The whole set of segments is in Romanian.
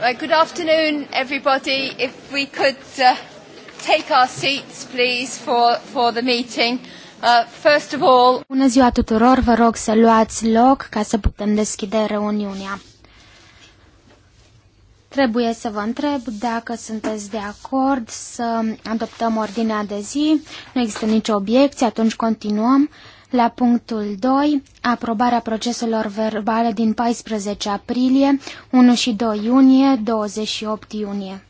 Right, good afternoon, everybody. If we could uh, take our seats, please, for, for the meeting. Uh, first of all... Bună ziua tuturor, vă rog să luați loc ca să putem deschide reuniunea. Trebuie să vă întreb dacă sunteți de acord să adoptăm ordinea de zi. Nu există nicio obiecție, atunci continuăm. Uh, la punctul 2, aprobarea proceselor verbale din 14 aprilie, 1 și 2 iunie, 28 iunie.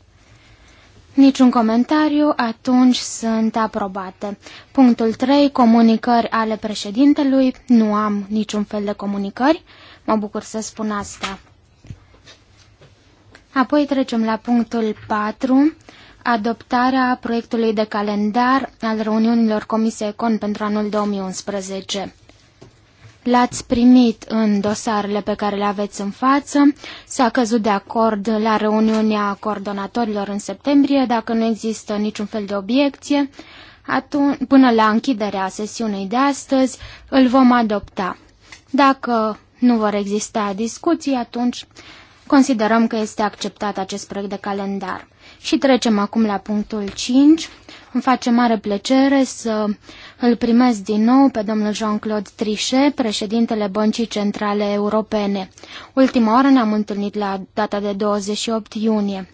Niciun comentariu, atunci sunt aprobate. Punctul 3, comunicări ale președintelui. Nu am niciun fel de comunicări. Mă bucur să spun asta. Apoi trecem la punctul 4, adoptarea proiectului de calendar al reuniunilor Comisiei Econ pentru anul 2011. L-ați primit în dosarele pe care le aveți în față, s-a căzut de acord la reuniunea coordonatorilor în septembrie, dacă nu există niciun fel de obiecție, atunci, până la închiderea sesiunii de astăzi, îl vom adopta. Dacă nu vor exista discuții, atunci considerăm că este acceptat acest proiect de calendar. Și trecem acum la punctul 5. Îmi face mare plăcere să îl primesc din nou pe domnul Jean-Claude Trichet, președintele Băncii Centrale Europene. Ultima oară ne-am întâlnit la data de 28 iunie.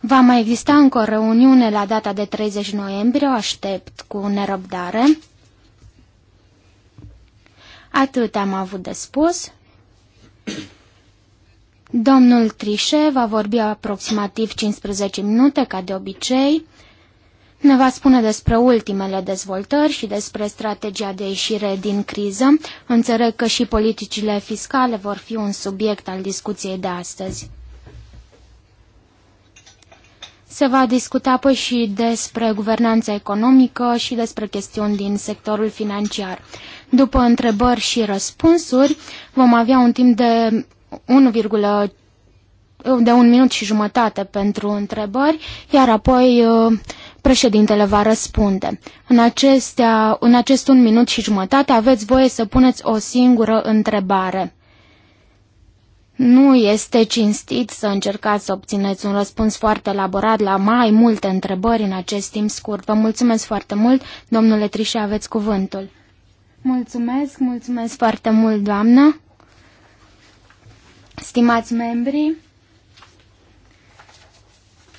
Va mai exista încă o reuniune la data de 30 noiembrie, o aștept cu nerăbdare. Atât am avut de spus. Domnul Trișe va vorbi aproximativ 15 minute, ca de obicei. Ne va spune despre ultimele dezvoltări și despre strategia de ieșire din criză. Înțeleg că și politicile fiscale vor fi un subiect al discuției de astăzi. Se va discuta apoi și despre guvernanța economică și despre chestiuni din sectorul financiar. După întrebări și răspunsuri, vom avea un timp de 1, de un minut și jumătate pentru întrebări, iar apoi uh, președintele va răspunde. În, acestea, în acest un minut și jumătate aveți voie să puneți o singură întrebare. Nu este cinstit să încercați să obțineți un răspuns foarte elaborat la mai multe întrebări în acest timp scurt. Vă mulțumesc foarte mult, domnule Trișe, aveți cuvântul. Mulțumesc, mulțumesc foarte mult, doamnă. Stimați membri,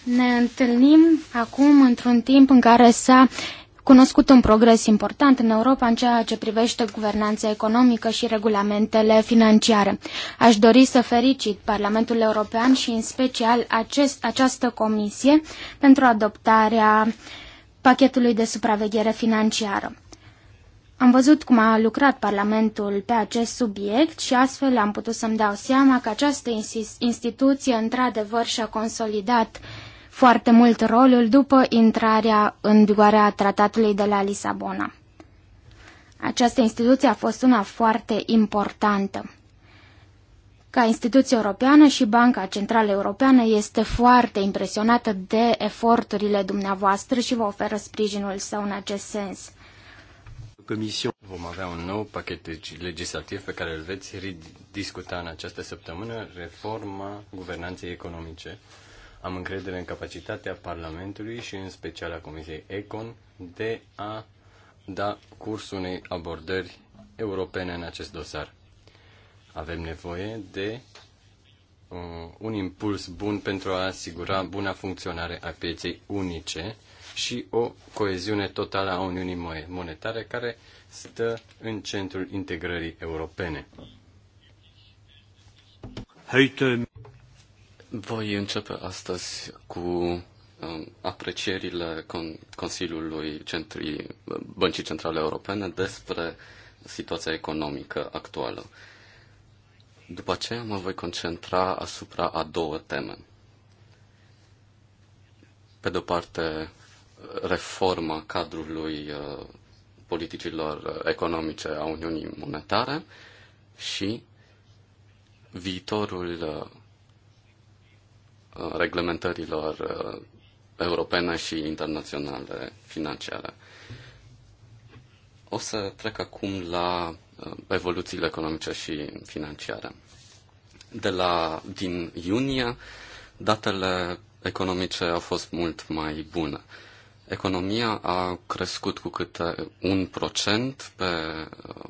ne întâlnim acum într-un timp în care s-a cunoscut un progres important în Europa în ceea ce privește guvernanța economică și regulamentele financiare. Aș dori să felicit Parlamentul European și în special acest, această comisie pentru adoptarea pachetului de supraveghere financiară. Am văzut cum a lucrat Parlamentul pe acest subiect și astfel am putut să-mi dau seama că această instituție într-adevăr și-a consolidat foarte mult rolul după intrarea în vigoare a tratatului de la Lisabona. Această instituție a fost una foarte importantă. Ca instituție europeană și Banca Centrală Europeană este foarte impresionată de eforturile dumneavoastră și vă oferă sprijinul său în acest sens. Comisie, Vom avea un nou pachet legislativ pe care îl veți discuta în această săptămână, reforma guvernanței economice. Am încredere în capacitatea Parlamentului și în special a Comisiei Econ de a da curs unei abordări europene în acest dosar. Avem nevoie de uh, un impuls bun pentru a asigura buna funcționare a pieței unice și o coeziune totală a Uniunii Monetare care stă în centrul integrării europene. Voi începe astăzi cu um, aprecierile Consiliului Centrii, Băncii Centrale Europene despre situația economică actuală. După aceea mă voi concentra asupra a două teme. Pe de o parte, reformă cadrului uh, politicilor economice a Uniunii Monetare și viitorul uh, uh, reglementărilor europene și internaționale financiare. O să trec acum la evoluțiile economice și financiare. De la, din iunie, datele economice au fost mult mai bune. Economia a crescut cu câte un procent pe uh,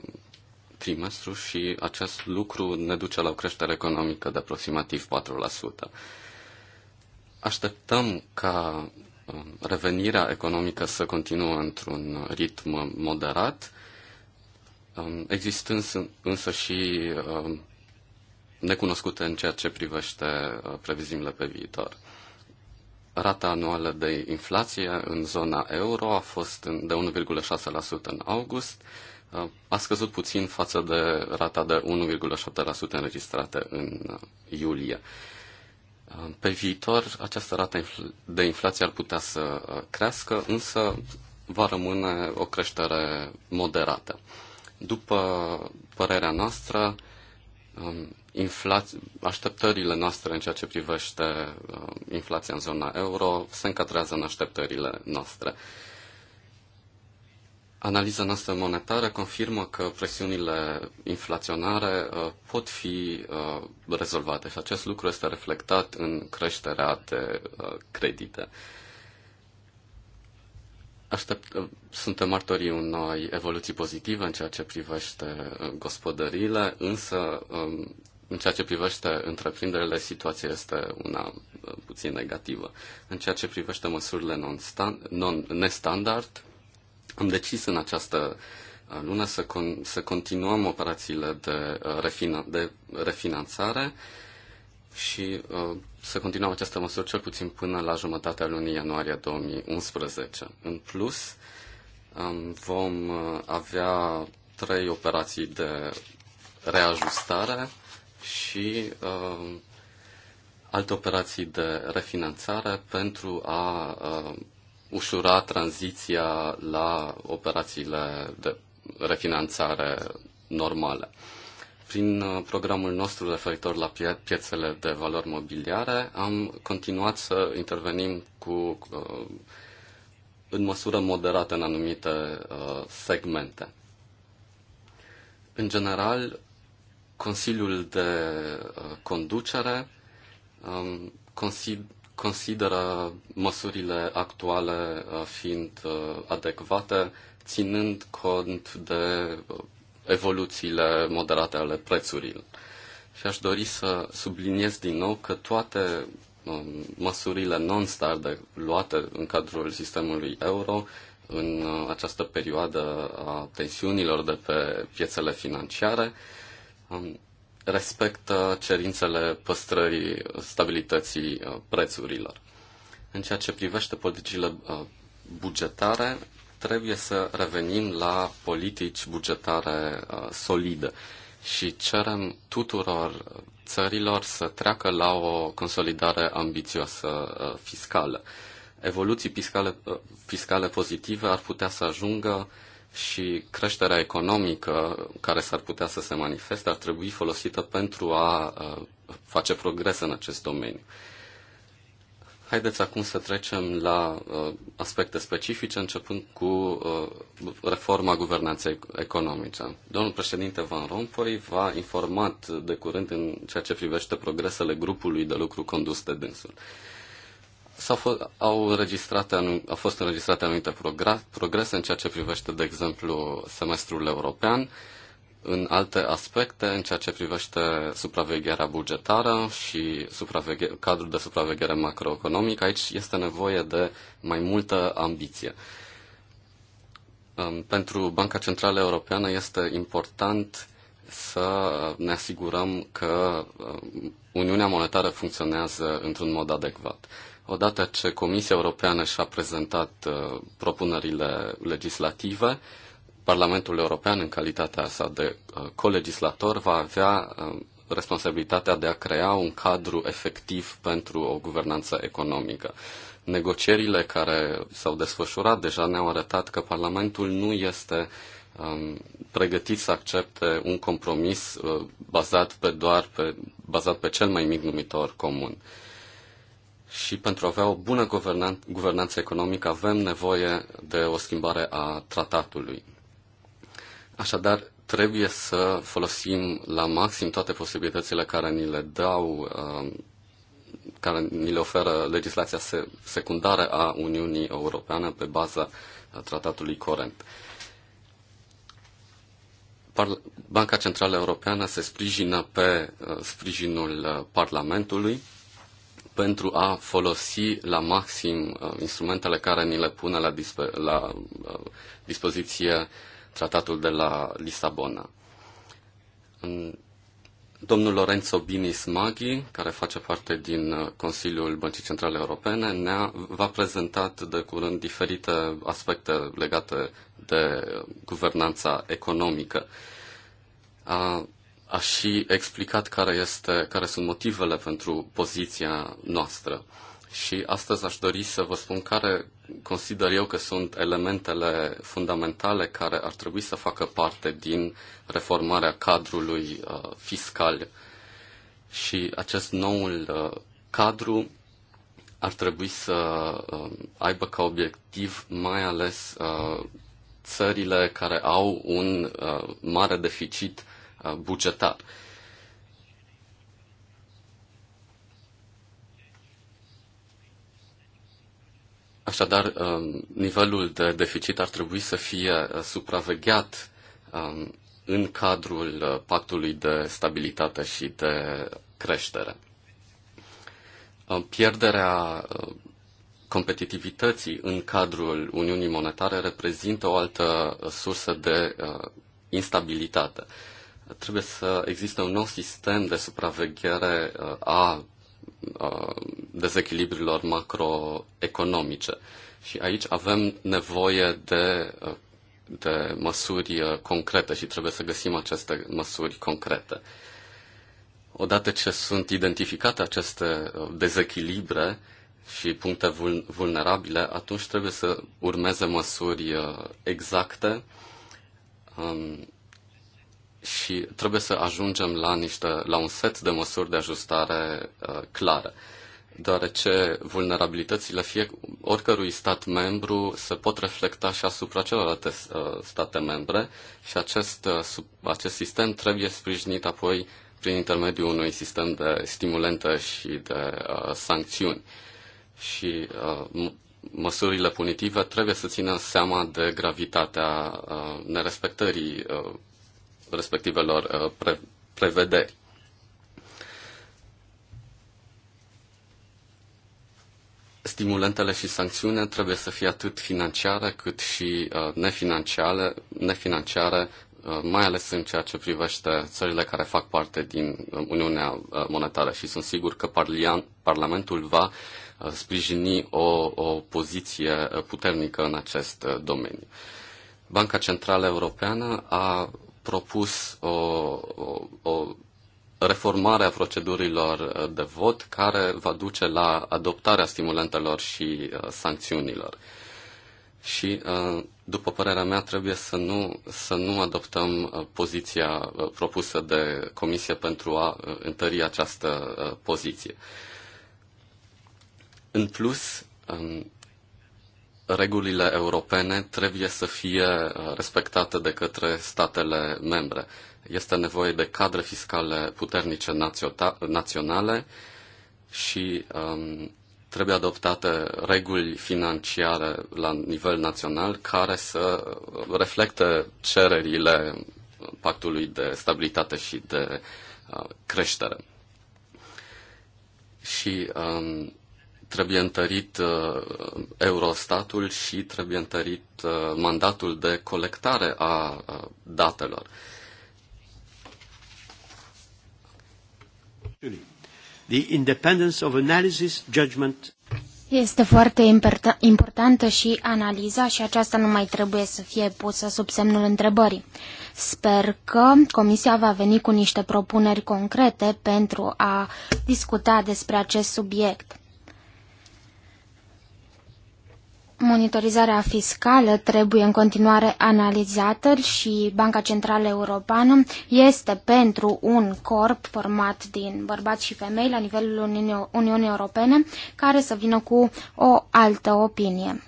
trimestru și acest lucru ne duce la o creștere economică de aproximativ 4%. Așteptăm ca um, revenirea economică să continuă într-un ritm moderat, um, existând însă și um, necunoscute în ceea ce privește uh, previziunile pe viitor. Rata anuală de inflație în zona euro a fost de 1,6% în august, a scăzut puțin față de rata de 1,7% înregistrată în iulie. Pe viitor, această rată de inflație ar putea să crească, însă va rămâne o creștere moderată. După părerea noastră, inflaț- așteptările noastre în ceea ce privește uh, inflația în zona euro se încadrează în așteptările noastre. Analiza noastră monetară confirmă că presiunile inflaționare uh, pot fi uh, rezolvate și acest lucru este reflectat în creșterea de uh, credite. Aștept, uh, suntem martorii unei evoluții pozitive în ceea ce privește uh, gospodăriile, însă um, în ceea ce privește întreprinderile, situația este una uh, puțin negativă. În ceea ce privește măsurile non-stand, non, nestandard, am decis în această uh, lună să, con- să continuăm operațiile de, uh, refina- de refinanțare și uh, să continuăm această măsură cel puțin până la jumătatea lunii ianuarie 2011. În plus, um, vom avea trei operații de reajustare și uh, alte operații de refinanțare pentru a uh, ușura tranziția la operațiile de refinanțare normale. Prin uh, programul nostru referitor la pie- piețele de valori mobiliare, am continuat să intervenim cu, uh, în măsură moderată în anumite uh, segmente. În general, Consiliul de uh, conducere um, consideră măsurile actuale uh, fiind uh, adecvate, ținând cont de evoluțiile moderate ale prețurilor. Și aș dori să subliniez din nou că toate um, măsurile non-standard luate în cadrul sistemului euro în această perioadă a tensiunilor de pe piețele financiare respectă cerințele păstrării stabilității uh, prețurilor. În ceea ce privește politicile uh, bugetare, trebuie să revenim la politici bugetare uh, solide și cerem tuturor țărilor să treacă la o consolidare ambițioasă fiscală. Evoluții fiscale, fiscale pozitive ar putea să ajungă și creșterea economică care s-ar putea să se manifeste ar trebui folosită pentru a face progres în acest domeniu. Haideți acum să trecem la uh, aspecte specifice, începând cu uh, reforma guvernanței economice. Domnul președinte Van Rompuy v-a informat de curând în ceea ce privește progresele grupului de lucru condus de dânsul. Uh, S-au f- au, registrate au fost înregistrate anumite progrese în ceea ce privește, de exemplu, semestrul european, în alte aspecte, în ceea ce privește supravegherea bugetară și supraveghe- cadrul de supraveghere macroeconomică, Aici este nevoie de mai multă ambiție. Um, pentru Banca Centrală Europeană este important să ne asigurăm că um, Uniunea Monetară funcționează într-un mod adecvat. Odată ce Comisia Europeană și-a prezentat uh, propunerile legislative, Parlamentul European, în calitatea sa de uh, colegislator, va avea uh, responsabilitatea de a crea un cadru efectiv pentru o guvernanță economică. Negocierile care s-au desfășurat deja ne-au arătat că Parlamentul nu este um, pregătit să accepte un compromis uh, bazat pe doar pe, bazat pe cel mai mic numitor comun. Uh, și pentru a avea o bună guvernan- guvernanță economică avem nevoie de o schimbare a tratatului. Așadar, trebuie să folosim la maxim toate posibilitățile care ni le dau, uh, care ni le oferă legislația secundară a Uniunii Europeane pe baza tratatului corent. Banca Centrală Europeană se sprijină pe uh, sprijinul uh, Parlamentului pentru a folosi la maxim uh, instrumentele care ni le pune la, disp- la uh, dispoziție tratatul de la Lisabona. Domnul Lorenzo Binis Maghi, care face parte din uh, Consiliul Băncii Centrale Europene, ne-a va prezentat de curând diferite aspecte legate de guvernanța economică. A a și explicat care, este, care sunt motivele pentru poziția noastră. Și astăzi aș dori să vă spun care consider eu că sunt elementele fundamentale care ar trebui să facă parte din reformarea cadrului uh, fiscal. Și acest noul uh, cadru ar trebui să uh, aibă ca obiectiv mai ales uh, țările care au un uh, mare deficit bugetar. Așadar, um, nivelul de deficit ar trebui să fie uh, supravegheat um, în cadrul uh, pactului de stabilitate și de creștere. Um, pierderea uh, competitivității în cadrul Uniunii Monetare reprezintă o altă sursă de instabilitate. Trebuie să existe un nou sistem de supraveghere uh, a uh, dezechilibrilor macroeconomice. Și aici avem nevoie de, uh, de măsuri concrete și trebuie să găsim aceste măsuri concrete. Odată ce sunt identificate aceste dezechilibre și puncte vulnerabile, atunci trebuie să urmeze măsuri exacte um, și trebuie să ajungem la, niște, la un set de măsuri de ajustare uh, clare, deoarece vulnerabilitățile fie, oricărui stat membru se pot reflecta și asupra celorlalte uh, state membre și acest, uh, sub, acest sistem trebuie sprijinit apoi prin intermediul unui sistem de stimulente și de uh, sancțiuni. Și uh, măsurile punitive trebuie să țină seama de gravitatea uh, nerespectării uh, respectivelor uh, pre- prevederi. Stimulentele și sancțiunile trebuie să fie atât financiare cât și uh, nefinanciare, nefinanciare uh, mai ales în ceea ce privește țările care fac parte din Uniunea Monetară și sunt sigur că Parlamentul va sprijini o, o poziție puternică în acest domeniu. Banca Centrală Europeană a propus o, o, o reformare a procedurilor de vot care va duce la adoptarea stimulentelor și uh, sancțiunilor. Și, uh, după părerea mea, trebuie să nu, să nu adoptăm uh, poziția uh, propusă de Comisie pentru a uh, întări această uh, poziție. În plus, um, regulile europene trebuie să fie uh, respectate de către statele membre. Este nevoie de cadre fiscale puternice naționale și um, trebuie adoptate reguli financiare la nivel național care să reflecte cererile pactului de stabilitate și de uh, creștere. Și um, trebuie întărit uh, Eurostatul și trebuie întărit uh, mandatul de colectare a uh, datelor. The independence of analysis, judgment. Este foarte importantă și analiza și aceasta nu mai trebuie să fie pusă sub semnul întrebării. Sper că Comisia va veni cu niște propuneri concrete pentru a discuta despre acest subiect. Monitorizarea fiscală trebuie în continuare analizată și Banca Centrală Europeană este pentru un corp format din bărbați și femei la nivelul Uniunii, Europene care să vină cu o altă opinie.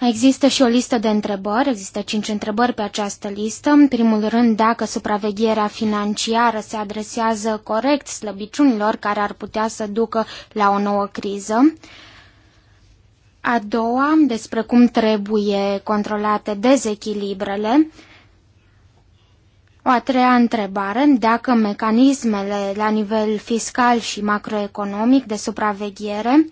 Există și o listă de întrebări, există cinci întrebări pe această listă. În primul rând, dacă supravegherea financiară se adresează corect slăbiciunilor care ar putea să ducă la o nouă criză a doua despre cum trebuie controlate dezechilibrele, o a treia întrebare, dacă mecanismele la nivel fiscal și macroeconomic de supraveghere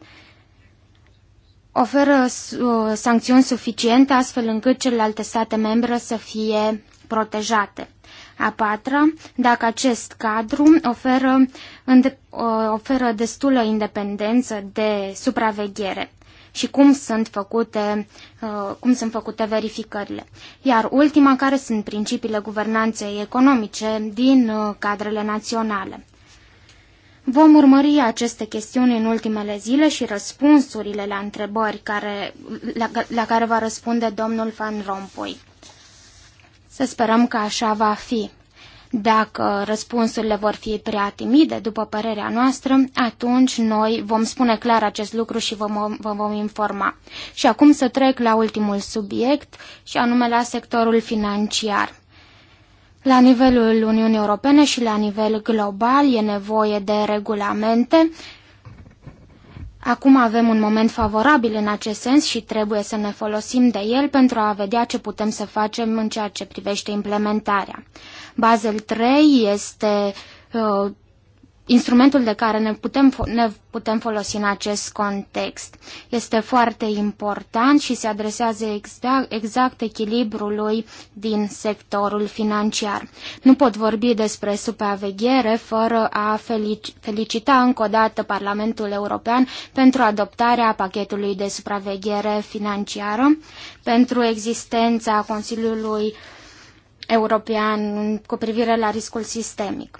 oferă uh, sancțiuni suficiente astfel încât celelalte state membre să fie protejate. A patra, dacă acest cadru oferă, uh, oferă destulă independență de supraveghere și cum sunt făcute, uh, cum sunt făcute verificările. Iar ultima, care sunt principiile guvernanței economice din uh, cadrele naționale. Vom urmări aceste chestiuni în ultimele zile și răspunsurile la întrebări care, la, la care va răspunde domnul Van Rompuy. Să sperăm că așa va fi. Dacă răspunsurile vor fi prea timide, după părerea noastră, atunci noi vom spune clar acest lucru și vă, vă vom informa. Și acum să trec la ultimul subiect și anume la sectorul financiar. La nivelul Uniunii Europene și la nivel global e nevoie de regulamente. Acum avem un moment favorabil în acest sens și trebuie să ne folosim de el pentru a vedea ce putem să facem în ceea ce privește implementarea. Basel 3 este uh, instrumentul de care ne putem, ne putem folosi în acest context. Este foarte important și se adresează exact, exact echilibrului din sectorul financiar. Nu pot vorbi despre supraveghere fără a felicita încă o dată Parlamentul European pentru adoptarea pachetului de supraveghere financiară, pentru existența Consiliului uh, european cu privire la riscul sistemic.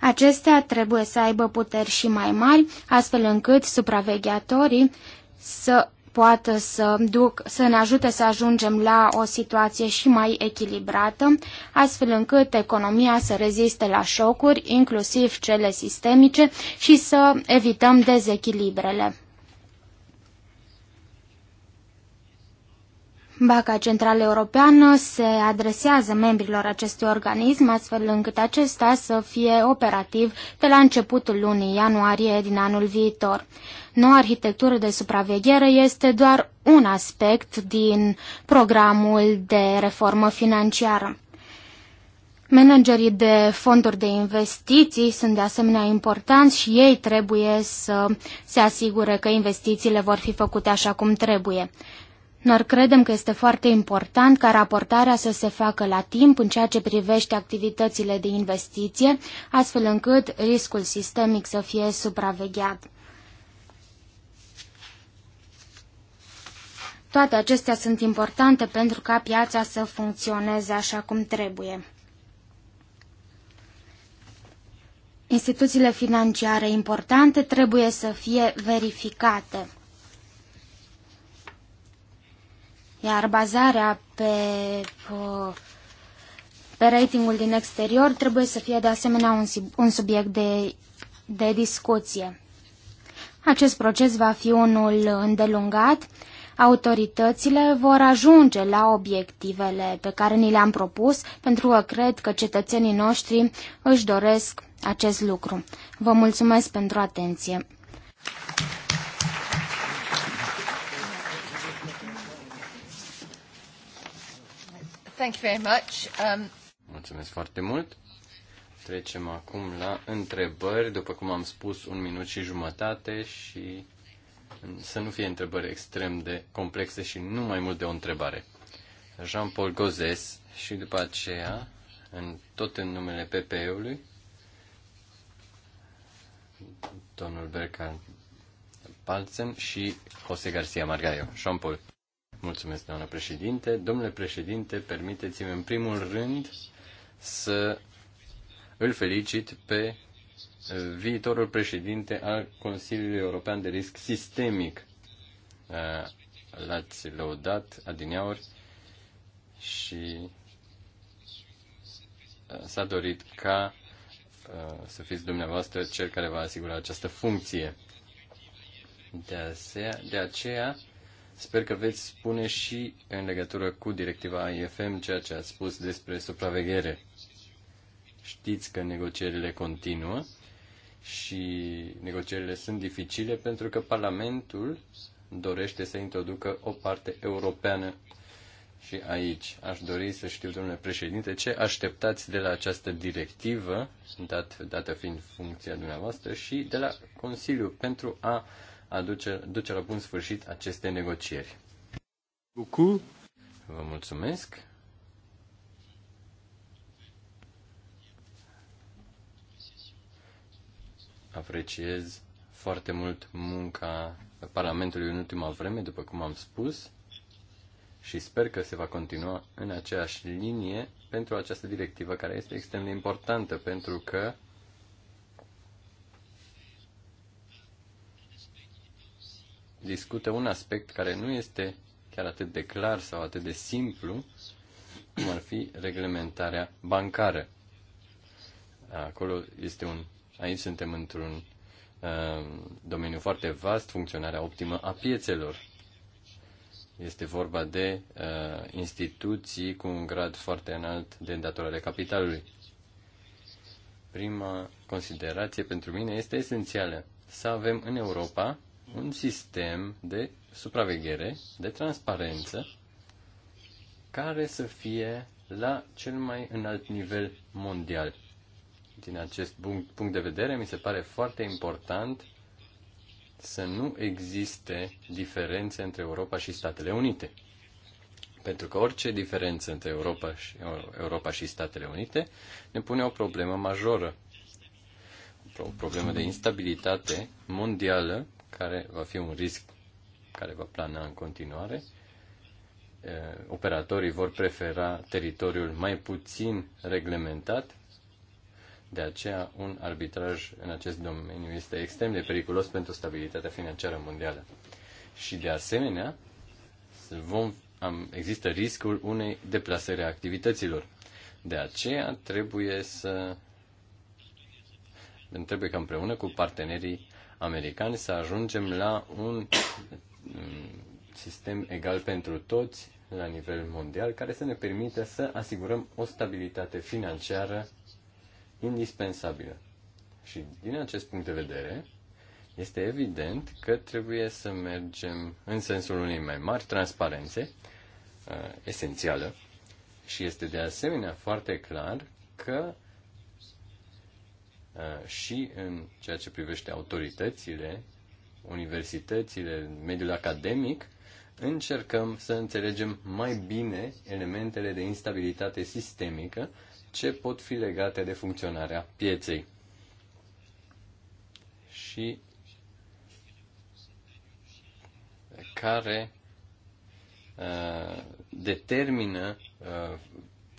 Acestea trebuie să aibă puteri și mai mari, astfel încât supravegheatorii să poată să, duc, să ne ajute să ajungem la o situație și mai echilibrată, astfel încât economia să reziste la șocuri, inclusiv cele sistemice, și să evităm dezechilibrele. Banca Centrală Europeană se adresează membrilor acestui organism astfel încât acesta să fie operativ de la începutul lunii ianuarie din anul viitor. Noua arhitectură de supraveghere este doar un aspect din programul de reformă financiară. Managerii de fonduri de investiții sunt de asemenea importanți și ei trebuie să se asigure că investițiile vor fi făcute așa cum trebuie. Noi credem că este foarte important ca raportarea să se facă la timp în ceea ce privește activitățile de investiție, astfel încât riscul sistemic să fie supravegheat. Toate acestea sunt importante pentru ca piața să funcționeze așa cum trebuie. Instituțiile financiare importante trebuie să fie verificate. iar bazarea pe, pe ratingul din exterior trebuie să fie de asemenea un, un subiect de, de discuție. Acest proces va fi unul îndelungat, autoritățile vor ajunge la obiectivele pe care ni le-am propus, pentru că cred că cetățenii noștri își doresc acest lucru. Vă mulțumesc pentru atenție. Thank you very much. Um... Mulțumesc foarte mult. Trecem acum la întrebări. După cum am spus, un minut și jumătate și să nu fie întrebări extrem de complexe și nu mai mult de o întrebare. Jean-Paul Gozes și după aceea, în, tot în numele PPE-ului, domnul Bercan Palțen și José García Margaio. Jean-Paul. Mulțumesc, doamna președinte. Domnule președinte, permiteți-mi în primul rând să îl felicit pe viitorul președinte al Consiliului European de Risc Sistemic. Uh, l-ați lăudat adineauri și uh, s-a dorit ca uh, să fiți dumneavoastră cel care va asigura această funcție. De, asea, de aceea, Sper că veți spune și în legătură cu directiva IFM ceea ce ați spus despre supraveghere. Știți că negocierile continuă și negocierile sunt dificile pentru că Parlamentul dorește să introducă o parte europeană și aici. Aș dori să știu, domnule președinte, ce așteptați de la această directivă, dat, dată fiind funcția dumneavoastră, și de la Consiliu pentru a aduce, duce la bun sfârșit aceste negocieri. Bucu. Vă mulțumesc. Apreciez foarte mult munca Parlamentului în ultima vreme, după cum am spus, și sper că se va continua în aceeași linie pentru această directivă, care este extrem de importantă, pentru că discută un aspect care nu este chiar atât de clar sau atât de simplu, cum ar fi reglementarea bancară. Acolo este un, aici suntem într-un uh, domeniu foarte vast, funcționarea optimă a piețelor. Este vorba de uh, instituții cu un grad foarte înalt de îndatorare capitalului. Prima considerație pentru mine este esențială. Să avem în Europa un sistem de supraveghere, de transparență, care să fie la cel mai înalt nivel mondial. Din acest punct de vedere, mi se pare foarte important să nu existe diferențe între Europa și Statele Unite. Pentru că orice diferență între Europa și, Europa și Statele Unite ne pune o problemă majoră, o problemă de instabilitate mondială care va fi un risc care va plana în continuare. Operatorii vor prefera teritoriul mai puțin reglementat, de aceea un arbitraj în acest domeniu este extrem de periculos pentru stabilitatea financiară mondială. Și de asemenea, vom, am, există riscul unei deplasări a activităților. De aceea trebuie să trebuie ca împreună cu partenerii americani să ajungem la un sistem egal pentru toți la nivel mondial care să ne permită să asigurăm o stabilitate financiară indispensabilă. Și din acest punct de vedere, este evident că trebuie să mergem în sensul unei mai mari transparențe, uh, esențială, și este de asemenea foarte clar că Uh, și în ceea ce privește autoritățile, universitățile, mediul academic, încercăm să înțelegem mai bine elementele de instabilitate sistemică ce pot fi legate de funcționarea pieței. Și care uh, determină uh,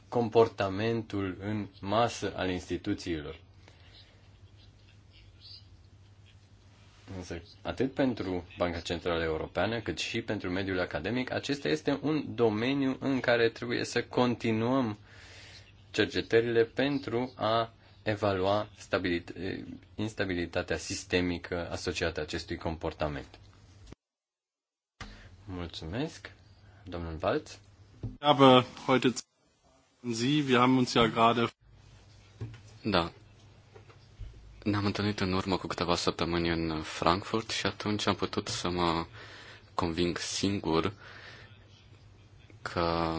comportamentul în masă al instituțiilor. Însă, atât pentru Banca Centrală Europeană, cât și pentru mediul academic, acesta este un domeniu în care trebuie să continuăm cercetările pentru a evalua instabilitatea sistemică asociată acestui comportament. Mulțumesc, domnul Walz. Ich habe heute Sie, wir haben uns ja gerade. Da, ne-am întâlnit în urmă cu câteva săptămâni în Frankfurt și atunci am putut să mă conving singur că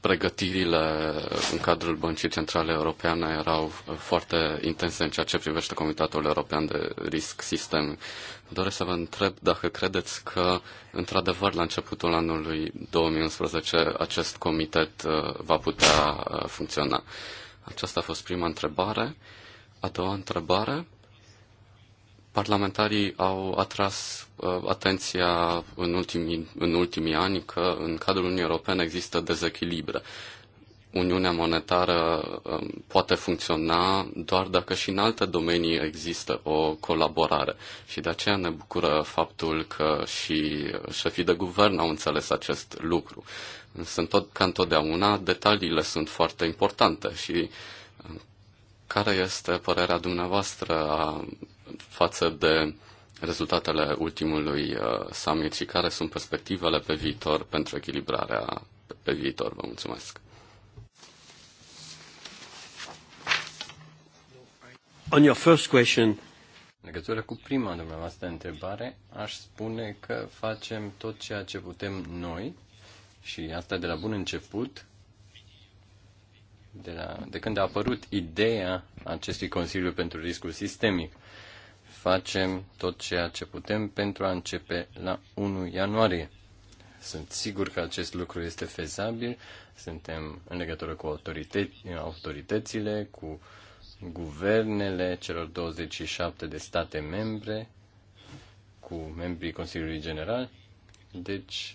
pregătirile în cadrul Băncii Centrale Europeane erau foarte intense în ceea ce privește Comitatul European de Risk System. Doresc să vă întreb dacă credeți că, într-adevăr, la începutul anului 2011 acest comitet uh, va putea uh, funcționa. Aceasta a fost prima întrebare. A doua întrebare. Parlamentarii au atras uh, atenția în ultimii, în ultimii ani că în cadrul Uniunii Europene există dezechilibre. Uniunea monetară um, poate funcționa doar dacă și în alte domenii există o colaborare. Și de aceea ne bucură faptul că și șefii de guvern au înțeles acest lucru sunt tot, ca întotdeauna, detaliile sunt foarte importante și uh, care este părerea dumneavoastră a, față de rezultatele ultimului uh, summit și care sunt perspectivele pe viitor pentru echilibrarea pe viitor? Vă mulțumesc! On your first question, în legătură cu prima dumneavoastră întrebare, aș spune că facem tot ceea ce putem noi și asta de la bun început, de, la, de când a apărut ideea acestui Consiliu pentru Riscul Sistemic. Facem tot ceea ce putem pentru a începe la 1 ianuarie. Sunt sigur că acest lucru este fezabil, suntem în legătură cu autoritățile, cu guvernele celor 27 de state membre, cu membrii Consiliului General. Deci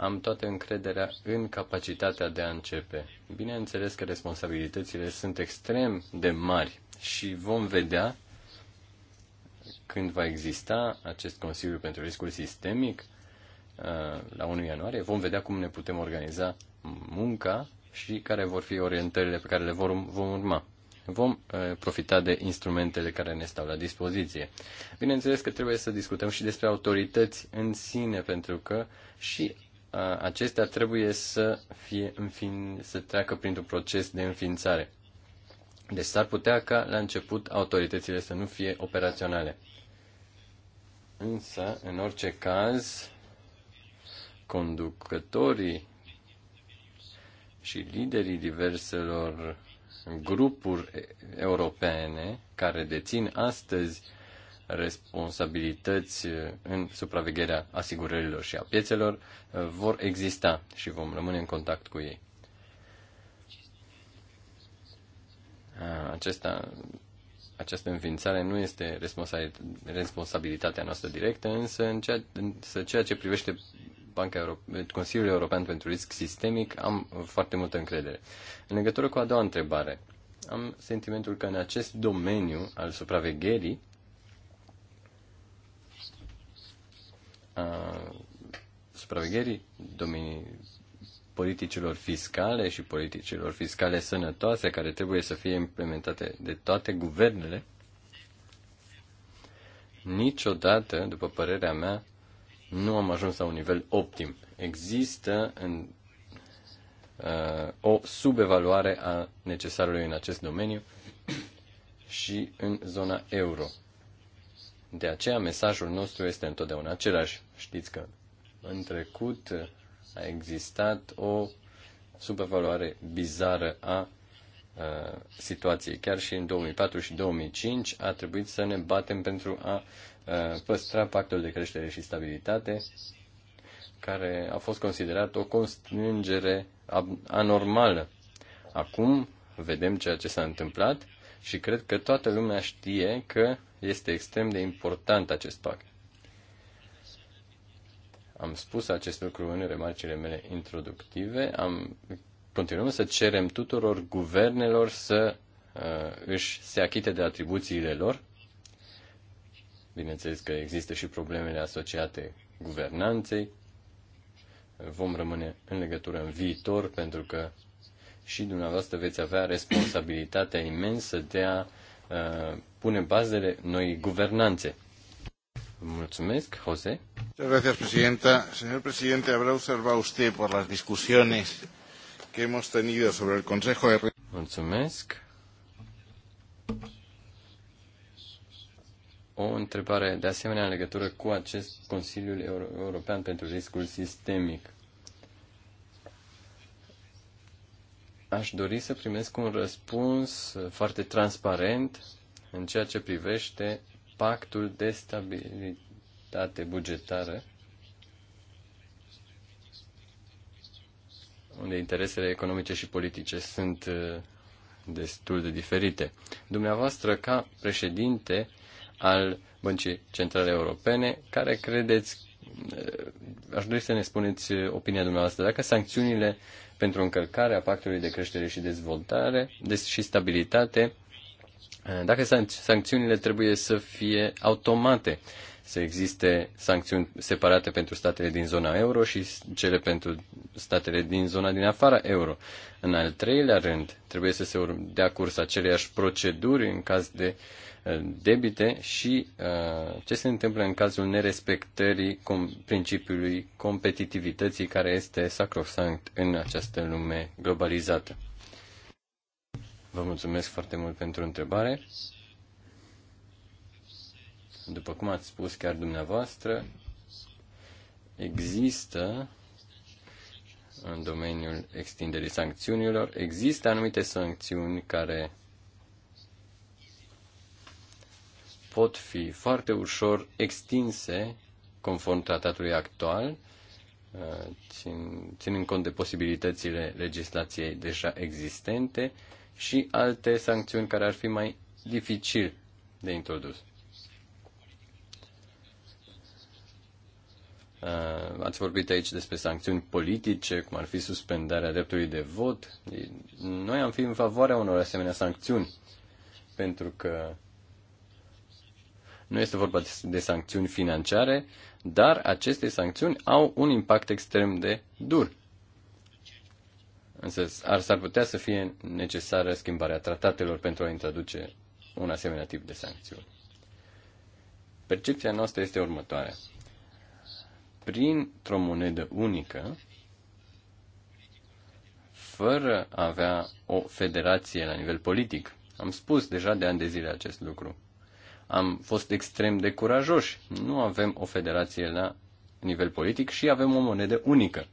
am toată încrederea în capacitatea de a începe. Bineînțeles că responsabilitățile sunt extrem de mari și vom vedea când va exista acest Consiliu pentru Riscul Sistemic uh, la 1 ianuarie, vom vedea cum ne putem organiza munca și care vor fi orientările pe care le vor, vom urma. Vom uh, profita de instrumentele care ne stau la dispoziție. Bineînțeles că trebuie să discutăm și despre autorități în sine, pentru că și acestea trebuie să, fie înfin, să treacă printr-un proces de înființare. Deci s-ar putea ca la început autoritățile să nu fie operaționale. Însă, în orice caz, conducătorii și liderii diverselor grupuri europene care dețin astăzi responsabilități în supravegherea asigurărilor și a piețelor uh, vor exista și vom rămâne în contact cu ei. Uh, acesta, această înființare nu este responsabilitatea noastră directă, însă, în ceea, însă ceea ce privește Banca Europe, Consiliul European pentru Risc Sistemic am foarte multă încredere. În legătură cu a doua întrebare, am sentimentul că în acest domeniu al supravegherii supravegherii domenii politicilor fiscale și politicilor fiscale sănătoase care trebuie să fie implementate de toate guvernele, niciodată, după părerea mea, nu am ajuns la un nivel optim. Există în, uh, o subevaluare a necesarului în acest domeniu și în zona euro. De aceea mesajul nostru este întotdeauna același. Știți că în trecut a existat o supravaloare bizară a situației. Chiar și în 2004 și 2005 a trebuit să ne batem pentru a păstra pactul de creștere și stabilitate, care a fost considerat o constrângere anormală. Acum vedem ceea ce s-a întâmplat și cred că toată lumea știe că este extrem de important acest pact. Am spus acest lucru în remarcile mele introductive. Am, continuăm să cerem tuturor guvernelor să uh, își se achite de atribuțiile lor. Bineînțeles că există și problemele asociate guvernanței. Vom rămâne în legătură în viitor pentru că și dumneavoastră veți avea responsabilitatea imensă de a uh, pune bazele noii guvernanțe. Mulțumesc, Jose. Gracias, presidenta. Señor presidente, habrá observado usted por las discusiones que hemos tenido sobre el Consejo de... Mulțumesc. O întrebare de asemenea în legătură cu acest Consiliul Euro- European pentru Riscul Sistemic. Aș dori să primesc un răspuns foarte transparent în ceea ce privește pactul de stabilitate bugetară, unde interesele economice și politice sunt uh, destul de diferite. Dumneavoastră, ca președinte al Băncii Centrale Europene, care credeți, uh, aș dori să ne spuneți uh, opinia dumneavoastră, dacă sancțiunile pentru încălcarea pactului de creștere și dezvoltare și stabilitate dacă sancțiunile trebuie să fie automate, să existe sancțiuni separate pentru statele din zona euro și cele pentru statele din zona din afara euro. În al treilea rând, trebuie să se dea curs aceleiași proceduri în caz de uh, debite și uh, ce se întâmplă în cazul nerespectării principiului competitivității care este sacrosanct în această lume globalizată. Vă mulțumesc foarte mult pentru întrebare. După cum ați spus chiar dumneavoastră, există în domeniul extinderii sancțiunilor, există anumite sancțiuni care pot fi foarte ușor extinse conform tratatului actual, țin, ținând cont de posibilitățile legislației deja existente, și alte sancțiuni care ar fi mai dificil de introdus. Uh, ați vorbit aici despre sancțiuni politice, cum ar fi suspendarea dreptului de vot. Noi am fi în favoarea unor asemenea sancțiuni, pentru că nu este vorba de sancțiuni financiare, dar aceste sancțiuni au un impact extrem de dur. Însă ar, s-ar putea să fie necesară schimbarea tratatelor pentru a introduce un asemenea tip de sancțiuni. Percepția noastră este următoarea. Printr-o monedă unică, fără a avea o federație la nivel politic, am spus deja de ani de zile acest lucru. Am fost extrem de curajoși. Nu avem o federație la nivel politic și avem o monedă unică.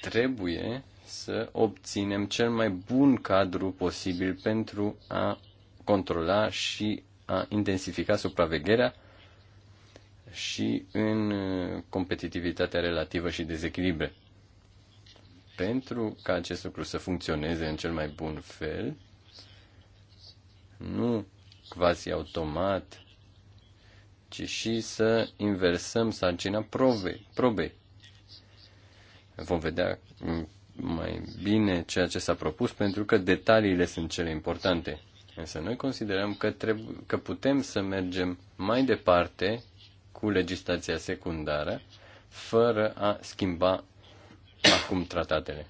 Trebuie să obținem cel mai bun cadru posibil pentru a controla și a intensifica supravegherea și în competitivitatea relativă și dezechilibre. Pentru ca acest lucru să funcționeze în cel mai bun fel, nu quasi automat, ci și să inversăm sarcina probei. probei. Vom vedea mai bine ceea ce s-a propus, pentru că detaliile sunt cele importante. Însă noi considerăm că, trebu- că putem să mergem mai departe cu legislația secundară fără a schimba acum tratatele.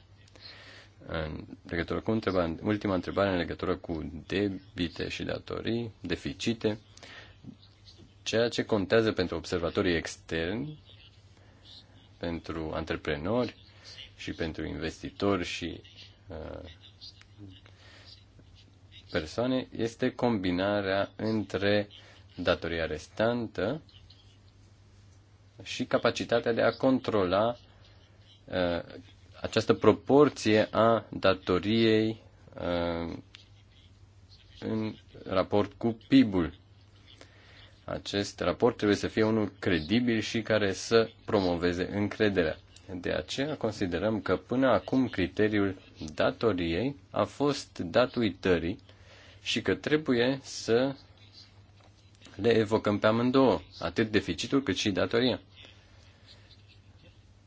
În legătură cu întreba, ultima întrebare în legătură cu debite și datorii, deficite, ceea ce contează pentru observatorii externi, pentru antreprenori, și pentru investitori și uh, persoane este combinarea între datoria restantă și capacitatea de a controla uh, această proporție a datoriei uh, în raport cu PIB-ul. Acest raport trebuie să fie unul credibil și care să promoveze încrederea. De aceea considerăm că până acum criteriul datoriei a fost dat uitării și că trebuie să le evocăm pe amândouă, atât deficitul cât și datoria.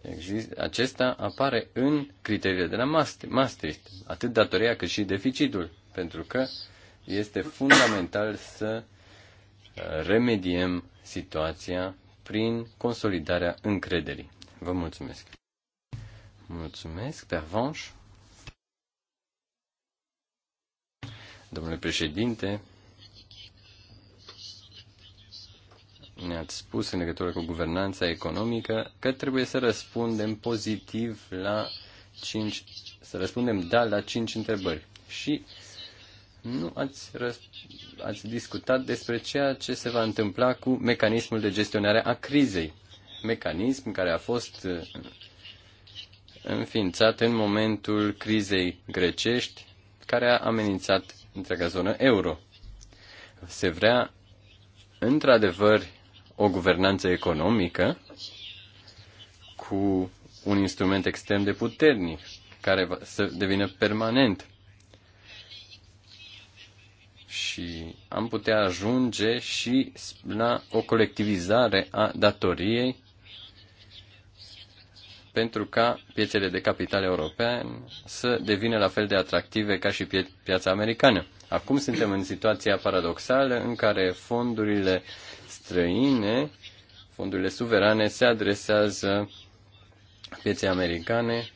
Exist, acesta apare în criteriile de la Maastricht, atât datoria cât și deficitul, pentru că este fundamental să uh, remediem situația prin consolidarea încrederii. Vă mulțumesc. Mulțumesc, pervanș. Domnule președinte, ne-ați spus în legătură cu guvernanța economică că trebuie să răspundem pozitiv la cinci, să răspundem da la cinci întrebări. Și nu ați, ați discutat despre ceea ce se va întâmpla cu mecanismul de gestionare a crizei mecanism care a fost uh, înființat în momentul crizei grecești care a amenințat întreaga zonă euro. Se vrea, într-adevăr, o guvernanță economică cu un instrument extrem de puternic care va să devină permanent. Și am putea ajunge și la o colectivizare a datoriei pentru ca piețele de capital european să devină la fel de atractive ca și pie- piața americană. Acum suntem în situația paradoxală în care fondurile străine, fondurile suverane se adresează pieței americane,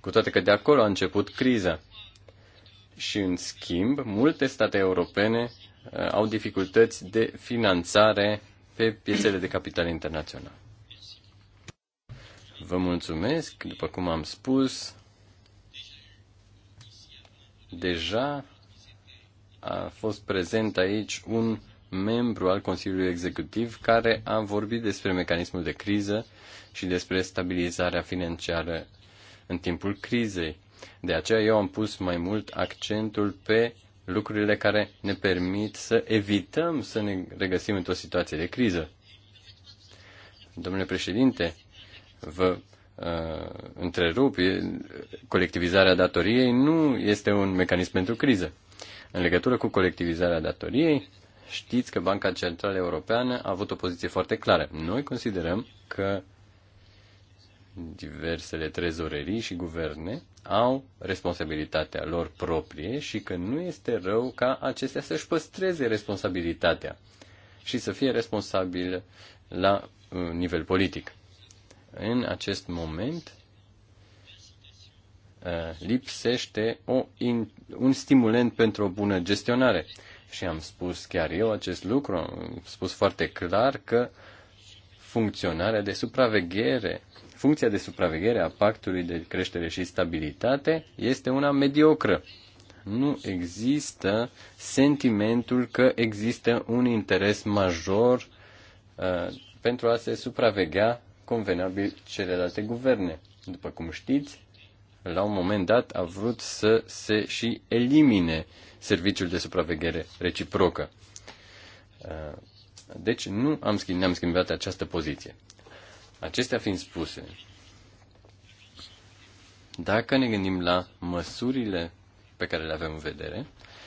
cu toate că de acolo a început criza. Și în schimb, multe state europene uh, au dificultăți de finanțare pe piețele de capital internațional. Vă mulțumesc, după cum am spus, deja a fost prezent aici un membru al Consiliului Executiv care a vorbit despre mecanismul de criză și despre stabilizarea financiară în timpul crizei. De aceea eu am pus mai mult accentul pe lucrurile care ne permit să evităm să ne regăsim într-o situație de criză. Domnule președinte, vă uh, întrerup, colectivizarea datoriei nu este un mecanism pentru criză. În legătură cu colectivizarea datoriei, știți că Banca Centrală Europeană a avut o poziție foarte clară. Noi considerăm că diversele trezorerii și guverne au responsabilitatea lor proprie și că nu este rău ca acestea să-și păstreze responsabilitatea și să fie responsabil la uh, nivel politic în acest moment uh, lipsește o, un stimulent pentru o bună gestionare. Și am spus chiar eu acest lucru, am spus foarte clar că funcționarea de supraveghere, funcția de supraveghere a pactului de creștere și stabilitate este una mediocră. Nu există sentimentul că există un interes major uh, pentru a se supraveghea convenabil celelalte guverne. După cum știți, la un moment dat a vrut să se și elimine serviciul de supraveghere reciprocă. Uh, deci nu am schimbat, ne-am schimbat această poziție. Acestea fiind spuse, dacă ne gândim la măsurile pe care le avem în vedere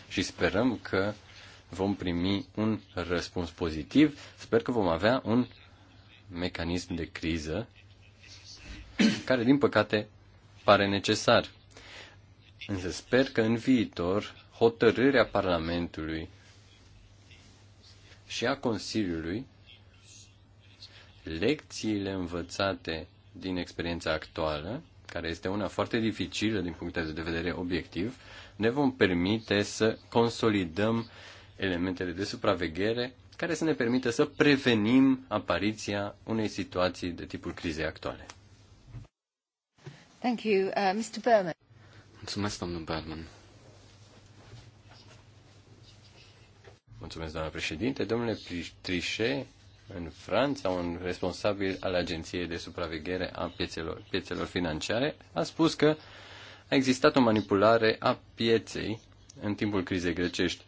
și sperăm că vom primi un răspuns pozitiv, sper că vom avea un mecanism de criză care, din păcate, pare necesar. Însă sper că în viitor hotărârea Parlamentului și a Consiliului, lecțiile învățate din experiența actuală, care este una foarte dificilă din punct de vedere obiectiv, ne vom permite să consolidăm elementele de supraveghere care să ne permită să prevenim apariția unei situații de tipul crizei actuale. Thank you, uh, Mr. Berman. Mulțumesc, domnul Berman. Mulțumesc, doamna președinte. Domnule Trichet, în Franța, un responsabil al Agenției de Supraveghere a piețelor, piețelor Financiare a spus că a existat o manipulare a pieței în timpul crizei grecești.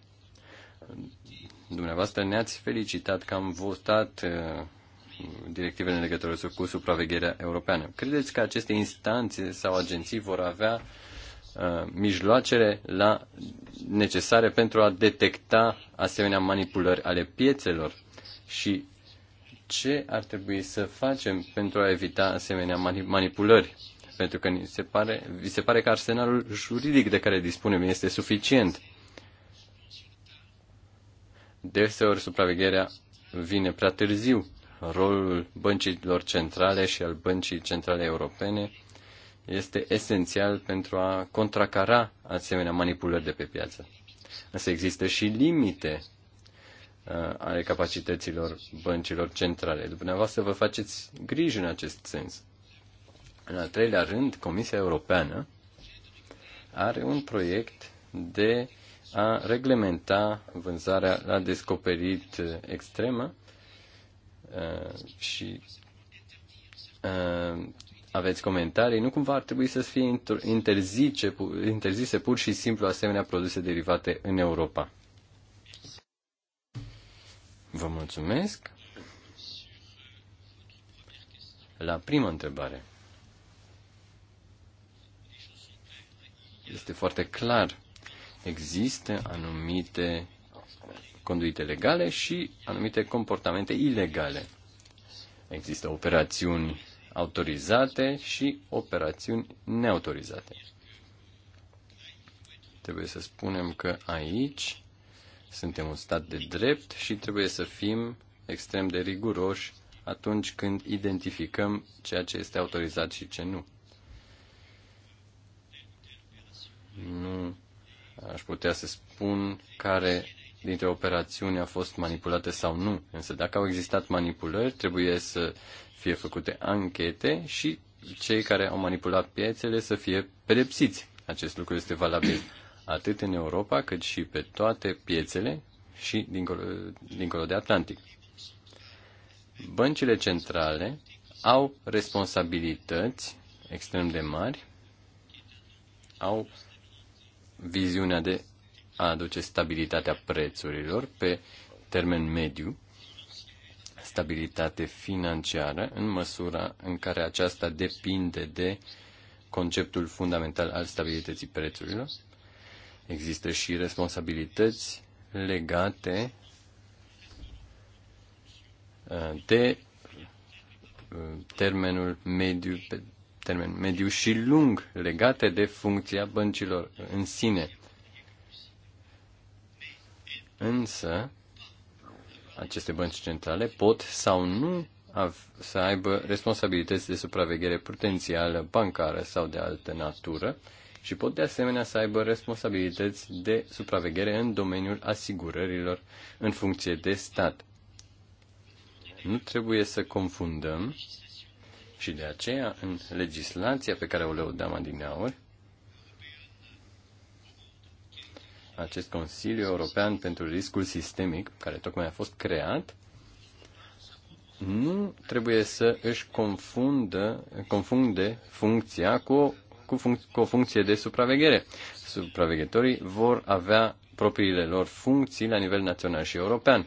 Dumneavoastră ne-ați felicitat că am votat uh, directivele în legătură cu supravegherea europeană. Credeți că aceste instanțe sau agenții vor avea uh, mijloacele la necesare pentru a detecta asemenea manipulări ale piețelor și ce ar trebui să facem pentru a evita asemenea manipulări? Pentru că ni se pare, vi se pare că arsenalul juridic de care dispunem este suficient Deseori supravegherea vine prea târziu. Rolul băncilor centrale și al băncii centrale europene este esențial pentru a contracara asemenea manipulări de pe piață. Însă există și limite uh, ale capacităților băncilor centrale. Dumneavoastră vă faceți griji în acest sens. În al treilea rând, Comisia Europeană are un proiect de a reglementa vânzarea la descoperit uh, extremă uh, și uh, aveți comentarii, nu cumva ar trebui să fie interzice, interzise pur și simplu asemenea produse derivate în Europa. Vă mulțumesc. La prima întrebare. Este foarte clar există anumite conduite legale și anumite comportamente ilegale. Există operațiuni autorizate și operațiuni neautorizate. Trebuie să spunem că aici suntem un stat de drept și trebuie să fim extrem de riguroși atunci când identificăm ceea ce este autorizat și ce nu. Nu aș putea să spun care dintre operațiuni a fost manipulate sau nu. Însă dacă au existat manipulări, trebuie să fie făcute anchete și cei care au manipulat piețele să fie pedepsiți. Acest lucru este valabil atât în Europa cât și pe toate piețele și dincolo, dincolo de Atlantic. Băncile centrale au responsabilități extrem de mari, au uh, viziunea de a aduce stabilitatea prețurilor pe termen mediu, stabilitate financiară, în măsura în care aceasta depinde de conceptul fundamental al stabilității prețurilor. Există și responsabilități legate uh, de uh, termenul mediu termen mediu și lung legate de funcția băncilor în sine. Însă, aceste bănci centrale pot sau nu să aibă responsabilități de supraveghere prudențială, bancară sau de altă natură și pot de asemenea să aibă responsabilități de supraveghere în domeniul asigurărilor în funcție de stat. Nu trebuie să confundăm și de aceea, în legislația pe care o lăudam adineauri, acest Consiliu European pentru Riscul Sistemic, care tocmai a fost creat, nu trebuie să își confundă, confunde funcția cu cu, func- cu o funcție de supraveghere. Supraveghetorii vor avea propriile lor funcții la nivel național și european.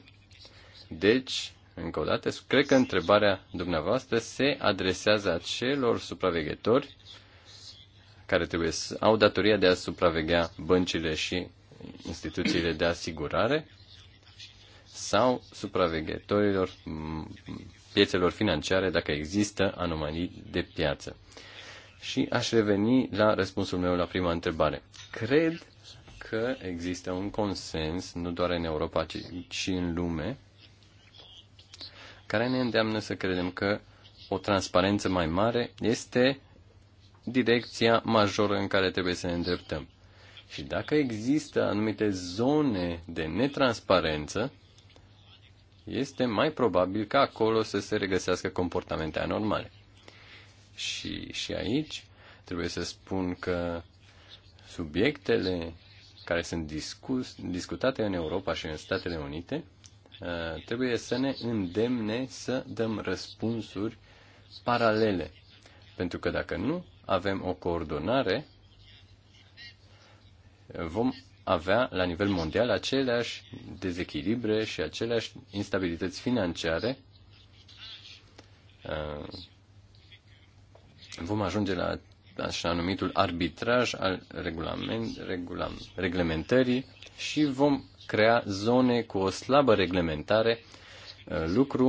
Deci, încă o dată, cred că întrebarea dumneavoastră se adresează acelor supraveghetori care trebuie să, au datoria de a supraveghea băncile și instituțiile de asigurare sau supraveghetorilor piețelor financiare dacă există anomalii de piață. Și aș reveni la răspunsul meu la prima întrebare. Cred că există un consens, nu doar în Europa, ci și în lume, care ne îndeamnă să credem că o transparență mai mare este direcția majoră în care trebuie să ne îndreptăm. Și dacă există anumite zone de netransparență, este mai probabil ca acolo să se regăsească comportamente anormale. Și, și aici trebuie să spun că subiectele care sunt discus, discutate în Europa și în Statele Unite Eh, trebuie să ne îndemne să dăm răspunsuri paralele. Pentru că dacă nu avem o coordonare, vom avea la nivel mondial aceleași dezechilibre și aceleași instabilități financiare. Eh, vom ajunge la așa numitul arbitraj al regulament, regulam, reglementării și vom crea zone cu o slabă reglementare, uh, lucru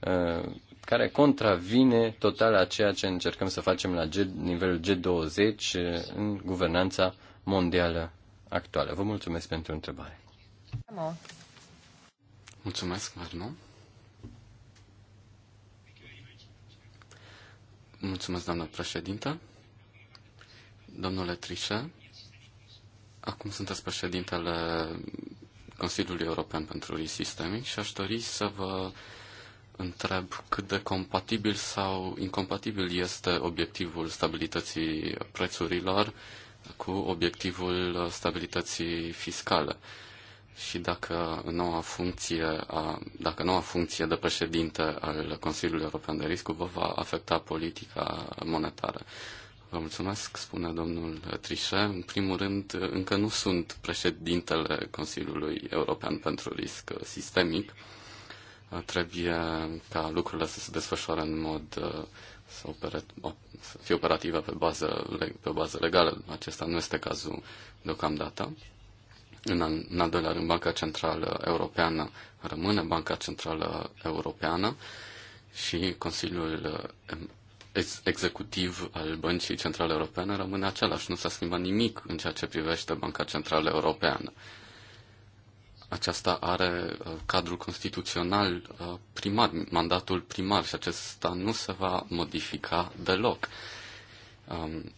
uh, care contravine total a ceea ce încercăm să facem la G, nivelul G20 uh, în guvernanța mondială actuală. Vă mulțumesc pentru întrebare. Mulțumesc, Marno. Mulțumesc, doamnă președintă. Domnule Trișa, acum sunteți președintele Consiliului European pentru Risc Sistemic și aș dori să vă întreb cât de compatibil sau incompatibil este obiectivul stabilității prețurilor cu obiectivul stabilității fiscale. Și dacă noua funcție, a, dacă noua funcție de președinte al Consiliului European de riscu vă va afecta politica monetară. Vă mulțumesc, spune domnul Trișe. În primul rând, încă nu sunt președintele Consiliului European pentru Risc Sistemic. Trebuie ca lucrurile să se desfășoare în mod uh, să, opere, să fie operativă pe bază, pe bază legală. Acesta nu este cazul deocamdată. În al, în al doilea rând, Banca Centrală Europeană rămâne Banca Centrală Europeană și Consiliul executiv al Băncii Centrale Europene rămâne același. Nu s-a schimbat nimic în ceea ce privește Banca Centrală Europeană. Aceasta are uh, cadrul constituțional uh, primar, mandatul primar și acesta nu se va modifica deloc. Um,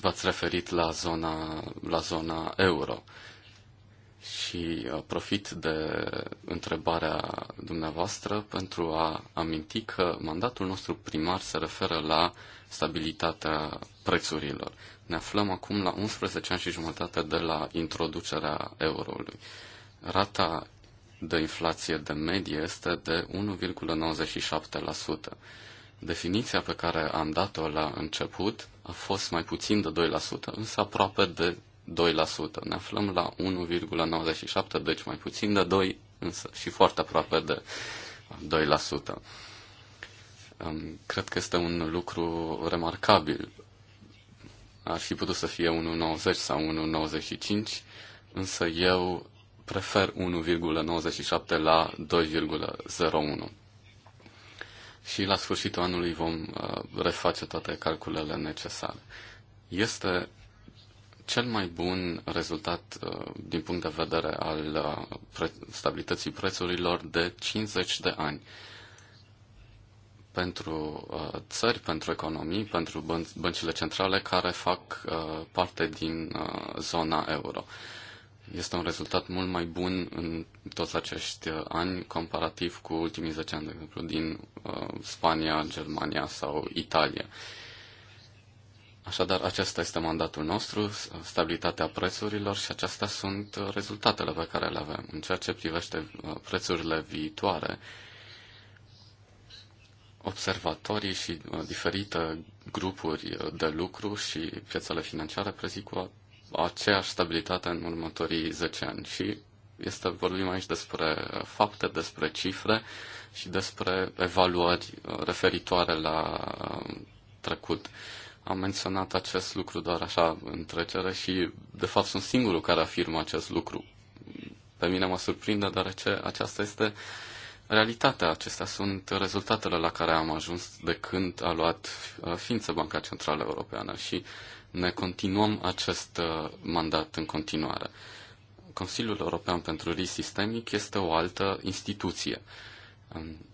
v-ați referit la zona, la zona euro. Uh, și uh, profit de întrebarea dumneavoastră pentru a aminti că mandatul nostru primar se referă la stabilitatea prețurilor. Ne aflăm acum la 11 ani și jumătate de la introducerea euroului. Rata de inflație de medie este de 1,97%. Definiția pe care am dat-o la început a fost mai puțin de 2%, însă aproape de ne aflăm la 1,97, deci mai puțin de 2, însă și foarte aproape de 2%. Cred că este un lucru remarcabil. Ar fi putut să fie 1,90 sau 1,95, însă eu prefer 1,97 la 2,01. Și la sfârșitul anului vom uh, reface toate calculele necesare. Este cel mai bun rezultat uh, din punct de vedere al uh, stabilității prețurilor de 50 de ani pentru uh, țări, pentru economii, pentru băncile centrale care fac parte din zona euro. Este un rezultat mult mai bun în toți acești ani comparativ cu ultimii 10 ani, de exemplu, din Spania, Germania sau Italia. Așadar, acesta este mandatul nostru, stabilitatea prețurilor și acestea sunt rezultatele pe care le avem. În ceea ce privește uh, prețurile viitoare, observatorii și uh, diferite grupuri de lucru și piețele financiare prezic cu aceeași stabilitate în următorii 10 ani. Și este, vorbim aici despre uh, fapte, despre cifre și despre evaluări referitoare la trecut. Am menționat acest lucru doar așa în trecere și, de fapt, sunt singurul care afirmă acest lucru. Pe mine mă surprinde, deoarece aceasta este realitatea. Acestea sunt rezultatele la care am ajuns de când a luat uh, ființă Banca Centrală Europeană și ne continuăm acest uh, mandat în continuare. Consiliul European pentru Risc Sistemic este o altă instituție. Uh,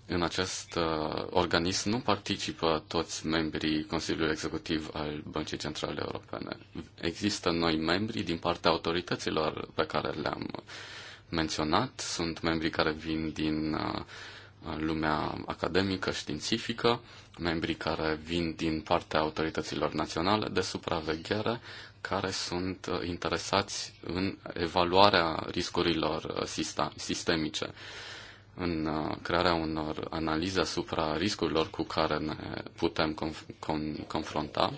în acest uh, organism nu participă toți membrii Consiliului Executiv al Băncii Centrale Europene. Există noi membri din partea autorităților pe care le-am menționat. Sunt membri care vin din uh, lumea academică, științifică, membrii care vin din partea autorităților naționale de supraveghere, care sunt uh, interesați în evaluarea riscurilor sistemice în uh, crearea unor analize asupra riscurilor cu care ne putem conf- con- confrunta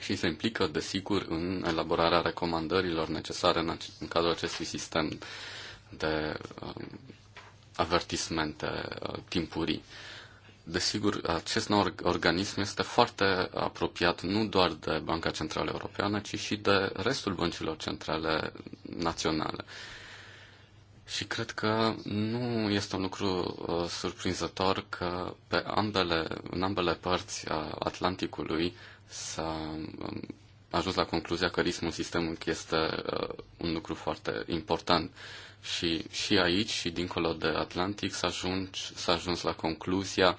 și se implică, desigur, în elaborarea recomandărilor necesare în, ac- în cadrul acestui sistem de uh, avertismente uh, timpurii. Desigur, acest nou organism este foarte apropiat nu doar de Banca Centrală Europeană, ci și de restul băncilor centrale naționale. Uh, și cred că nu este un lucru uh, surprinzător că pe ambele, în ambele părți a Atlanticului s-a um, ajuns la concluzia că ritmul sistemic este uh, un lucru foarte important. Și, și aici și dincolo de Atlantic s-a ajuns, s-a ajuns la concluzia uh,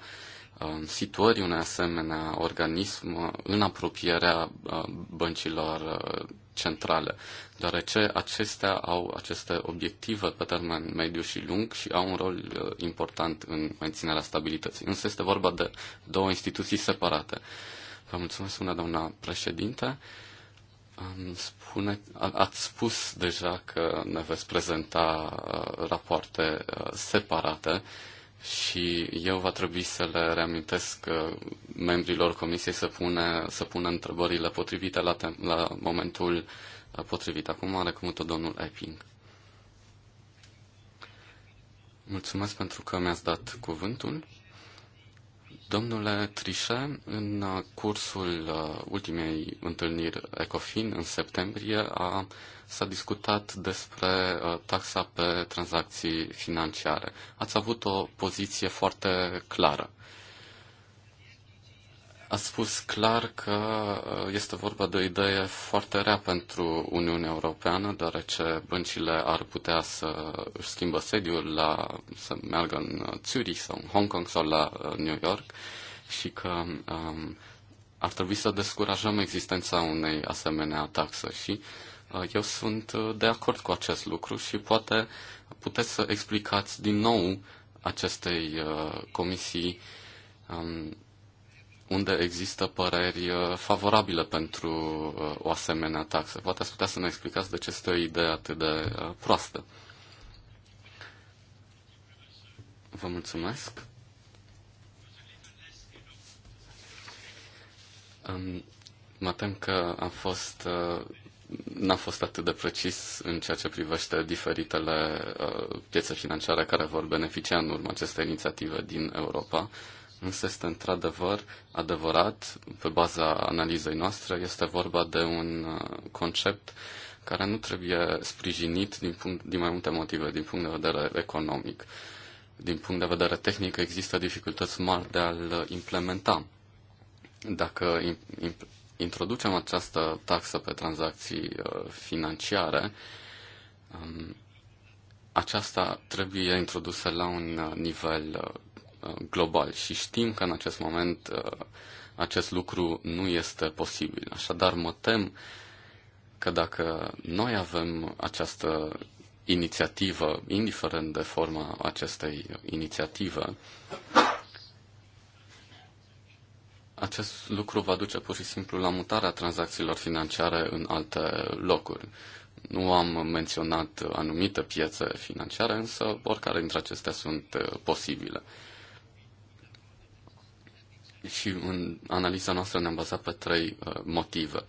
Um, situării unui asemenea organism în apropierea uh, băncilor uh, centrale, deoarece acestea au aceste obiective pe termen mediu și lung și au un rol uh, important în menținerea stabilității. Însă este vorba de două instituții separate. Vă mulțumesc, una doamna președinte. Spune, ați spus deja că ne veți prezenta rapoarte separate și eu va trebui să le reamintesc uh, membrilor comisiei să pune, să pună întrebările potrivite la, tem- la momentul uh, potrivit. Acum are cuvântul domnul Epping. Mulțumesc pentru că mi-ați dat cuvântul. Domnule Trișe, în cursul uh, ultimei întâlniri ECOFIN, în septembrie, a s-a discutat despre uh, taxa pe tranzacții financiare. Ați avut o poziție foarte clară. A spus clar că uh, este vorba de o idee foarte rea pentru Uniunea Europeană, deoarece băncile ar putea să își schimbă sediul la, să meargă în uh, Zurich sau în Hong Kong sau la New York și că um, ar trebui să descurajăm existența unei asemenea taxe și Uh, eu sunt uh, de acord cu acest lucru și poate puteți să explicați din nou acestei uh, comisii um, unde există păreri favorabile pentru o asemenea taxă. Poate ați putea să ne explicați de ce este o idee atât de proastă. Vă mulțumesc. Um, mă tem că am fost n-a fost atât de precis în ceea ce privește diferitele uh, piețe financiare care vor beneficia în urma acestei inițiative din Europa, însă este într-adevăr adevărat, pe baza analizei noastre, este vorba de un uh, concept care nu trebuie sprijinit din, punct, din mai multe motive, din punct de vedere economic. Din punct de vedere tehnic există dificultăți mari de a-l implementa. Dacă introducem această taxă pe tranzacții uh, financiare, um, aceasta trebuie introdusă la un uh, nivel uh, global și știm că în acest moment acest lucru nu este posibil. Așadar, mă tem că dacă noi avem această inițiativă, indiferent de forma acestei inițiative, acest lucru va duce pur și simplu la mutarea tranzacțiilor financiare în alte locuri. Nu am menționat anumite piețe financiare, însă oricare dintre acestea sunt uh, posibile. Și în analiza noastră ne-am bazat pe trei uh, motive.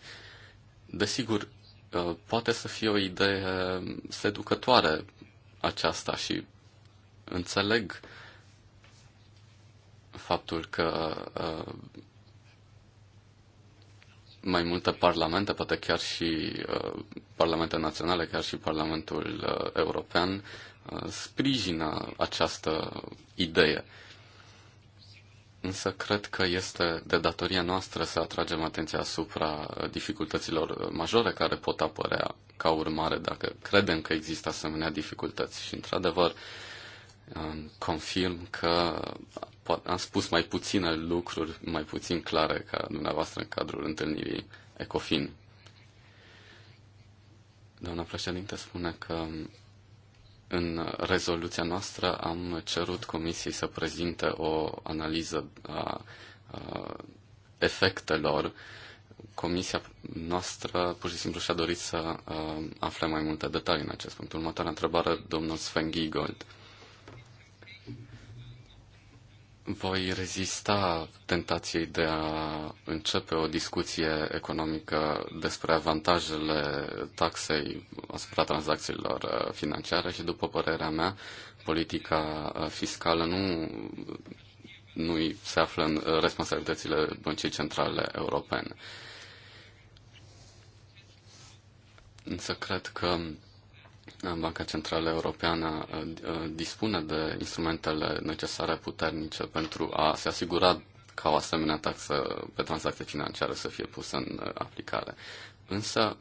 Desigur, uh, poate să fie o idee seducătoare aceasta și înțeleg faptul că mai multe parlamente, poate chiar și parlamentul uh, parlamente naționale, chiar și Parlamentul uh, European, uh, sprijină această idee. Însă cred că este de datoria noastră să atragem atenția asupra dificultăților majore care pot apărea ca urmare dacă credem că există asemenea dificultăți. Și, într-adevăr, uh, confirm că am spus mai puține lucruri, mai puțin clare ca dumneavoastră în cadrul întâlnirii ECOFIN. Doamna președinte spune că în rezoluția noastră am cerut comisiei să prezinte o analiză a, a efectelor. Comisia noastră pur și simplu și-a dorit să a, afle mai multe detalii în acest punct. Următoarea întrebare, domnul Sven Giegold voi rezista tentației de a începe o discuție economică despre avantajele taxei asupra tranzacțiilor uh, financiare și, după părerea mea, politica uh, fiscală nu, nu se află în uh, responsabilitățile Băncii Centrale Europene. Însă cred că Banca Centrală Europeană eh, eh, dispune de instrumentele necesare puternice pentru a se asigura ca o asemenea taxă pe tranzacție financiară să fie pusă în eh, aplicare. Însă,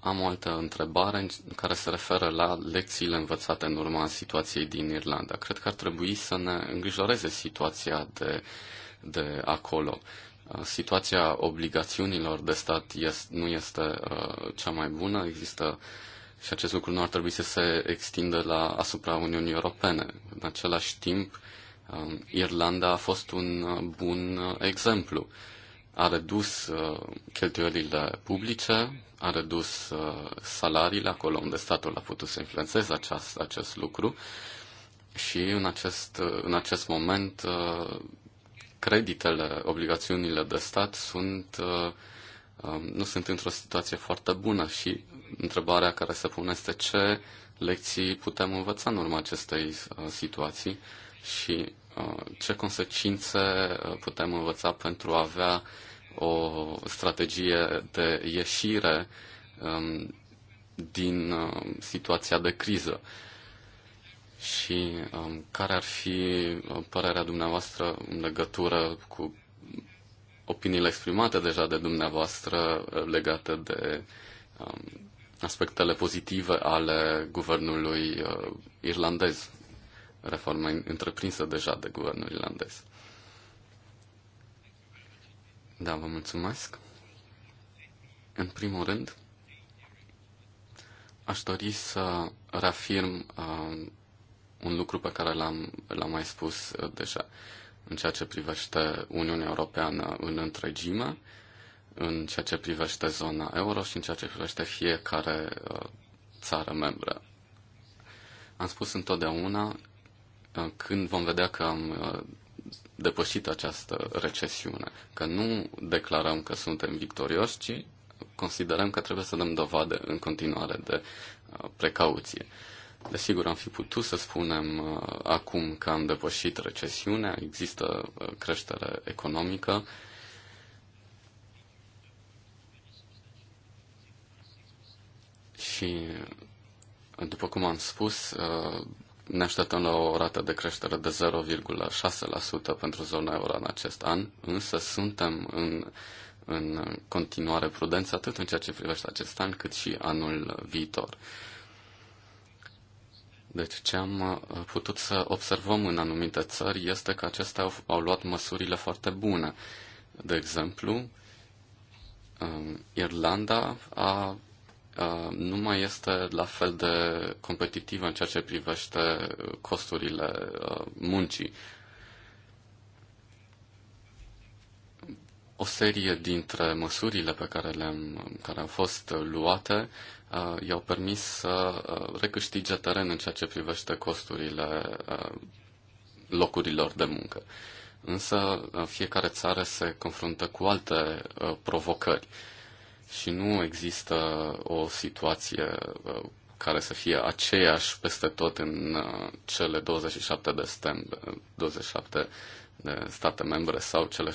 am o altă întrebare care se referă la lecțiile învățate în urma situației din Irlanda. Cred că ar trebui să ne îngrijoreze situația de, de acolo. Situația obligațiunilor de stat nu este cea mai bună. Există și acest lucru nu ar trebui să se extindă la asupra Uniunii Europene. În același timp, um, Irlanda a fost un uh, bun uh, exemplu. A redus uh, cheltuielile publice, a redus salariile acolo unde statul a putut să influențeze acest, acest lucru și în acest, în acest moment creditele, obligațiunile de stat sunt, um, nu sunt într-o situație foarte bună și întrebarea care se pune este ce lecții putem învăța în urma acestei uh, situații și uh, ce consecințe uh, putem învăța pentru a avea o strategie de ieșire um, din situația de criză și um, care ar fi părerea dumneavoastră în legătură cu opiniile exprimate deja de dumneavoastră legate de um, aspectele pozitive ale guvernului uh, irlandez, reforma întreprinsă deja de guvernul irlandez. Da, vă mulțumesc. În primul rând, aș dori să reafirm uh, un lucru pe care l-am, l-am mai spus uh, deja în ceea ce privește Uniunea Europeană în întregime în ceea ce privește zona euro și în ceea ce privește fiecare uh, țară membră. Am spus întotdeauna uh, când vom vedea că am uh, depășit această recesiune, că nu declarăm că suntem victorioși, ci considerăm că trebuie să dăm dovadă în continuare de precauție. Desigur, am fi putut să spunem acum că am depășit recesiunea, există creștere economică, și, după cum am spus, uh, ne așteptăm la o rată de creștere de 0,6% pentru zona euro în acest an, însă suntem în, în continuare prudenți atât în ceea ce privește acest an, cât și anul viitor. Deci ce am uh, putut să observăm în anumite țări este că acestea au, au luat măsurile foarte bune. De exemplu, um, Irlanda a Uh, nu mai este la fel de competitivă în ceea ce privește costurile uh, muncii. O serie dintre măsurile pe care, le-am, care au fost luate uh, i-au permis să recâștige teren în ceea ce privește costurile locurilor de muncă. Însă fiecare țară se confruntă cu alte provocări și nu există o situație uh, care să fie aceeași peste tot în uh, cele 27 de, stem, 27 uh, de state membre sau cele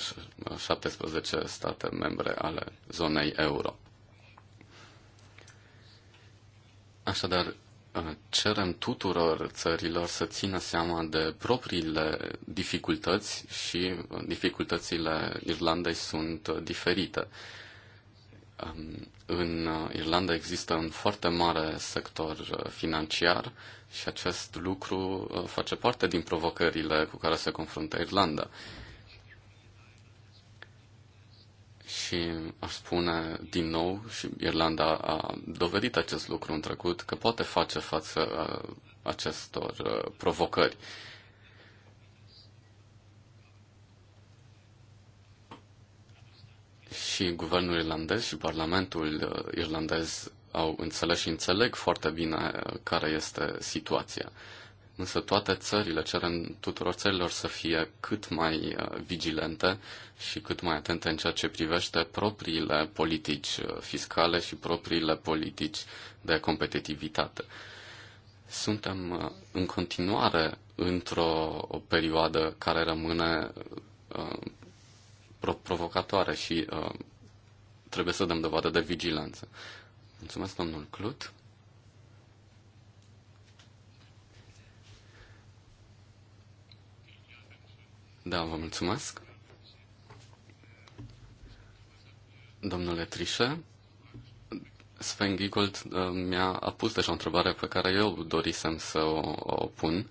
17 state membre ale zonei euro. Așadar, cerem tuturor țărilor să țină seama de propriile dificultăți și dificultățile Irlandei sunt diferite. În uh, Irlanda există un foarte mare sector uh, financiar și acest lucru uh, face parte din provocările cu care se confruntă Irlanda. Și aș spune din nou, și Irlanda a dovedit acest lucru în trecut, că poate face față acestor provocări. și guvernul irlandez și parlamentul uh, irlandez au înțeles și înțeleg foarte bine uh, care este situația. Însă toate țările, cerem tuturor țărilor să fie cât mai uh, vigilente și cât mai atente în ceea ce privește propriile politici fiscale și propriile politici de competitivitate. Suntem în continuare într-o perioadă care rămâne provocatoare și uh, trebuie să dăm dovadă de vigilanță. Mulțumesc, domnul Clut. Da, vă mulțumesc. Domnule Trișe, Sven Giegold uh, mi-a pus deja o întrebare pe care eu dorisem să o, o pun. Uh,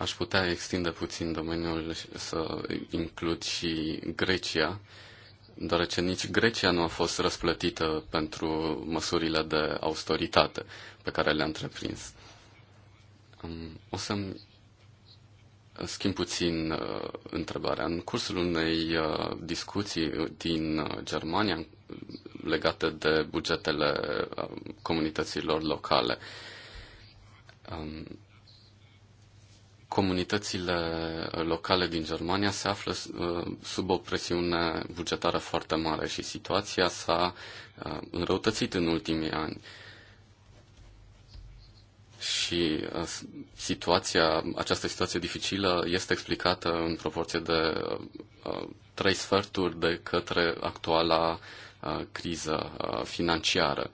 Aș putea extinde puțin domeniul să includ și Grecia, deoarece nici Grecia nu a fost răsplătită pentru măsurile de austeritate pe care le-a întreprins. O să-mi schimb puțin uh, întrebarea. În cursul unei uh, discuții uh, din uh, Germania legate de bugetele uh, comunităților locale, um, comunitățile uh, locale din Germania se află uh, sub o presiune bugetară foarte mare și situația s-a uh, înrăutățit în ultimii ani. Și situația, această situație dificilă este explicată în proporție de trei sferturi de către actuala criză financiară.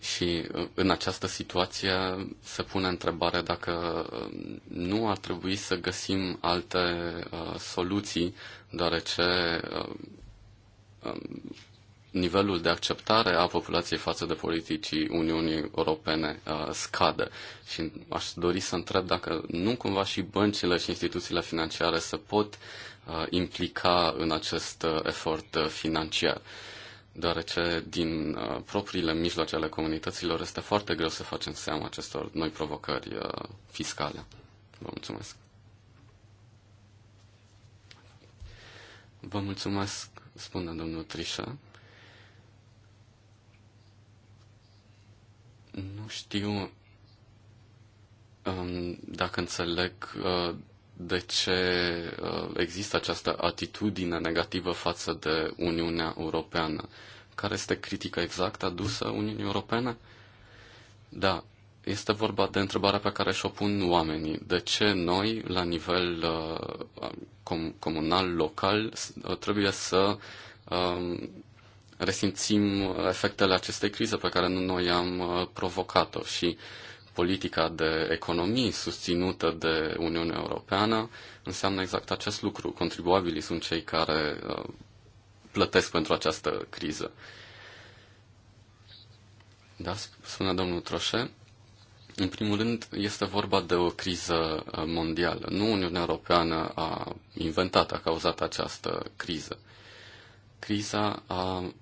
Și uh, în această situație se pune întrebarea dacă uh, nu ar trebui să găsim alte uh, soluții, deoarece uh, um, nivelul de acceptare a populației față de politicii Uniunii Europene uh, scade. Și aș dori să întreb dacă nu cumva și băncile și instituțiile financiare se pot uh, implica în acest uh, efort uh, financiar. Uh, deoarece din uh, propriile mijloace ale comunităților este foarte greu să facem seama acestor noi provocări uh, fiscale. Vă mulțumesc. Vă mulțumesc, spune domnul Trișa. Nu știu um, dacă înțeleg uh, de ce uh, există această atitudine negativă față de Uniunea Europeană. Care este critica exactă adusă Uniunii Europene? Da, este vorba de întrebarea pe care și-o pun oamenii. De ce noi, la nivel uh, comunal, local, uh, trebuie să uh, resimțim efectele acestei crize pe care noi am uh, provocat-o? Și uh, politica de economii susținută de Uniunea Europeană înseamnă exact acest lucru. Contribuabilii sunt cei care uh, plătesc pentru această criză. Da, spune domnul Troșe. În primul rând, este vorba de o criză uh, mondială. Nu Uniunea Europeană a inventat, a cauzat această criză. Criza a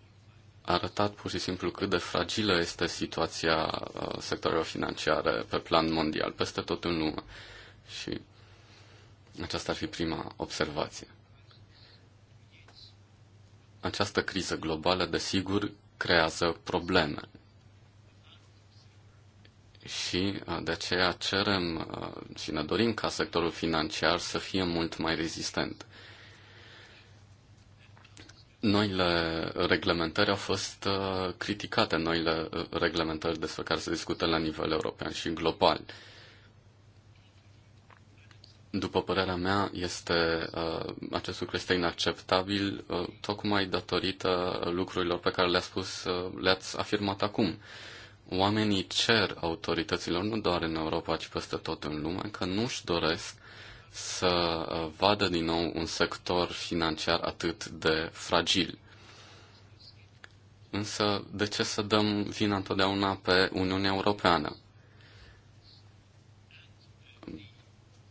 arătat pur și simplu cât de fragilă este situația uh, sectorelor financiare pe plan mondial, peste tot în lume. Și aceasta ar fi prima observație. Această criză globală, desigur, creează probleme. Și uh, de aceea cerem uh, și ne dorim ca sectorul financiar să fie mult mai rezistent. Noile reglementări au fost uh, criticate, noile uh, reglementări despre care se discută la nivel european și global. După părerea mea, este, uh, acest lucru este inacceptabil tocmai datorită lucrurilor pe care le ați spus, le-ați afirmat acum. Oamenii cer autorităților, nu doar în Europa, ci peste tot în lume, că nu-și doresc să uh, vadă din nou un sector financiar atât de fragil. Însă, de ce să dăm vina întotdeauna pe Uniunea Europeană?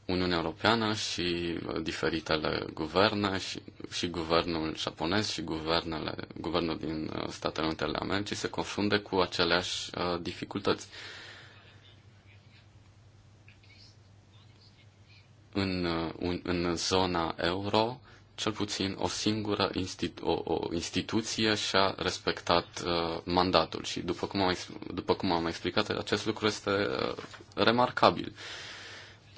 Uniunea Europeană și diferitele guverne și, și guvernul japonez și guvernele, guvernul din uh, Statele Unite ale Americii se confunde cu aceleași uh, dificultăți. Uh, în, în, uh, în zona euro, cel puțin o singură institu- o, o instituție și-a respectat uh, mandatul. Și după cum, am, după cum am explicat, acest lucru este uh, remarcabil.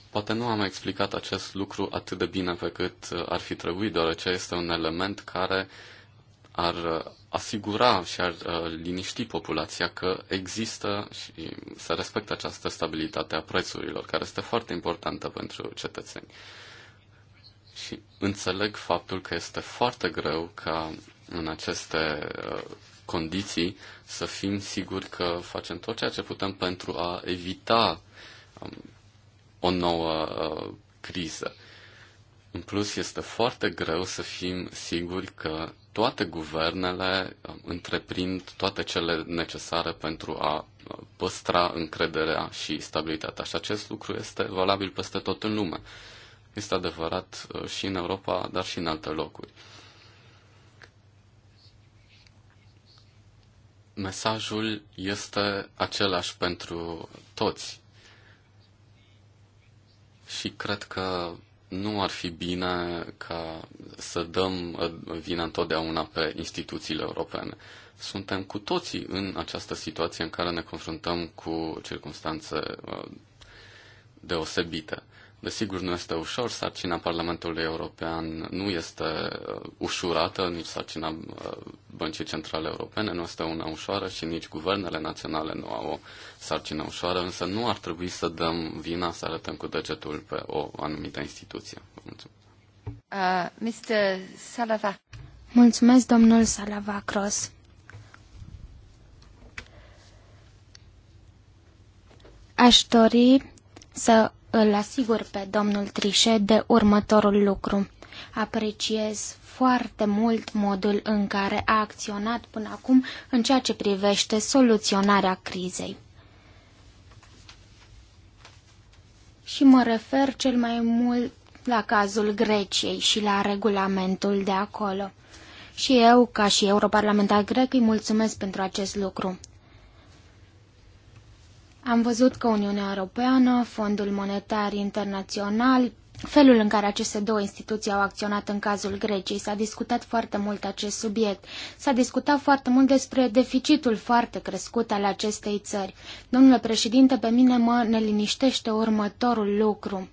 Poate nu am explicat acest lucru atât de bine pe cât uh, ar fi trebuit, deoarece este un element care ar asigura și ar uh, liniști populația că există și se respectă această stabilitate a prețurilor, care este foarte importantă pentru cetățeni. Și înțeleg faptul că este foarte greu ca în aceste uh, condiții să fim siguri că facem tot ceea ce putem pentru a evita um, o nouă uh, criză. În plus, este foarte greu să fim siguri că toate guvernele um, întreprind toate cele necesare pentru a uh, păstra încrederea și stabilitatea. Și acest lucru este valabil peste tot în lume. Este adevărat uh, și în Europa, dar și în alte locuri. Mesajul este același pentru toți. Și cred că nu ar fi bine ca să dăm uh, vina întotdeauna pe instituțiile europene. Suntem cu toții în această situație în care ne confruntăm cu circunstanțe uh, deosebite. Desigur, nu este ușor, sarcina Parlamentului European nu este uh, ușurată, nici sarcina uh, Băncii Centrale Europene nu este una ușoară și nici guvernele naționale nu au o sarcină ușoară, însă nu ar trebui să dăm vina, să arătăm cu degetul pe o anumită instituție. mulțumesc. Uh, Mr. Salava. Mulțumesc, domnul Salava Cross. Aș dori să îl asigur pe domnul Trișe de următorul lucru. Apreciez foarte mult modul în care a acționat până acum în ceea ce privește soluționarea crizei. Și mă refer cel mai mult la cazul Greciei și la regulamentul de acolo. Și eu, ca și europarlamentar grec, îi mulțumesc pentru acest lucru. Am văzut că Uniunea Europeană, Fondul Monetar Internațional, felul în care aceste două instituții au acționat în cazul Greciei, s-a discutat foarte mult acest subiect. S-a discutat foarte mult despre deficitul foarte crescut al acestei țări. Domnule președinte, pe mine mă neliniștește următorul lucru.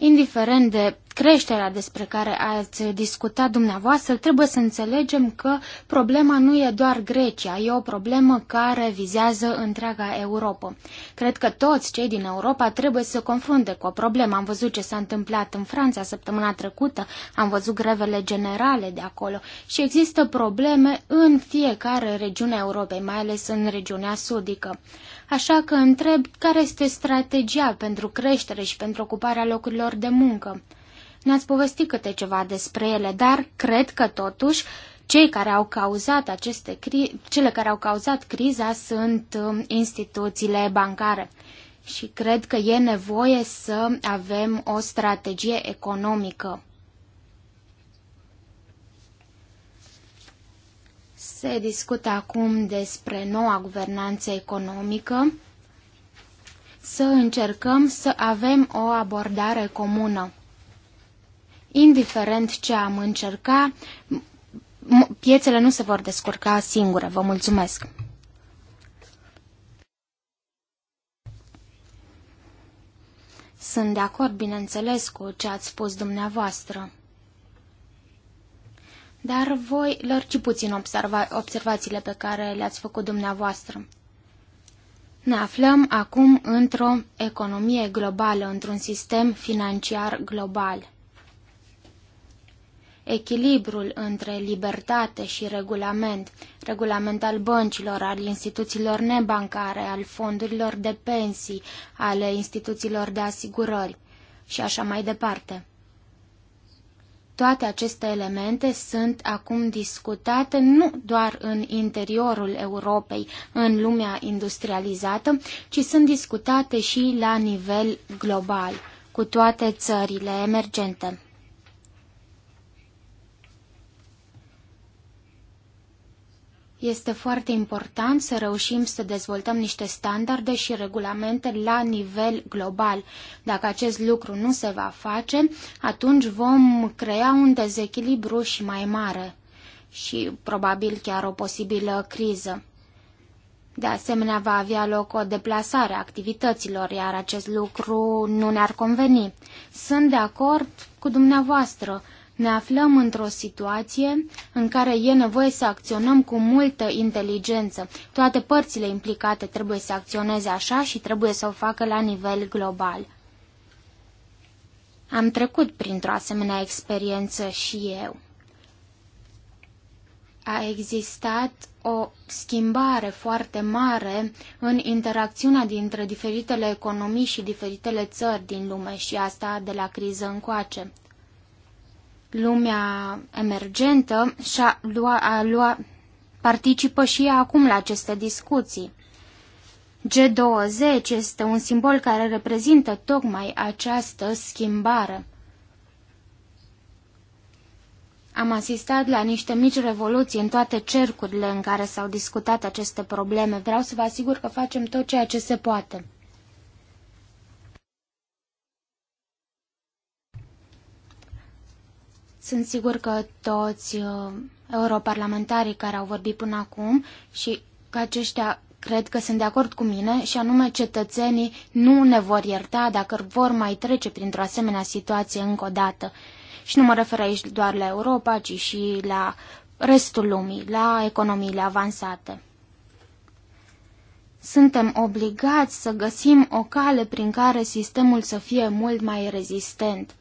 Indiferent de creșterea despre care ați discutat dumneavoastră, trebuie să înțelegem că problema nu e doar Grecia, e o problemă care vizează întreaga Europa. Cred că toți cei din Europa trebuie să se confrunte cu o problemă. Am văzut ce s-a întâmplat în Franța săptămâna trecută, am văzut grevele generale de acolo și există probleme în fiecare regiune a Europei, mai ales în regiunea sudică. Așa că întreb care este strategia pentru creștere și pentru ocuparea locurilor de muncă. Ne-ați povestit câte ceva despre ele, dar cred că totuși cei care au cauzat aceste cri- cele care au cauzat criza sunt um, instituțiile bancare. Și cred că e nevoie să avem o strategie economică Se discută acum despre noua guvernanță economică, să încercăm să avem o abordare comună. Indiferent ce am încerca, piețele nu se vor descurca singure. Vă mulțumesc! Sunt de acord, bineînțeles, cu ce ați spus dumneavoastră dar voi lărgi puțin observa observațiile pe care le-ați făcut dumneavoastră. Ne aflăm acum într-o economie globală, într-un sistem financiar global. Echilibrul între libertate și regulament, regulament al băncilor, al instituțiilor nebancare, al fondurilor de pensii, ale instituțiilor de asigurări și așa mai departe. Toate aceste elemente sunt acum discutate nu doar în interiorul Europei, în lumea industrializată, ci sunt discutate și la nivel global, cu toate țările emergente. Este foarte important să reușim să dezvoltăm niște standarde și regulamente la nivel global. Dacă acest lucru nu se va face, atunci vom crea un dezechilibru și mai mare și probabil chiar o posibilă criză. De asemenea, va avea loc o deplasare a activităților, iar acest lucru nu ne-ar conveni. Sunt de acord cu dumneavoastră. Ne aflăm într-o situație în care e nevoie să acționăm cu multă inteligență. Toate părțile implicate trebuie să acționeze așa și trebuie să o facă la nivel global. Am trecut printr-o asemenea experiență și eu. A existat o schimbare foarte mare în interacțiunea dintre diferitele economii și diferitele țări din lume și asta de la criză încoace lumea emergentă și-a lua, a lua, participă și ea acum la aceste discuții. G20 este un simbol care reprezintă tocmai această schimbare. Am asistat la niște mici revoluții în toate cercurile în care s-au discutat aceste probleme. Vreau să vă asigur că facem tot ceea ce se poate. Sunt sigur că toți uh, europarlamentarii care au vorbit până acum și că aceștia cred că sunt de acord cu mine și anume cetățenii nu ne vor ierta dacă vor mai trece printr-o asemenea situație încă o dată. Și nu mă refer aici doar la Europa, ci și la restul lumii, la economiile avansate. Suntem obligați să găsim o cale prin care sistemul să fie mult mai rezistent.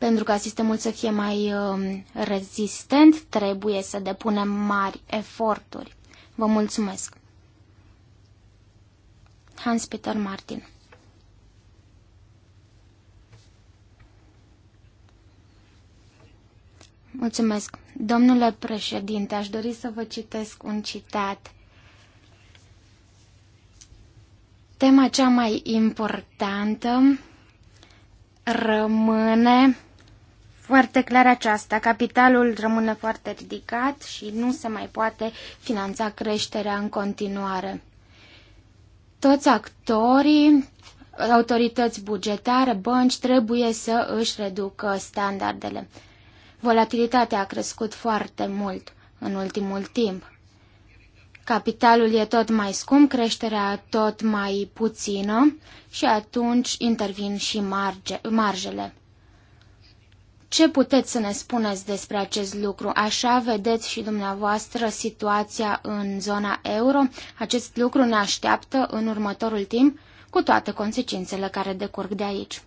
Pentru ca sistemul să fie mai um, rezistent, trebuie să depunem mari eforturi. Vă mulțumesc! Hans-Peter Martin Mulțumesc. Domnule președinte, aș dori să vă citesc un citat. Tema cea mai importantă rămâne foarte clar aceasta. Capitalul rămâne foarte ridicat și nu se mai poate finanța creșterea în continuare. Toți actorii, autorități bugetare, bănci trebuie să își reducă standardele. Volatilitatea a crescut foarte mult în ultimul timp. Capitalul e tot mai scump, creșterea tot mai puțină și atunci intervin și marge, marjele. Ce puteți să ne spuneți despre acest lucru? Așa vedeți și dumneavoastră situația în zona euro? Acest lucru ne așteaptă în următorul timp cu toate consecințele care decurg de aici.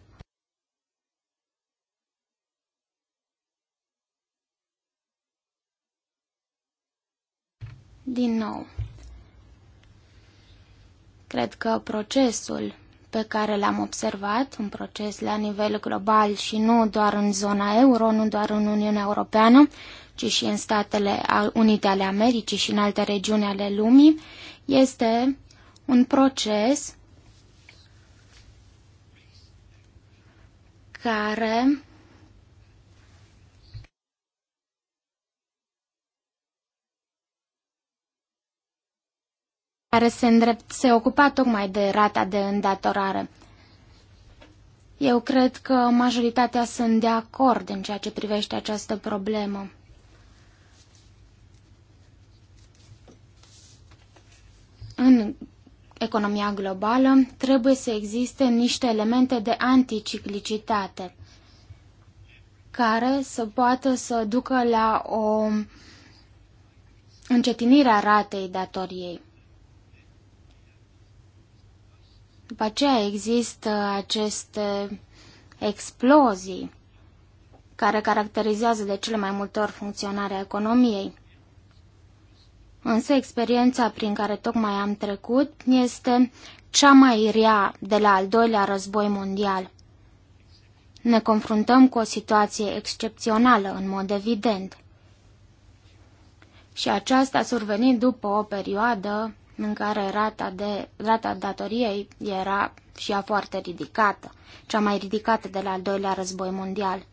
Din nou, cred că procesul pe care l-am observat, un proces la nivel global și nu doar în zona euro, nu doar în Uniunea Europeană, ci și în Statele Unite ale Americii și în alte regiuni ale lumii, este un proces care care se, îndrept, se ocupa tocmai de rata de îndatorare. Eu cred că majoritatea sunt de acord în ceea ce privește această problemă. În economia globală trebuie să existe niște elemente de anticiclicitate care să poată să ducă la o încetinire a ratei datoriei. După aceea există aceste explozii care caracterizează de cele mai multe ori funcționarea economiei. Însă experiența prin care tocmai am trecut este cea mai rea de la al doilea război mondial. Ne confruntăm cu o situație excepțională, în mod evident. Și aceasta a survenit după o perioadă în care rata, de, rata datoriei era și ea foarte ridicată, cea mai ridicată de la al doilea război mondial.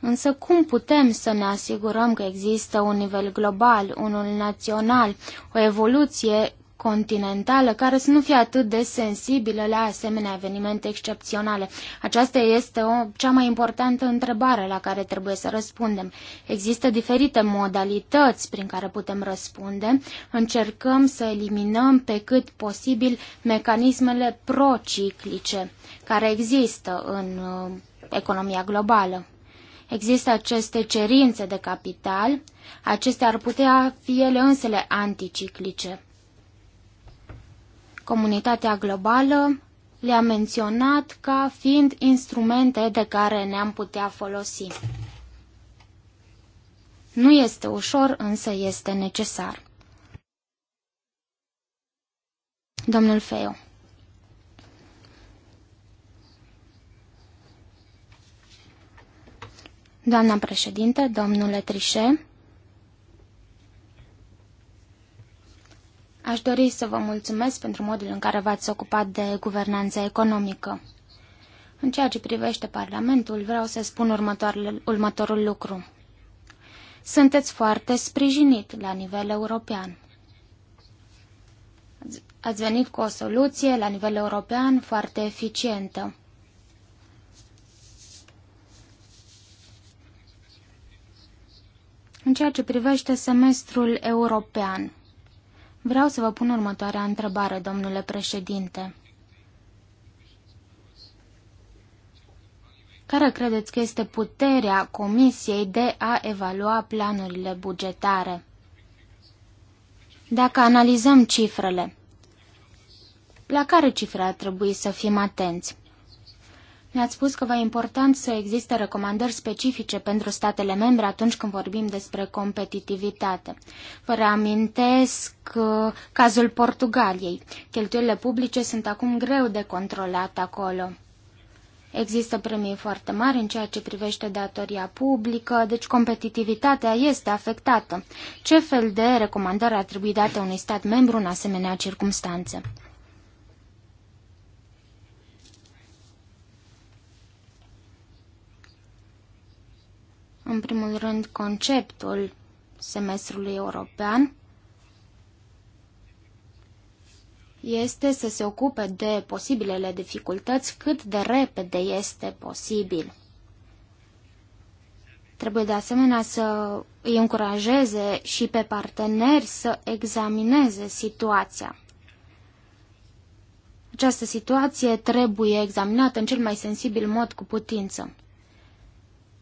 Însă cum putem să ne asigurăm că există un nivel global, unul național, o evoluție continentală care să nu fie atât de sensibilă la asemenea evenimente excepționale? Aceasta este o cea mai importantă întrebare la care trebuie să răspundem. Există diferite modalități prin care putem răspunde. Încercăm să eliminăm pe cât posibil mecanismele prociclice care există în uh, economia globală. Există aceste cerințe de capital, acestea ar putea fi ele însele anticiclice. Comunitatea globală le-a menționat ca fiind instrumente de care ne-am putea folosi. Nu este ușor, însă este necesar. Domnul Feo Doamna președinte, domnule Trișe, Aș dori să vă mulțumesc pentru modul în care v-ați ocupat de guvernanța economică. În ceea ce privește Parlamentul, vreau să spun următorul, următorul lucru. Sunteți foarte sprijinit la nivel european. Ați venit cu o soluție la nivel european foarte eficientă. În ceea ce privește semestrul european, Vreau să vă pun următoarea întrebare, domnule președinte. Care credeți că este puterea Comisiei de a evalua planurile bugetare? Dacă analizăm cifrele, la care cifre ar trebui să fim atenți? Ne-ați spus că va important să existe recomandări specifice pentru statele membre atunci când vorbim despre competitivitate. Vă reamintesc uh, cazul Portugaliei. Cheltuielile publice sunt acum greu de controlat acolo. Există premii foarte mari în ceea ce privește datoria publică, deci competitivitatea este afectată. Ce fel de recomandări ar trebui date unui stat membru în asemenea circunstanțe? În primul rând, conceptul semestrului european este să se ocupe de posibilele dificultăți cât de repede este posibil. Trebuie de asemenea să îi încurajeze și pe parteneri să examineze situația. Această situație trebuie examinată în cel mai sensibil mod cu putință.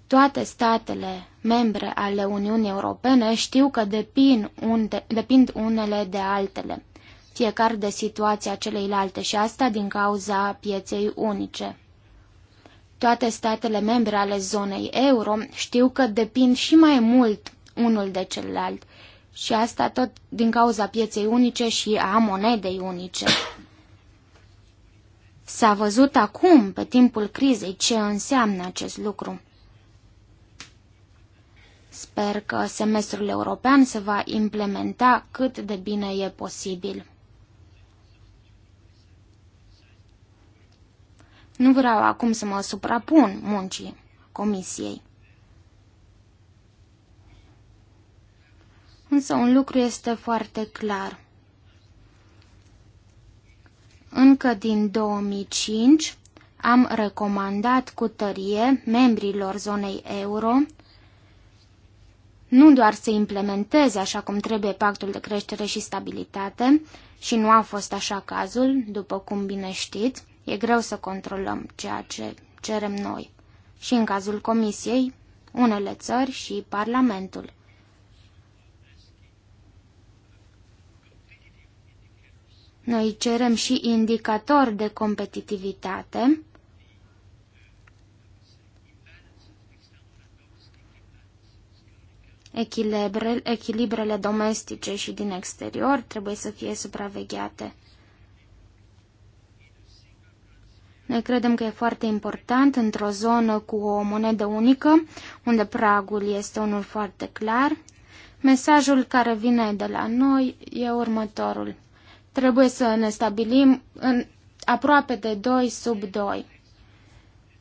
Toate statele membre ale Uniunii Europene știu că depind, unde, depind unele de altele, fiecare de situația celeilalte și asta din cauza pieței unice. Toate statele membre ale zonei euro știu că depind și mai mult unul de celălalt și asta tot din cauza pieței unice și a monedei unice. S-a văzut acum, pe timpul crizei, ce înseamnă acest lucru. Sper că semestrul european se va implementa cât de bine e posibil. Nu vreau acum să mă suprapun muncii comisiei. Însă un lucru este foarte clar. Încă din 2005 am recomandat cu tărie membrilor zonei euro nu doar să implementeze așa cum trebuie pactul de creștere și stabilitate, și nu a fost așa cazul, după cum bine știți, e greu să controlăm ceea ce cerem noi. Și în cazul Comisiei, unele țări și Parlamentul. Noi cerem și indicatori de competitivitate, Echilibrele, echilibrele domestice și din exterior trebuie să fie supravegheate. Noi credem că e foarte important într-o zonă cu o monedă unică, unde pragul este unul foarte clar. Mesajul care vine de la noi e următorul. Trebuie să ne stabilim în aproape de 2 sub 2.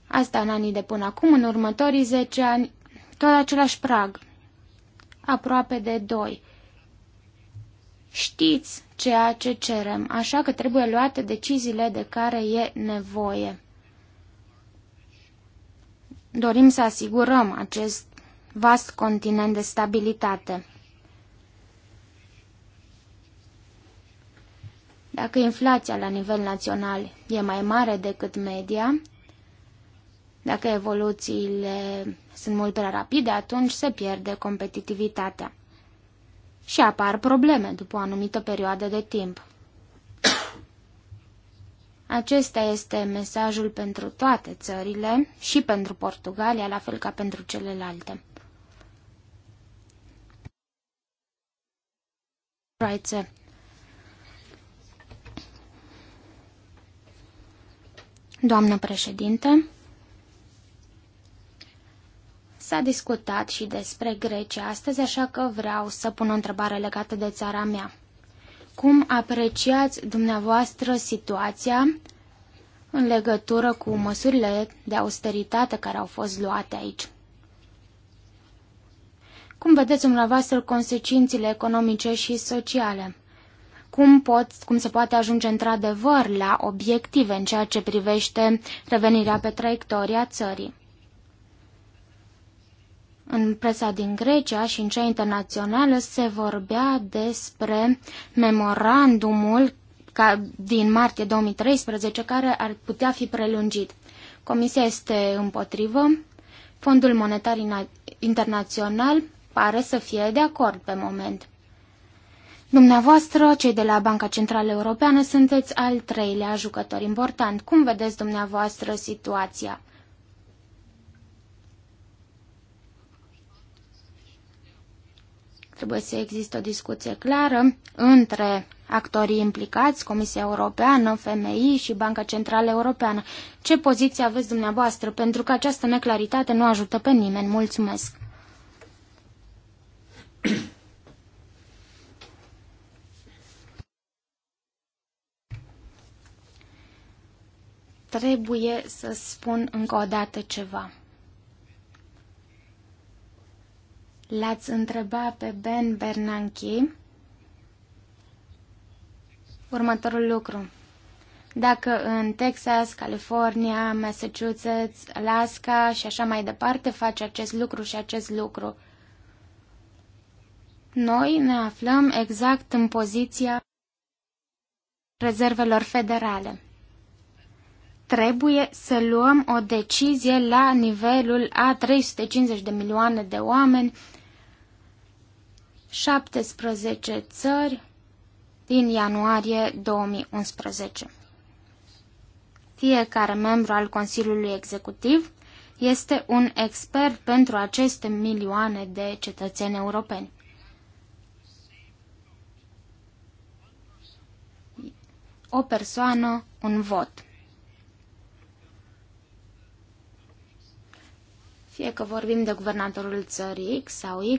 Asta în anii de până acum, în următorii 10 ani, tot același prag, aproape de doi. Știți ceea ce cerem, așa că trebuie luate deciziile de care e nevoie. Dorim să asigurăm acest vast continent de stabilitate. Dacă inflația la nivel național e mai mare decât media, dacă evoluțiile sunt mult prea rapide, atunci se pierde competitivitatea. Și apar probleme după o anumită perioadă de timp. Acesta este mesajul pentru toate țările și pentru Portugalia, la fel ca pentru celelalte. Doamnă președinte, S-a discutat și despre Grecia astăzi, așa că vreau să pun o întrebare legată de țara mea. Cum apreciați dumneavoastră situația în legătură cu măsurile de austeritate care au fost luate aici? Cum vedeți dumneavoastră consecințele economice și sociale? Cum, pot, cum se poate ajunge într-adevăr la obiective în ceea ce privește revenirea pe traiectoria țării? în presa din Grecia și în cea internațională se vorbea despre memorandumul ca, din martie 2013 care ar putea fi prelungit. Comisia este împotrivă, Fondul Monetar Internațional pare să fie de acord pe moment. Dumneavoastră, cei de la Banca Centrală Europeană, sunteți al treilea jucător important. Cum vedeți dumneavoastră situația? Trebuie să existe o discuție clară între actorii implicați, Comisia Europeană, FMI și Banca Centrală Europeană. Ce poziție aveți dumneavoastră? Pentru că această neclaritate nu ajută pe nimeni. Mulțumesc! Trebuie să spun încă o dată ceva. L-ați întrebat pe Ben Bernanke următorul lucru. Dacă în Texas, California, Massachusetts, Alaska și așa mai departe faci acest lucru și acest lucru, noi ne aflăm exact în poziția rezervelor federale trebuie să luăm o decizie la nivelul a 350 de milioane de oameni, 17 țări din ianuarie 2011. Fiecare membru al Consiliului Executiv este un expert pentru aceste milioane de cetățeni europeni. O persoană, un vot. fie că vorbim de guvernatorul țării X sau Y,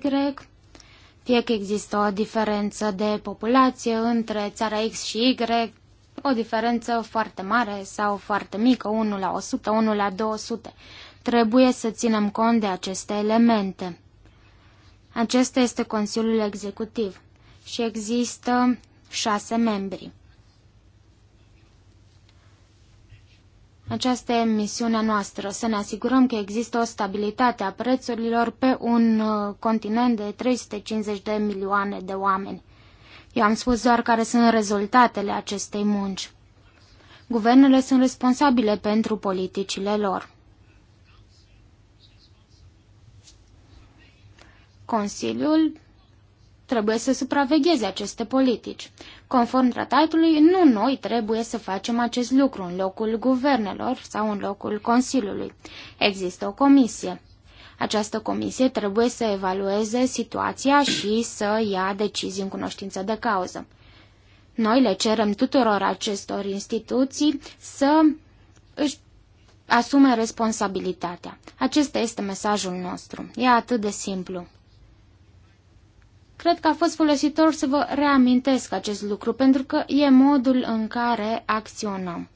fie că există o diferență de populație între țara X și Y, o diferență foarte mare sau foarte mică, 1 la 100, 1 la 200. Trebuie să ținem cont de aceste elemente. Acesta este Consiliul Executiv și există șase membri. Aceasta e misiunea noastră, să ne asigurăm că există o stabilitate a prețurilor pe un uh, continent de 350 de milioane de oameni. Eu am spus doar care sunt rezultatele acestei munci. Guvernele sunt responsabile pentru politicile lor. Consiliul trebuie să supravegheze aceste politici. Conform tratatului, nu noi trebuie să facem acest lucru în locul guvernelor sau în locul Consiliului. Există o comisie. Această comisie trebuie să evalueze situația și să ia decizii în cunoștință de cauză. Noi le cerem tuturor acestor instituții să își asume responsabilitatea. Acesta este mesajul nostru. E atât de simplu. Cred că a fost folositor să vă reamintesc acest lucru, pentru că e modul în care acționăm.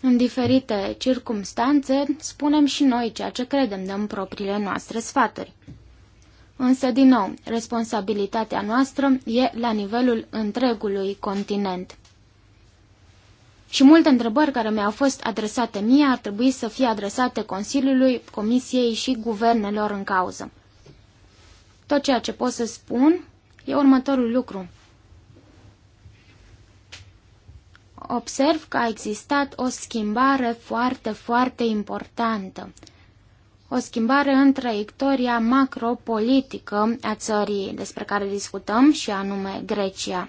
În diferite circumstanțe, spunem și noi ceea ce credem, dăm propriile noastre sfaturi. Însă, din nou, responsabilitatea noastră e la nivelul întregului continent și multe întrebări care mi-au fost adresate mie ar trebui să fie adresate Consiliului, Comisiei și guvernelor în cauză. Tot ceea ce pot să spun e următorul lucru. Observ că a existat o schimbare foarte, foarte importantă. O schimbare în traiectoria macropolitică a țării despre care discutăm și anume Grecia.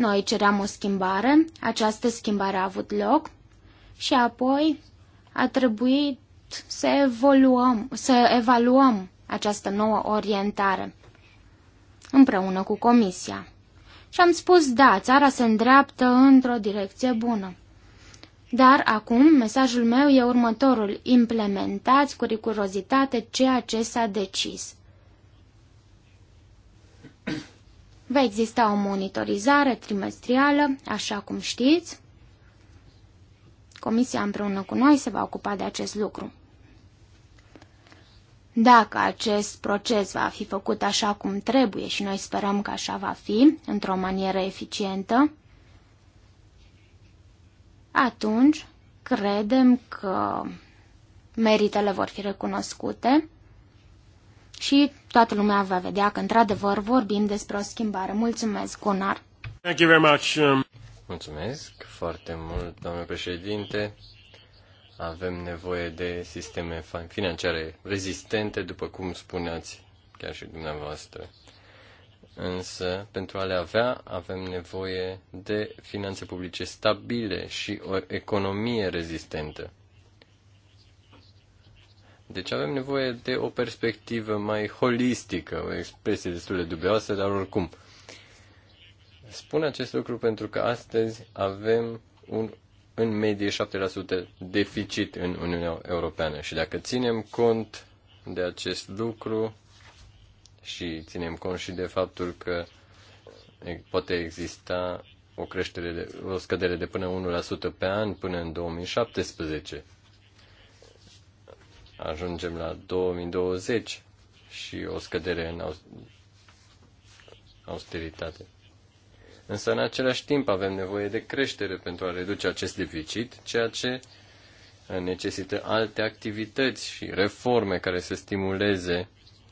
Noi ceream o schimbare, această schimbare a avut loc și apoi a trebuit să, evoluăm, să evaluăm această nouă orientare împreună cu comisia. Și am spus, da, țara se îndreaptă într-o direcție bună. Dar acum mesajul meu e următorul, implementați cu rigurozitate ceea ce s-a decis. Va exista o monitorizare trimestrială, așa cum știți. Comisia împreună cu noi se va ocupa de acest lucru. Dacă acest proces va fi făcut așa cum trebuie și noi sperăm că așa va fi, într-o manieră eficientă, atunci credem că meritele vor fi recunoscute și toată lumea va vedea că într-adevăr vorbim despre o schimbare. Mulțumesc, Gunnar! Thank you very much. Um, Mulțumesc foarte mult, doamne președinte. Avem nevoie de sisteme financiare rezistente, după cum spuneați chiar și dumneavoastră. Însă, pentru a le avea, avem nevoie de finanțe publice stabile și o economie rezistentă. Deci avem nevoie de o perspectivă mai holistică, o expresie destul de dubioasă, dar oricum. Spun acest lucru pentru că astăzi avem un, în medie 7% deficit în Uniunea Europeană și dacă ținem cont de acest lucru și ținem cont și de faptul că poate exista o creștere de, o scădere de până 1% pe an până în 2017 ajungem la 2020 și o scădere în austeritate. Însă, în același timp, avem nevoie de creștere pentru a reduce acest deficit, ceea ce necesită alte activități și reforme care să stimuleze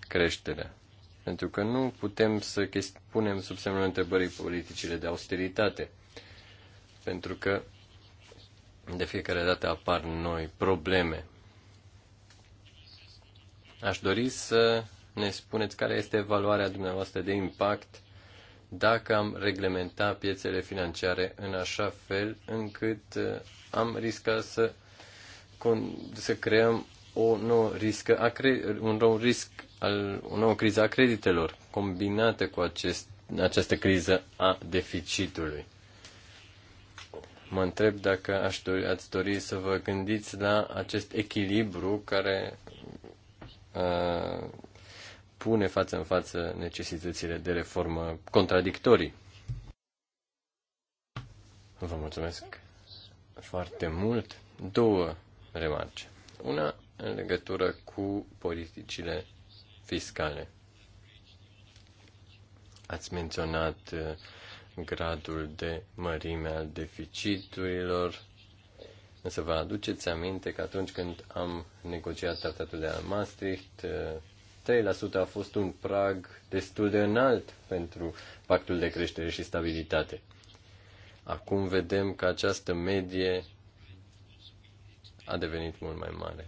creșterea. Pentru că nu putem să punem sub semnul întrebării politicile de austeritate. Pentru că de fiecare dată apar noi probleme Aș dori să ne spuneți care este valoarea dumneavoastră de impact dacă am reglementa piețele financiare în așa fel încât uh, am riscat să, să creăm o nouă riscă, un nou risc al, o nouă criză a creditelor, combinată cu acest, această criză a deficitului. Mă întreb dacă aș dori, ați dori să vă gândiți la acest echilibru care pune față în față necesitățile de reformă contradictorii. Vă mulțumesc foarte mult. Două remarce. Una în legătură cu politicile fiscale. Ați menționat uh, gradul de mărime al deficiturilor, Însă vă aduceți aminte că atunci când am negociat tratatul de la Maastricht, eh, 3% a fost un prag destul de înalt pentru pactul de creștere și stabilitate. Acum vedem că această medie a devenit mult mai mare.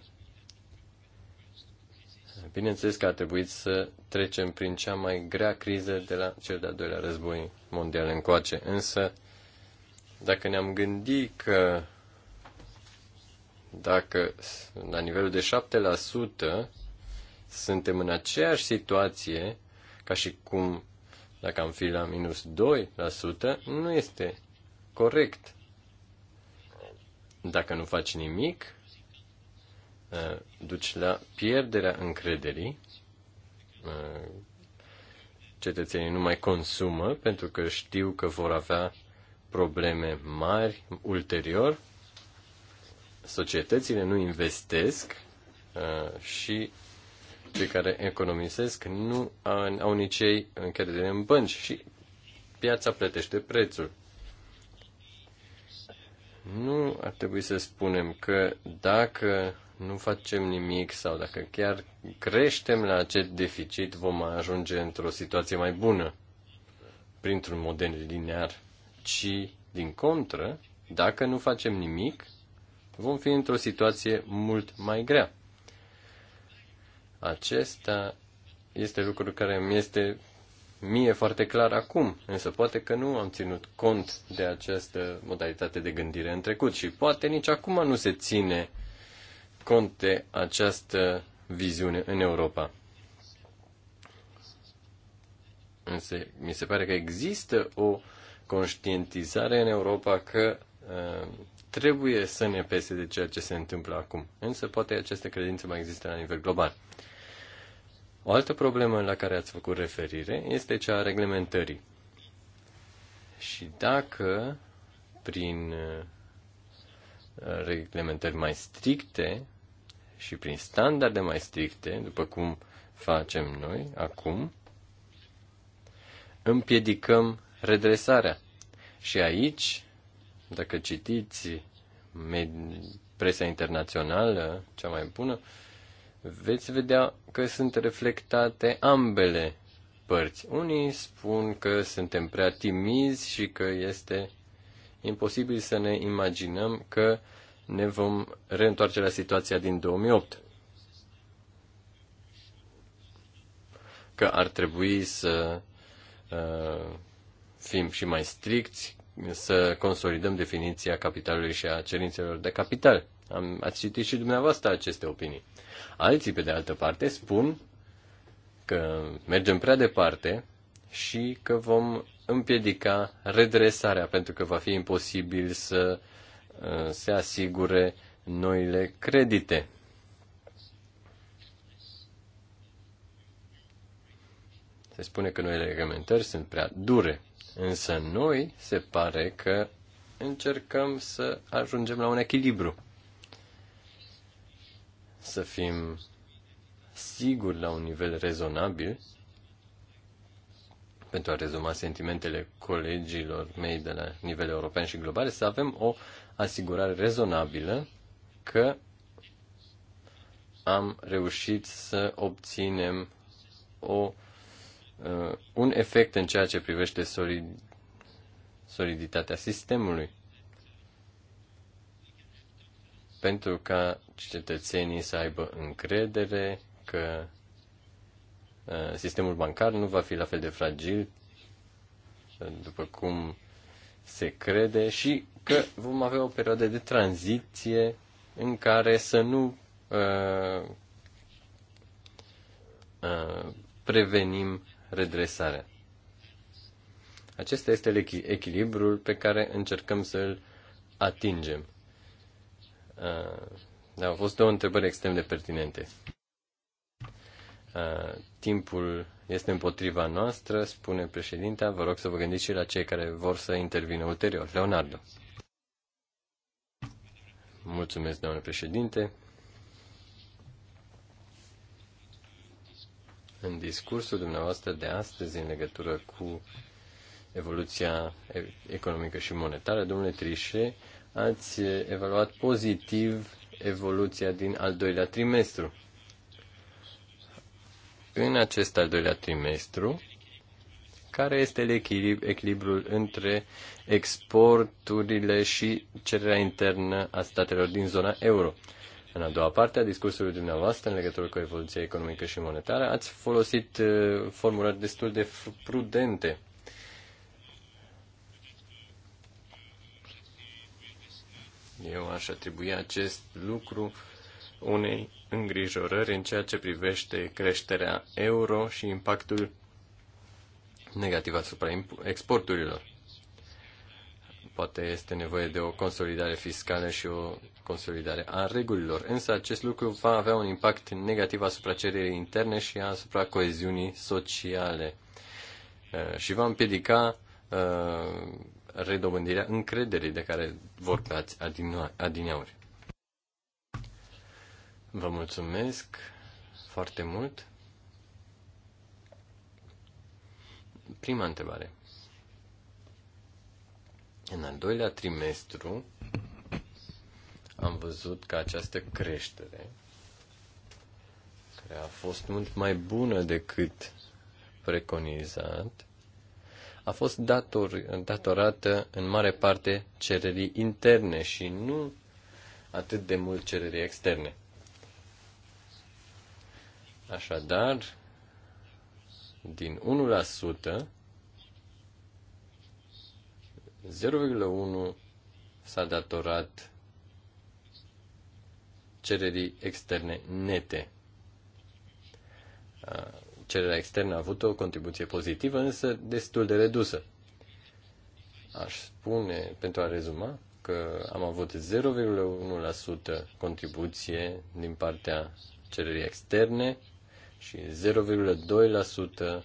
Bineînțeles că a trebuit să trecem prin cea mai grea criză de la cel de-al doilea război mondial încoace, însă dacă ne-am gândit că dacă la nivelul de 7% suntem în aceeași situație ca și cum dacă am fi la minus 2%, nu este corect. Dacă nu faci nimic, uh, duci la pierderea încrederii. Uh, cetățenii nu mai consumă pentru că știu că vor avea probleme mari ulterior societățile nu investesc uh, și cei care economisesc nu au nici ei încredere în bănci și piața plătește prețul. Nu ar trebui să spunem că dacă nu facem nimic sau dacă chiar creștem la acest deficit, vom ajunge într-o situație mai bună printr-un model linear, ci din contră, dacă nu facem nimic, vom fi într-o situație mult mai grea. Acesta este lucru care mi este mie foarte clar acum, însă poate că nu am ținut cont de această modalitate de gândire în trecut și poate nici acum nu se ține cont de această viziune în Europa. Însă mi se pare că există o conștientizare în Europa că uh, trebuie să ne pese de ceea ce se întâmplă acum. Însă poate aceste credințe mai există la nivel global. O altă problemă la care ați făcut referire este cea a reglementării. Și dacă prin uh, reglementări mai stricte și prin standarde mai stricte, după cum facem noi acum, împiedicăm redresarea. Și aici dacă citiți presa internațională, cea mai bună, veți vedea că sunt reflectate ambele părți. Unii spun că suntem prea timizi și că este imposibil să ne imaginăm că ne vom reîntoarce la situația din 2008. Că ar trebui să uh, fim și mai stricți, să consolidăm definiția capitalului și a cerințelor de capital. Am, ați citit și dumneavoastră aceste opinii. Alții, pe de altă parte, spun că mergem prea departe și că vom împiedica redresarea, pentru că va fi imposibil să uh, se asigure noile credite. Se spune că noile reglementări sunt prea dure. Însă noi se pare că încercăm să ajungem la un echilibru. Să fim siguri la un nivel rezonabil pentru a rezuma sentimentele colegilor mei de la nivel european și global, să avem o asigurare rezonabilă că am reușit să obținem o uh, un efect în ceea ce privește solid, soliditatea sistemului. Pentru ca cetățenii să aibă încredere că uh, sistemul bancar nu va fi la fel de fragil uh, după cum se crede și că vom avea o perioadă de tranziție în care să nu uh, uh, prevenim redresarea. Acesta este echilibrul pe care încercăm să-l atingem. Da, au fost două întrebări extrem de pertinente. Uh, timpul este împotriva noastră, spune președinta. Vă rog să vă gândiți și la cei care vor să intervină ulterior. Leonardo. Mulțumesc, domnule președinte. în discursul dumneavoastră de astăzi în legătură cu evoluția economică și monetară, domnule Trișe, ați evaluat pozitiv evoluția din al doilea trimestru. În acest al doilea trimestru, care este echilibrul între exporturile și cererea internă a statelor din zona euro? În a doua parte a discursului dumneavoastră, în legătură cu evoluția economică și monetară, ați folosit uh, formulări destul de prudente. Eu aș atribui acest lucru unei îngrijorări în ceea ce privește creșterea euro și impactul negativ asupra exporturilor poate este nevoie de o consolidare fiscală și o consolidare a regulilor. Însă acest lucru va avea un impact negativ asupra cererii interne și asupra coeziunii sociale uh, și va împiedica uh, redobândirea încrederii de care vorbeați adineauri. Vă mulțumesc foarte mult. Prima întrebare. În al doilea trimestru am văzut că această creștere, care a fost mult mai bună decât preconizat, a fost dator, datorată în mare parte cererii interne și nu atât de mult cererii externe. Așadar, din 0,1 s-a datorat cererii externe nete. Cererea externă a avut o contribuție pozitivă, însă destul de redusă. Aș spune, pentru a rezuma, că am avut 0,1% contribuție din partea cererii externe și 0,2%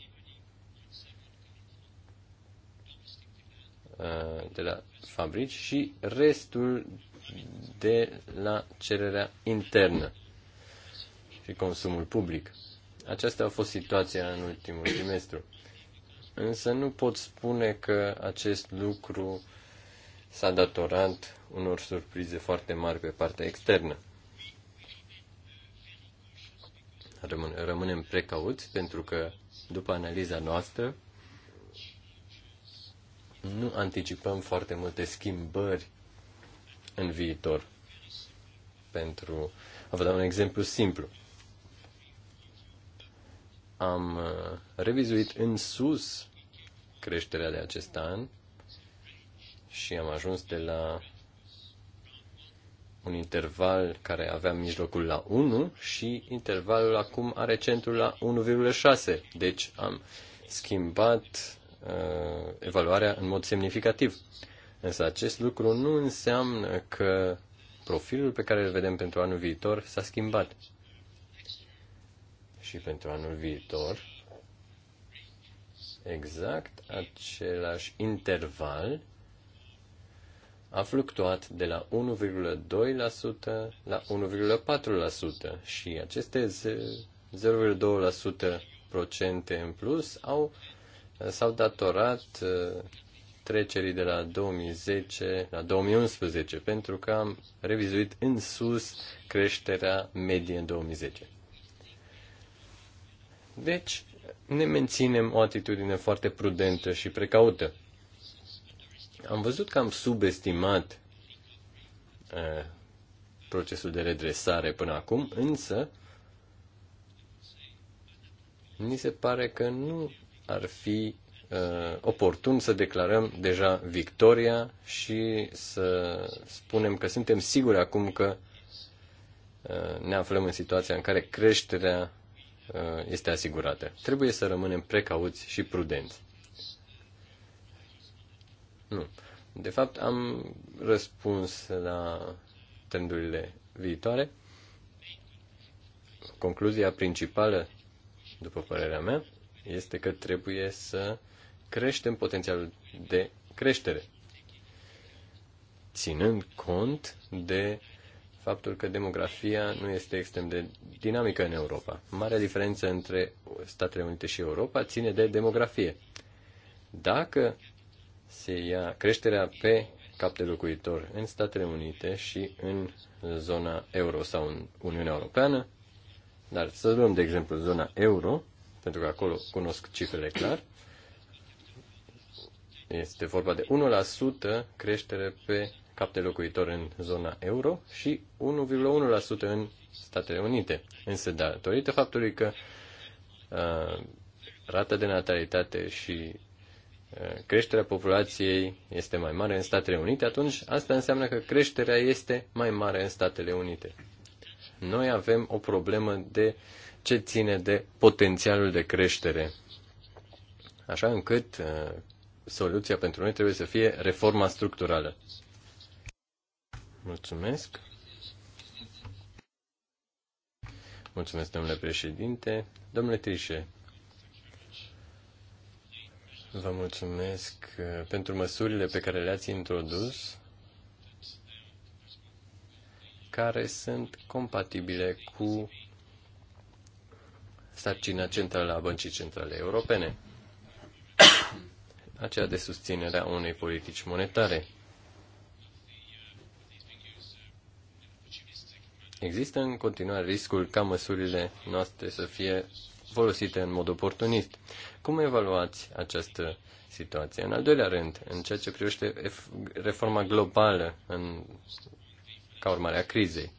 Uh, de la fabrici și restul de la cererea internă și consumul public. Aceasta a fost situația în ultimul trimestru. Însă nu pot spune că acest lucru s-a datorat unor surprize foarte mari pe partea externă. Rămânem precauți pentru că, după analiza noastră, nu anticipăm foarte multe schimbări în viitor. Pentru a vă da un exemplu simplu. Am uh, revizuit în sus creșterea de acest an și am ajuns de la un interval care avea mijlocul la 1 și intervalul acum are centrul la 1,6. Deci am schimbat Uh, evaluarea în mod semnificativ. Însă acest lucru nu înseamnă că profilul pe care îl vedem pentru anul viitor s-a schimbat. Și pentru anul viitor, exact același interval a fluctuat de la 1,2% la 1,4% și aceste 0,2% procente în plus au s-au datorat uh, trecerii de la 2010 la 2011, pentru că am revizuit în sus creșterea medie în 2010. Deci, ne menținem o atitudine foarte prudentă și precaută. Am văzut că am subestimat uh, procesul de redresare până acum, însă ni se pare că nu ar fi uh, oportun să declarăm deja victoria și să spunem că suntem siguri acum că uh, ne aflăm în situația în care creșterea uh, este asigurată. Trebuie să rămânem precauți și prudenți. Nu. De fapt, am răspuns la trendurile viitoare. Concluzia principală, după părerea mea, este că trebuie să creștem potențialul de creștere, ținând cont de faptul că demografia nu este extrem de dinamică în Europa. Marea diferență între Statele Unite și Europa ține de demografie. Dacă se ia creșterea pe cap de locuitor în Statele Unite și în zona euro sau în Uniunea Europeană, dar să luăm de exemplu zona euro, pentru că acolo cunosc cifrele clar. Este vorba de 1% creștere pe cap de locuitor în zona euro și 1,1% în Statele Unite. Însă, datorită faptului că uh, rata de natalitate și uh, creșterea populației este mai mare în Statele Unite, atunci asta înseamnă că creșterea este mai mare în Statele Unite. Noi avem o problemă de uh, ce ține de potențialul de creștere. Așa încât uh, soluția pentru noi trebuie să fie reforma structurală. Mulțumesc. Mulțumesc, domnule președinte. Domnule Trișe, vă mulțumesc uh, pentru măsurile pe care le-ați introdus, care sunt compatibile cu sarcina centrală a Băncii Centrale Europene, aceea de susținerea unei politici monetare. Există în continuare riscul ca măsurile noastre să fie folosite în mod oportunist. Cum evaluați această situație? În al doilea rând, în ceea ce privește reforma globală în, ca urmare a crizei,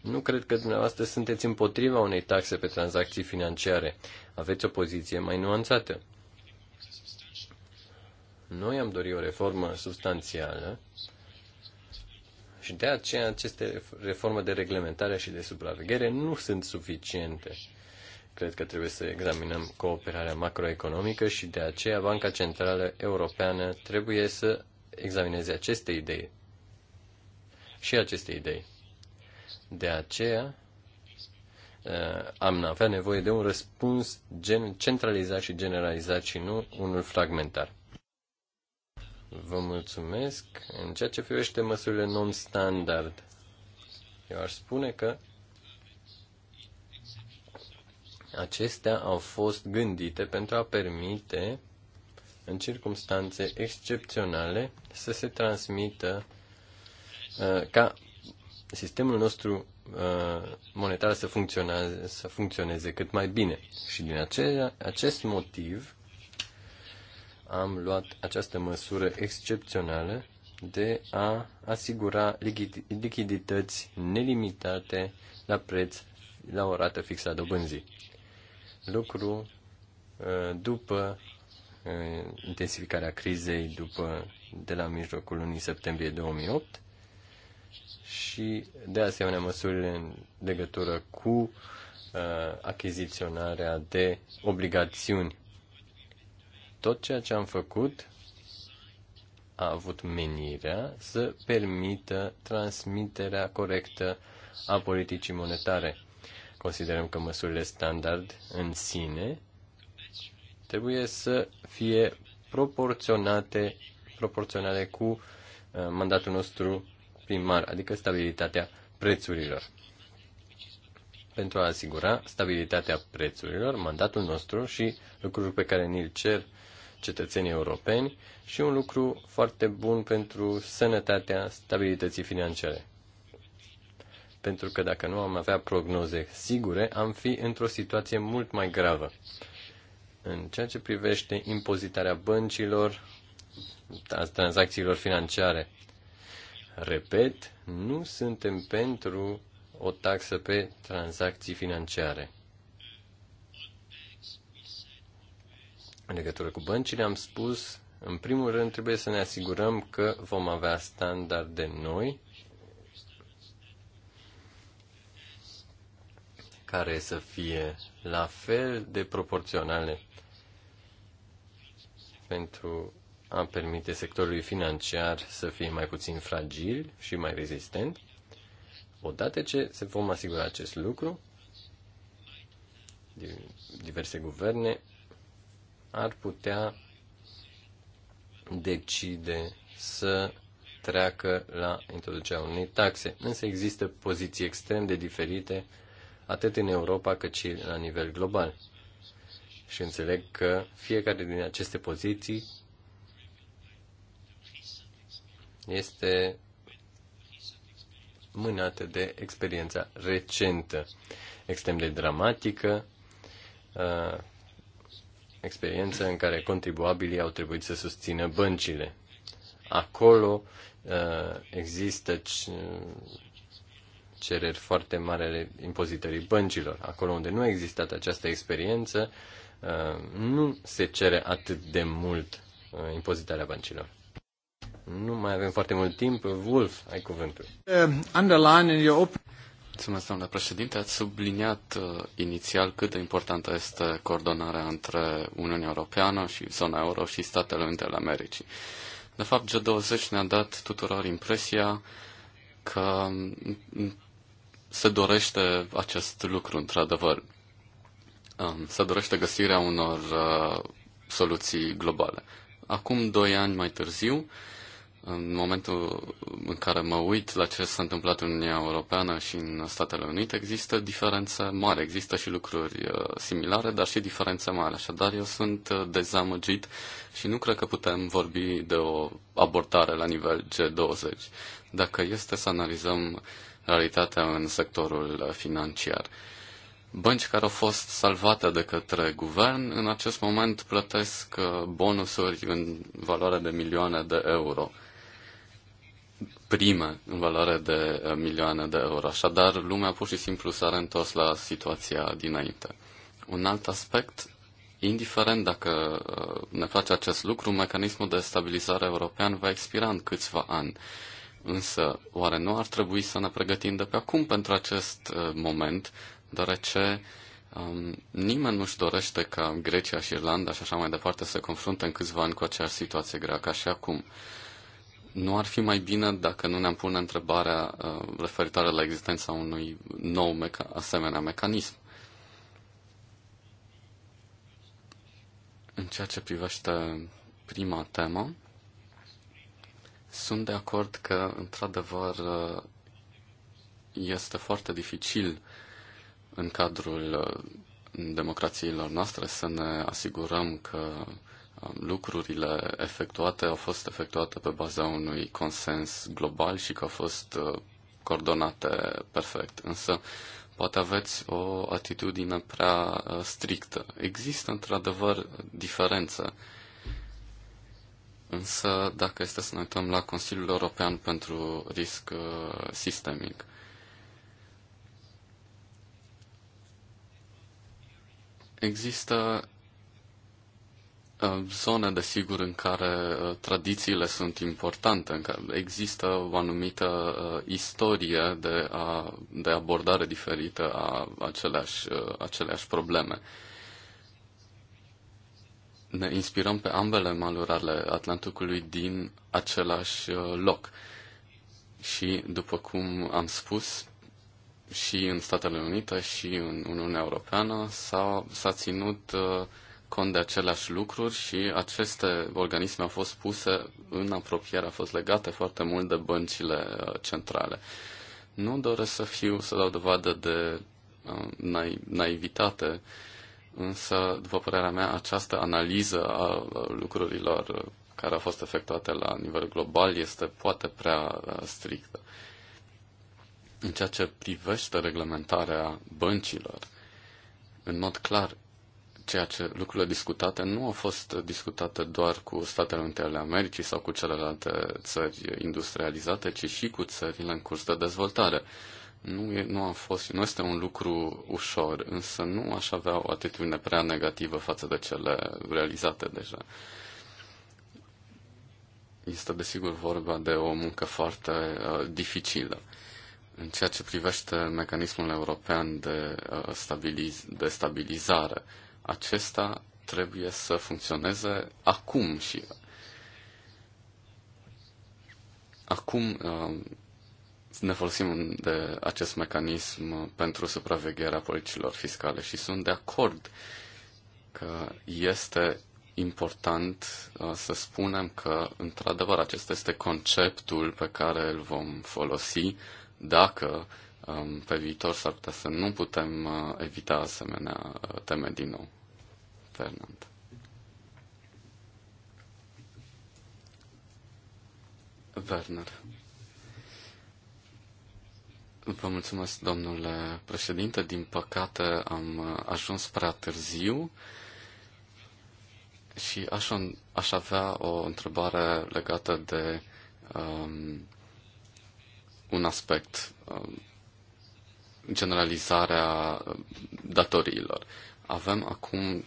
nu cred că dumneavoastră sunteți împotriva unei taxe pe tranzacții financiare. Aveți o poziție mai nuanțată. Noi am dorit o reformă substanțială și de aceea aceste reforme de reglementare și de supraveghere nu sunt suficiente. Cred că trebuie să examinăm cooperarea macroeconomică și de aceea Banca Centrală Europeană trebuie să examineze aceste idei. Și aceste idei. De aceea am avea nevoie de un răspuns gen, centralizat și generalizat și nu unul fragmentar. Vă mulțumesc. În ceea ce privește măsurile non-standard, eu aș spune că acestea au fost gândite pentru a permite, în circunstanțe excepționale, să se transmită uh, ca sistemul nostru uh, monetar să funcționeze, să funcționeze cât mai bine. Și din acea, acest motiv am luat această măsură excepțională de a asigura lichidități nelimitate la preț la o rată fixă a dobânzii. Lucru uh, după uh, intensificarea crizei după, de la mijlocul lunii septembrie 2008 și, de asemenea, măsuri în legătură cu uh, achiziționarea de obligațiuni. Tot ceea ce am făcut a avut menirea să permită transmiterea corectă a politicii monetare. Considerăm că măsurile standard în sine trebuie să fie proporționate, proporționale cu uh, mandatul nostru primar, adică stabilitatea prețurilor. Pentru a asigura stabilitatea prețurilor, mandatul nostru și lucruri pe care ni-l cer cetățenii europeni și un lucru foarte bun pentru sănătatea stabilității financiare. Pentru că dacă nu am avea prognoze sigure, am fi într-o situație mult mai gravă. În ceea ce privește impozitarea băncilor, a tranzacțiilor financiare, Repet, nu suntem pentru o taxă pe tranzacții financiare. În legătură cu băncile am spus, în primul rând trebuie să ne asigurăm că vom avea standarde noi care să fie la fel de proporționale pentru a permite sectorului financiar să fie mai puțin fragil și mai rezistent. Odată ce se vom asigura acest lucru, diverse guverne ar putea decide să treacă la introducerea unei taxe. Însă există poziții extrem de diferite atât în Europa cât și la nivel global. Și înțeleg că fiecare din aceste poziții este mânată de experiența recentă, extrem de dramatică, uh, experiență în care contribuabilii au trebuit să susțină băncile. Acolo uh, există cereri foarte mari ale impozitării băncilor. Acolo unde nu a existat această experiență, uh, nu se cere atât de mult impozitarea băncilor. Nu mai avem foarte mult timp. Wolf, ai cuvântul. Uh, underline in your Mulțumesc, doamna președinte. Ați subliniat uh, inițial cât de importantă este coordonarea între Uniunea Europeană și zona euro și Statele Unite ale Americii. De fapt, G20 ne-a dat tuturor impresia că mm, mm, se dorește acest lucru, într-adevăr. Um, se dorește găsirea unor uh, soluții globale. Acum doi ani mai târziu, în momentul în care mă uit la ce s-a întâmplat în Uniunea Europeană și în Statele Unite, există diferențe mari, există și lucruri uh, similare, dar și diferențe mari. Așadar, eu sunt uh, dezamăgit și nu cred că putem vorbi de o abordare la nivel G20, dacă este să analizăm realitatea în sectorul financiar. Bănci care au fost salvate de către guvern, în acest moment plătesc uh, bonusuri în valoare de milioane de euro prime în valoare de eh, milioane de euro. Așadar, lumea pur și simplu s-a reîntors la situația dinainte. Un alt aspect, indiferent dacă eh, ne face acest lucru, mecanismul de stabilizare european va expira în câțiva ani. Însă, oare nu ar trebui să ne pregătim de pe acum pentru acest eh, moment, deoarece um, nimeni nu-și dorește ca Grecia și Irlanda și așa mai departe să confrunte în câțiva ani cu aceeași situație grea ca și acum nu ar fi mai bine dacă nu ne-am pune întrebarea uh, referitoare la existența unui nou meca- asemenea mecanism? În ceea ce privește prima temă, sunt de acord că, într-adevăr, uh, este foarte dificil în cadrul uh, democrațiilor noastre să ne asigurăm că lucrurile efectuate au fost efectuate pe baza unui consens global și că au fost uh, coordonate perfect. Însă, poate aveți o atitudine prea uh, strictă. Există, într-adevăr, diferență. Însă, dacă este să ne uităm la Consiliul European pentru Risc uh, Sistemic, există Uh, zone, desigur, în care uh, tradițiile sunt importante, în care există o anumită uh, istorie de, a, de abordare diferită a aceleași, aceleași probleme. Ne inspirăm pe ambele maluri ale Atlanticului din același loc. Și, după cum am spus, și în Statele Unite și în Uniunea Europeană s-a, s-a ținut uh, cont de aceleași lucruri și aceste organisme au fost puse în apropiere, au fost legate foarte mult de băncile uh, centrale. Nu doresc să fiu, să dau dovadă de uh, naivitate, însă, după părerea mea, această analiză a lucrurilor uh, care a fost efectuată la nivel global este poate prea strictă. În ceea ce privește reglementarea băncilor, în mod clar, ceea ce lucrurile discutate nu au fost discutate doar cu Statele Unite ale Americii sau cu celelalte țări industrializate, ci și cu țările în curs de dezvoltare. Nu, e, nu a fost, nu este un lucru ușor, însă nu aș avea o atitudine prea negativă față de cele realizate deja. Este desigur vorba de o muncă foarte uh, dificilă. În ceea ce privește mecanismul european de, uh, stabiliz- de stabilizare, uh, acesta trebuie să funcționeze acum și acum uh, ne folosim de acest mecanism pentru supravegherea politicilor fiscale și sunt de acord că este important uh, să spunem că, într-adevăr, acesta este conceptul pe care îl vom folosi dacă um, pe viitor s-ar putea să nu putem uh, evita asemenea teme din nou. Fernand. Werner. Vă mulțumesc, domnule președinte. Din păcate am ajuns prea târziu și aș, aș avea o întrebare legată de um, un aspect, um, generalizarea datoriilor. Avem acum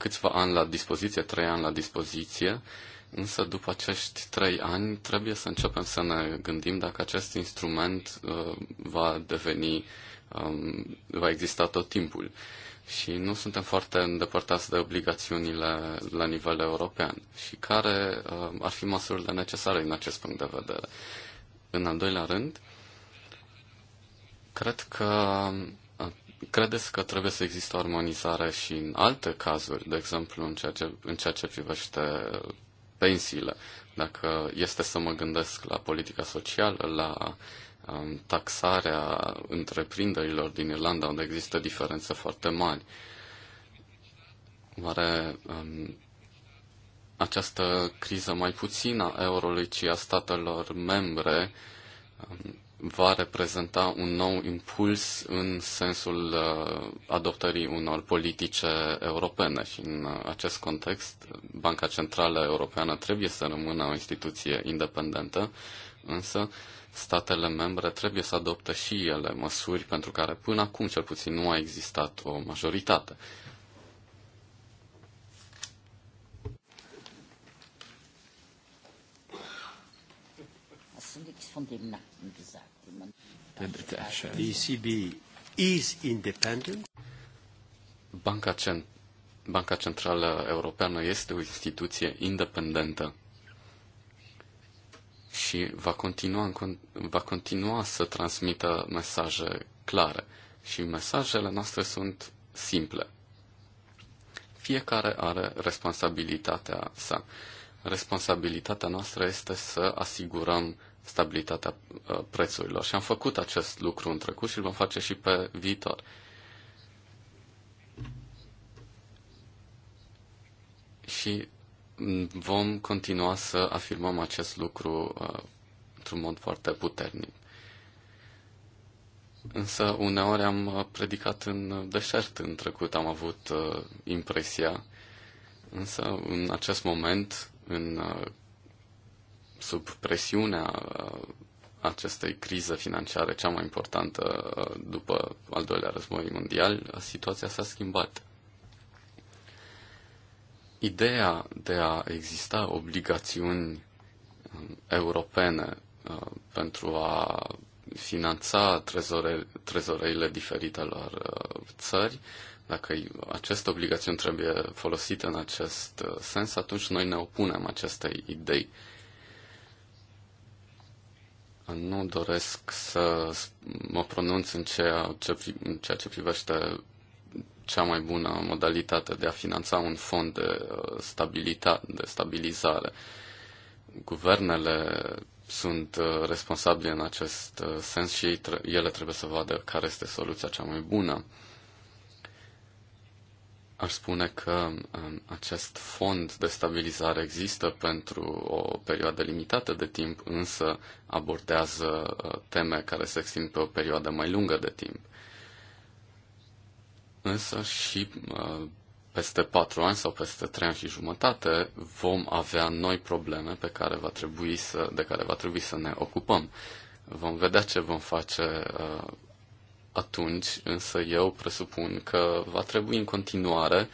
câțiva ani la dispoziție, trei ani la dispoziție, însă după acești trei ani trebuie să începem să ne gândim dacă acest instrument uh, va deveni, um, va exista tot timpul. Și nu suntem foarte îndepărtați de obligațiunile la nivel european. Și care uh, ar fi măsurile necesare în acest punct de vedere? În al doilea rând, cred că Credeți că trebuie să existe armonizare și în alte cazuri, de exemplu în ceea ce, în ceea ce privește pensiile? Dacă este să mă gândesc la politica socială, la um, taxarea întreprinderilor din Irlanda, unde există diferențe foarte mari, oare um, această criză mai puțină a eurolui, ci a statelor membre, um, va reprezenta un nou impuls în sensul uh, adoptării unor politice europene și în uh, acest context Banca Centrală Europeană trebuie să rămână o instituție independentă, însă statele membre trebuie să adopte și ele măsuri pentru care până acum cel puțin nu a existat o majoritate. von dem Nacken. ECB is independent. Banca, Cent- Banca Centrală Europeană este o instituție independentă și va continua, va continua să transmită mesaje clare. Și mesajele noastre sunt simple. Fiecare are responsabilitatea sa. Responsabilitatea noastră este să asigurăm stabilitatea uh, prețurilor. Și am făcut acest lucru în trecut și îl vom face și pe viitor. Și vom continua să afirmăm acest lucru uh, într-un mod foarte puternic. Însă uneori am uh, predicat în deșert în trecut, am avut uh, impresia, însă în acest moment, în uh, sub presiunea uh, acestei crize financiare, cea mai importantă uh, după al doilea război mondial, uh, situația s-a schimbat. Ideea de a exista obligațiuni um, europene pentru a finanța trezore, trezoreile diferitelor țări, dacă aceste obligațiuni trebuie folosite în acest sens, atunci noi ne opunem acestei idei. Nu doresc să mă pronunț în ceea ce, în ceea ce privește cea mai bună modalitate de a finanța un fond de, uh, stabilitate, de stabilizare. Guvernele sunt uh, responsabile în acest uh, sens și ele trebuie să vadă care este soluția cea mai bună ar spune că um, acest fond de stabilizare există pentru o perioadă limitată de timp, însă abordează uh, teme care se extind pe o perioadă mai lungă de timp. Însă și uh, peste patru ani sau peste trei ani și jumătate vom avea noi probleme pe care va trebui să, de care va trebui să ne ocupăm. Vom vedea ce vom face uh, atunci însă eu presupun că va trebui în continuare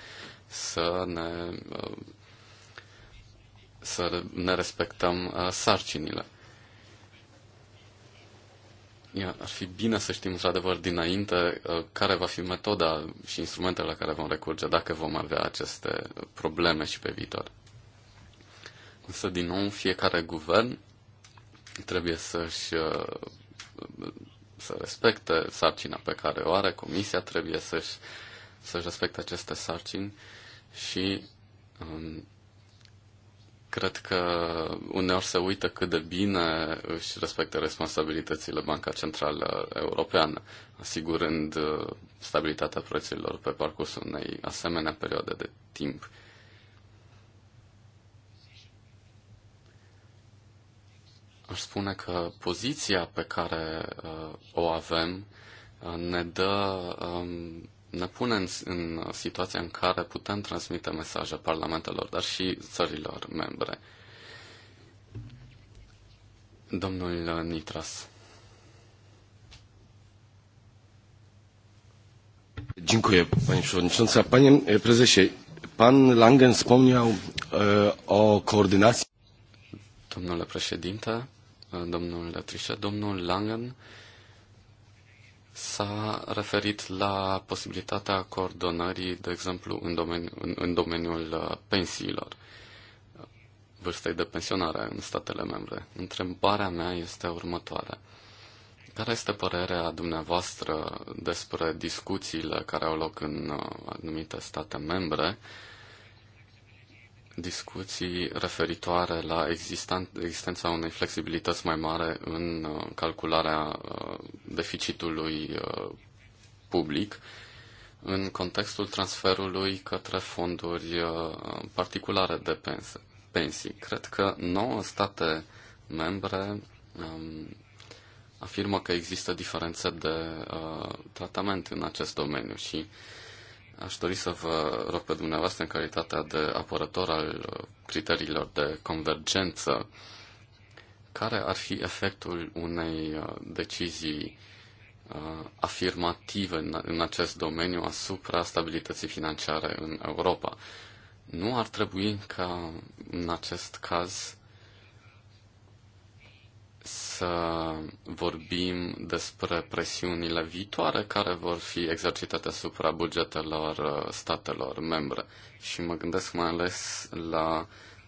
să ne, uh, să ne respectăm uh, sarcinile. Ar fi bine să știm într-adevăr dinainte uh, care va fi metoda și instrumentele la care vom recurge dacă vom avea aceste probleme și pe viitor. Însă, din nou, fiecare guvern trebuie să-și să respecte sarcina pe care o are, comisia trebuie să-și, să-și respecte aceste sarcini și um, cred că uneori se uită cât de bine își respectă responsabilitățile Banca Centrală Europeană, asigurând uh, stabilitatea prețurilor pe parcursul unei asemenea perioade de timp. aș spune că poziția pe care uh, o avem uh, ne dă um, ne pune în, în situația în care putem transmite mesaje parlamentelor, dar și țărilor membre. Domnul Nitras. Dziękuję panie Przewodnicząca. Panie Prezesie, Pan Langen wspomniał e, o koordynacji. Domnule președinte, domnul Trichet. Domnul Langen s-a referit la posibilitatea coordonării, de exemplu, în, domeni, în, în domeniul uh, pensiilor, vârstei de pensionare în statele membre. Întrebarea mea este următoarea. Care este părerea dumneavoastră despre discuțiile care au loc în uh, anumite state membre uh, discuții referitoare la existența unei flexibilități mai mare în uh, calcularea uh, deficitului uh, public în contextul transferului către fonduri particulare de pensii. Cred că nouă state membre um, afirmă că există diferențe de tratament în acest domeniu și Aș dori să vă rog pe dumneavoastră în calitatea de apărător al uh, criteriilor de convergență, care ar fi efectul unei uh, decizii uh, afirmative în acest domeniu asupra stabilității financiare în Europa. Nu ar trebui ca în acest caz să vorbim despre presiunile viitoare care vor fi exercitate asupra bugetelor uh, statelor membre. Și mă gândesc mai ales la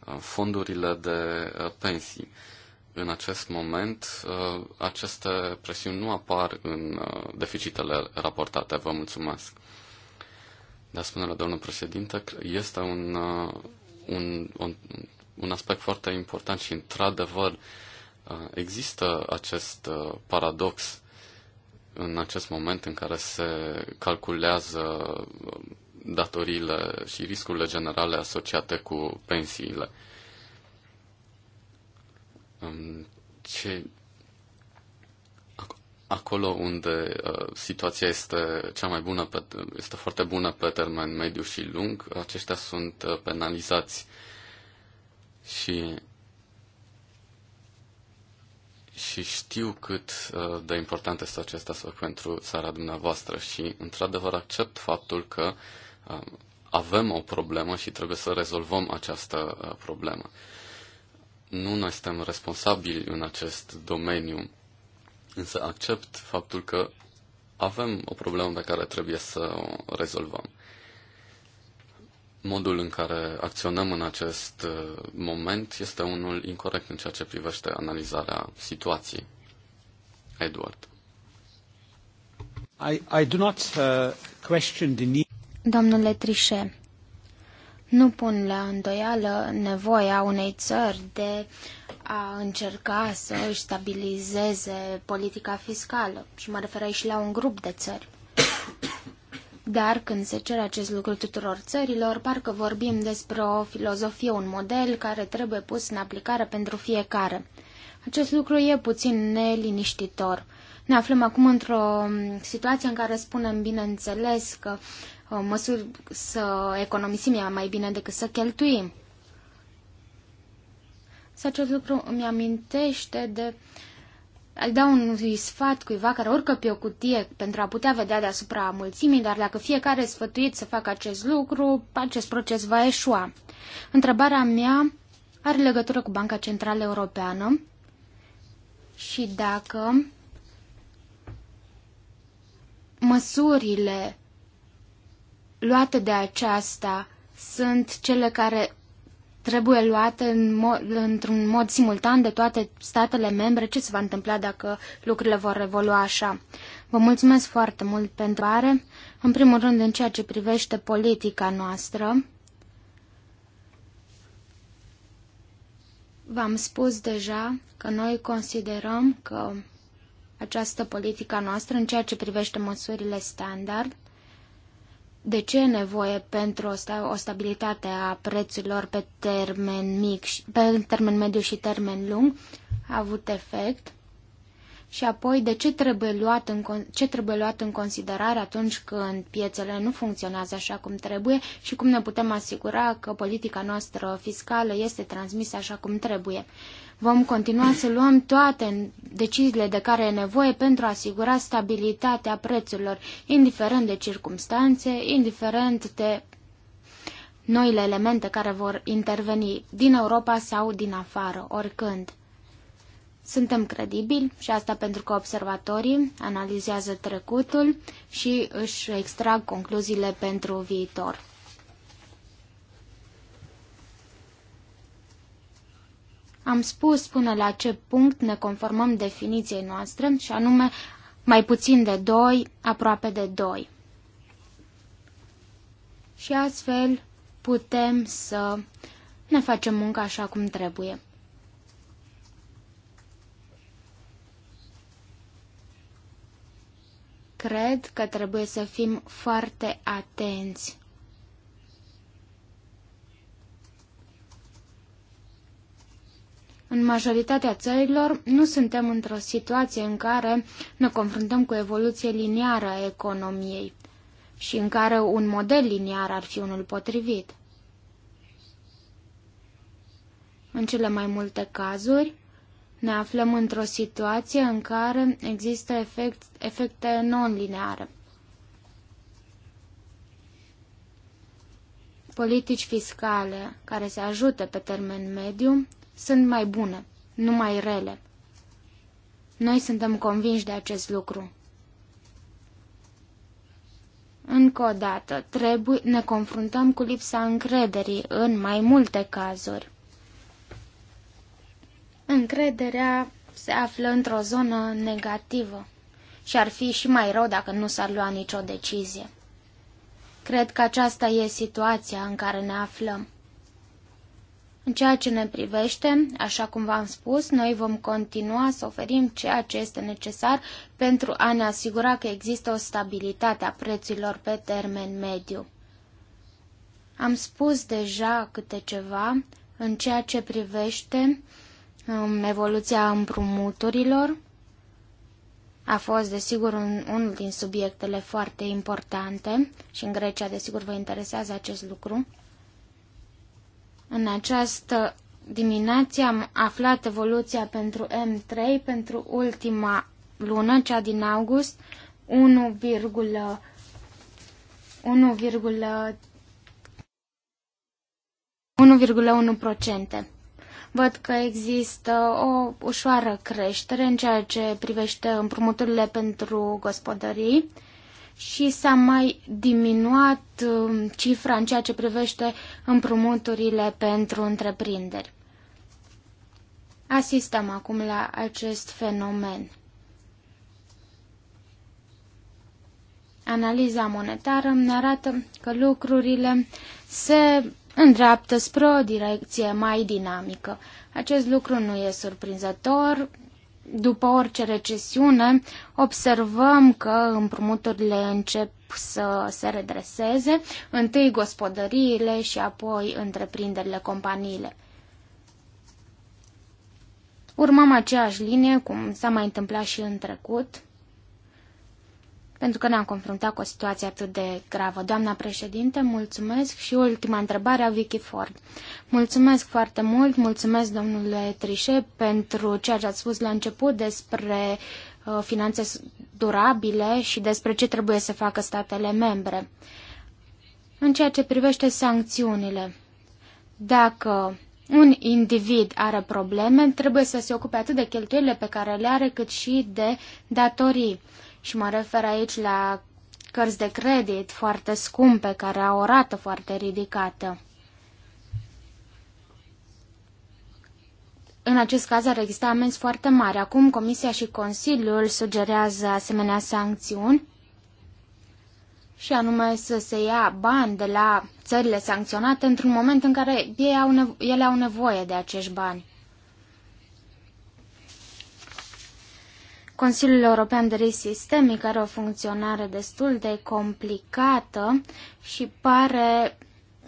uh, fondurile de uh, pensii. În acest moment, aceste presiuni nu apar în deficitele raportate. Vă mulțumesc. Dar spune la domnul președinte, este un, un, un, un aspect foarte important și, într-adevăr, Există acest uh, paradox în acest moment în care se calculează uh, datoriile și riscurile generale asociate cu pensiile. Um, ce, acolo unde uh, situația este cea mai bună, pe, este foarte bună pe termen mediu și lung, aceștia sunt penalizați și și știu cât uh, de important este acest aspect pentru țara dumneavoastră și, într-adevăr, accept faptul că uh, avem o problemă și trebuie să rezolvăm această uh, problemă. Nu noi suntem responsabili în acest domeniu, însă accept faptul că avem o problemă pe care trebuie să o rezolvăm modul în care acționăm în acest uh, moment este unul incorrect în ceea ce privește analizarea situației. Edward. I, I do not, uh, question the need... Domnule Trichet, nu pun la îndoială nevoia unei țări de a încerca să își stabilizeze politica fiscală și mă refer aici la un grup de țări. Dar când se cere acest lucru tuturor țărilor, parcă vorbim despre o filozofie, un model care trebuie pus în aplicare pentru fiecare. Acest lucru e puțin neliniștitor. Ne aflăm acum într-o mm, situație în care spunem, bineînțeles, că uh, măsuri să economisim ea mai bine decât să cheltuim. Să deci acest lucru îmi amintește de uh, al da un sfat cuiva care urcă pe o cutie pentru a putea vedea deasupra mulțimii, dar dacă fiecare sfătuit să facă acest lucru, acest proces va eșua. Întrebarea mea are legătură cu Banca Centrală Europeană și dacă măsurile luate de aceasta sunt cele care trebuie luate în mo într-un mod simultan de toate statele membre ce se va întâmpla dacă lucrurile vor evolua așa. Vă mulțumesc foarte mult pentru are, în primul rând în ceea ce privește politica noastră. V-am spus deja că noi considerăm că această politică noastră în ceea ce privește măsurile standard de ce e nevoie pentru o stabilitate a prețurilor pe termen mic, și pe termen mediu și termen lung, a avut efect și apoi de ce trebuie, luat în, ce trebuie luat în considerare atunci când piețele nu funcționează așa cum trebuie și cum ne putem asigura că politica noastră fiscală este transmisă așa cum trebuie. Vom continua să luăm toate deciziile de care e nevoie pentru a asigura stabilitatea prețurilor, indiferent de circumstanțe, indiferent de noile elemente care vor interveni din Europa sau din afară, oricând. Suntem credibili și asta pentru că observatorii analizează trecutul și își extrag concluziile pentru viitor. Am spus până la ce punct ne conformăm definiției noastre și anume mai puțin de 2, aproape de 2. Și astfel putem să ne facem munca așa cum trebuie. Cred că trebuie să fim foarte atenți. În majoritatea țărilor nu suntem într-o situație în care ne confruntăm cu evoluție liniară a economiei și în care un model liniar ar fi unul potrivit. În cele mai multe cazuri, ne aflăm într-o situație în care există efect, efecte non-lineare. Politici fiscale care se ajută pe termen mediu sunt mai bune, nu mai rele. Noi suntem convinși de acest lucru. Încă o dată, trebuie, ne confruntăm cu lipsa încrederii în mai multe cazuri încrederea se află într-o zonă negativă și ar fi și mai rău dacă nu s-ar lua nicio decizie. Cred că aceasta e situația în care ne aflăm. În ceea ce ne privește, așa cum v-am spus, noi vom continua să oferim ceea ce este necesar pentru a ne asigura că există o stabilitate a prețurilor pe termen mediu. Am spus deja câte ceva în ceea ce privește evoluția împrumuturilor a fost, desigur, un, unul din subiectele foarte importante și în Grecia, desigur, vă interesează acest lucru. În această dimineață am aflat evoluția pentru M3 pentru ultima lună, cea din august, 1, 1,1%. Văd că există o ușoară creștere în ceea ce privește împrumuturile pentru gospodării și s-a mai diminuat um, cifra în ceea ce privește împrumuturile pentru întreprinderi. Asistăm acum la acest fenomen. Analiza monetară ne arată că lucrurile se îndreaptă spre o direcție mai dinamică. Acest lucru nu e surprinzător. După orice recesiune, observăm că împrumuturile încep să se redreseze, întâi gospodăriile și apoi întreprinderile, companiile. Urmăm aceeași linie, cum s-a mai întâmplat și în trecut pentru că ne-am confruntat cu o situație atât de gravă. Doamna președinte, mulțumesc și ultima întrebare a Vicky Ford. Mulțumesc foarte mult, mulțumesc domnule Trișe pentru ceea ce ați spus la început despre uh, finanțe durabile și despre ce trebuie să facă statele membre. În ceea ce privește sancțiunile, dacă un individ are probleme, trebuie să se ocupe atât de cheltuielile pe care le are, cât și de datorii și mă refer aici la cărți de credit foarte scumpe, care au o rată foarte ridicată. În acest caz ar exista amenzi foarte mari. Acum Comisia și Consiliul sugerează asemenea sancțiuni și anume să se ia bani de la țările sancționate într-un moment în care ele au nevoie de acești bani. Consiliul European de Risc Sistemic are o funcționare destul de complicată și pare,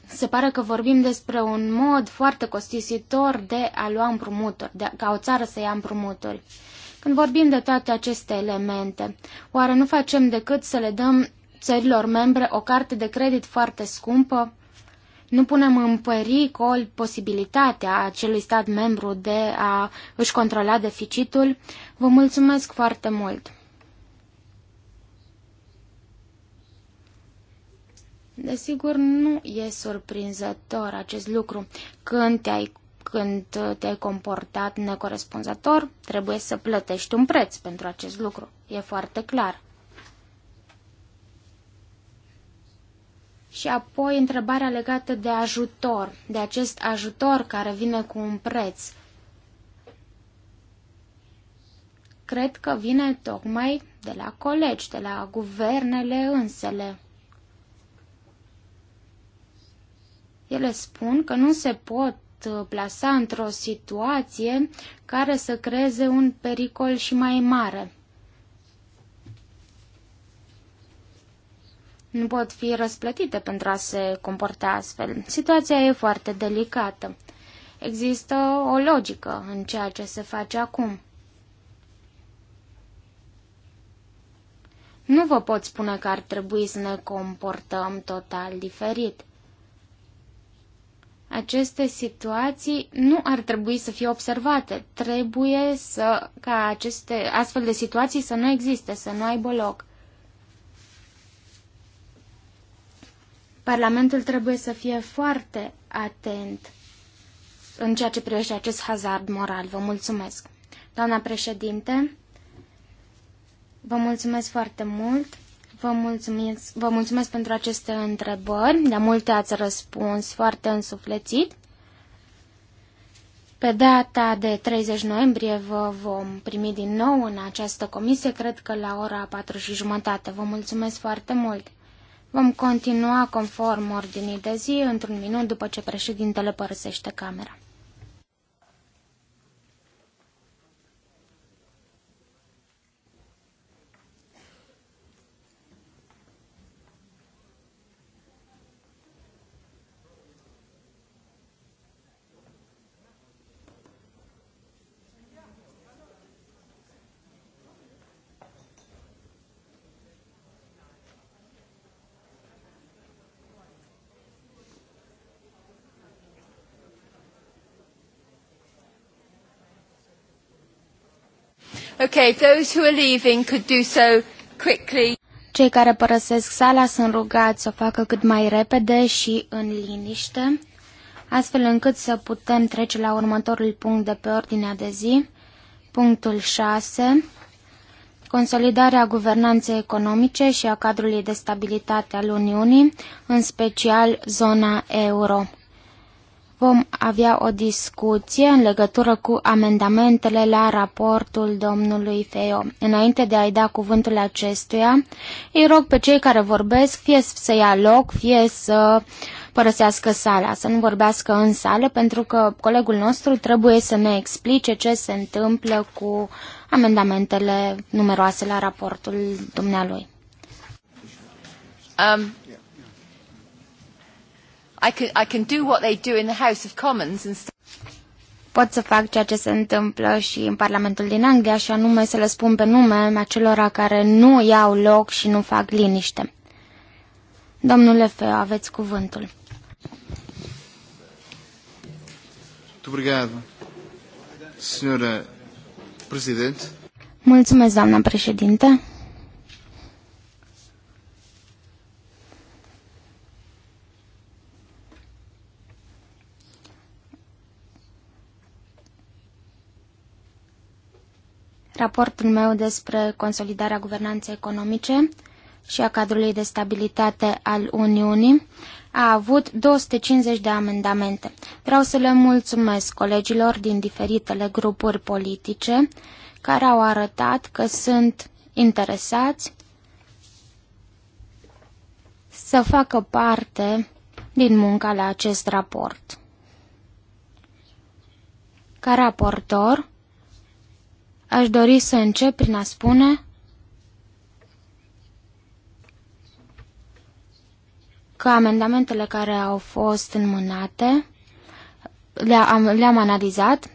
se pare că vorbim despre un mod foarte costisitor de a lua împrumuturi, de, ca o țară să ia împrumuturi. Când vorbim de toate aceste elemente, oare nu facem decât să le dăm țărilor membre o carte de credit foarte scumpă? nu punem în pericol posibilitatea acelui stat membru de a își controla deficitul? Vă mulțumesc foarte mult! Desigur, nu e surprinzător acest lucru. Când te-ai când te-ai comportat necorespunzător, trebuie să plătești un preț pentru acest lucru. E foarte clar. Și apoi întrebarea legată de ajutor, de acest ajutor care vine cu un preț. Cred că vine tocmai de la colegi, de la guvernele însele. Ele spun că nu se pot uh, plasa într-o situație care să creeze un pericol și mai mare. nu pot fi răsplătite pentru a se comporta astfel. Situația e foarte delicată. Există o logică în ceea ce se face acum. Nu vă pot spune că ar trebui să ne comportăm total diferit. Aceste situații nu ar trebui să fie observate. Trebuie să, ca aceste astfel de situații să nu existe, să nu aibă loc. Parlamentul trebuie să fie foarte atent în ceea ce privește acest hazard moral. Vă mulțumesc. Doamna președinte, vă mulțumesc foarte mult. Vă mulțumesc, vă mulțumesc pentru aceste întrebări. De multe ați răspuns foarte însuflețit. Pe data de 30 noiembrie vă vom primi din nou în această comisie, cred că la ora 4 și jumătate. Vă mulțumesc foarte mult! Vom continua conform ordinii de zi într-un minut după ce președintele părăsește camera. Okay, those who are leaving could do so quickly. Cei care părăsesc sala sunt rugați să o facă cât mai repede și în liniște, astfel încât să putem trece la următorul punct de pe ordinea de zi, punctul 6, consolidarea guvernanței economice și a cadrului de stabilitate al Uniunii, în special zona euro vom avea o discuție în legătură cu amendamentele la raportul domnului Feo. Înainte de a-i da cuvântul acestuia, îi rog pe cei care vorbesc fie să ia loc, fie să părăsească sala, să nu vorbească în sală, pentru că colegul nostru trebuie să ne explice ce se întâmplă cu amendamentele numeroase la raportul dumnealui. Um, I can, I can do what they do in the House of Commons and Pot să fac ceea ce se întâmplă și în Parlamentul din Anglia, și anume să le spun pe nume acelora care nu iau loc și nu fac liniște. Domnule Feo, aveți cuvântul. Mulțumesc, doamna președinte. raportul meu despre consolidarea guvernanței economice și a cadrului de stabilitate al Uniunii a avut 250 de amendamente. Vreau să le mulțumesc colegilor din diferitele grupuri politice care au arătat că sunt interesați să facă parte din munca la acest raport. Ca raportor, Aș dori să încep prin a spune că amendamentele care au fost înmânate le-am le -am analizat,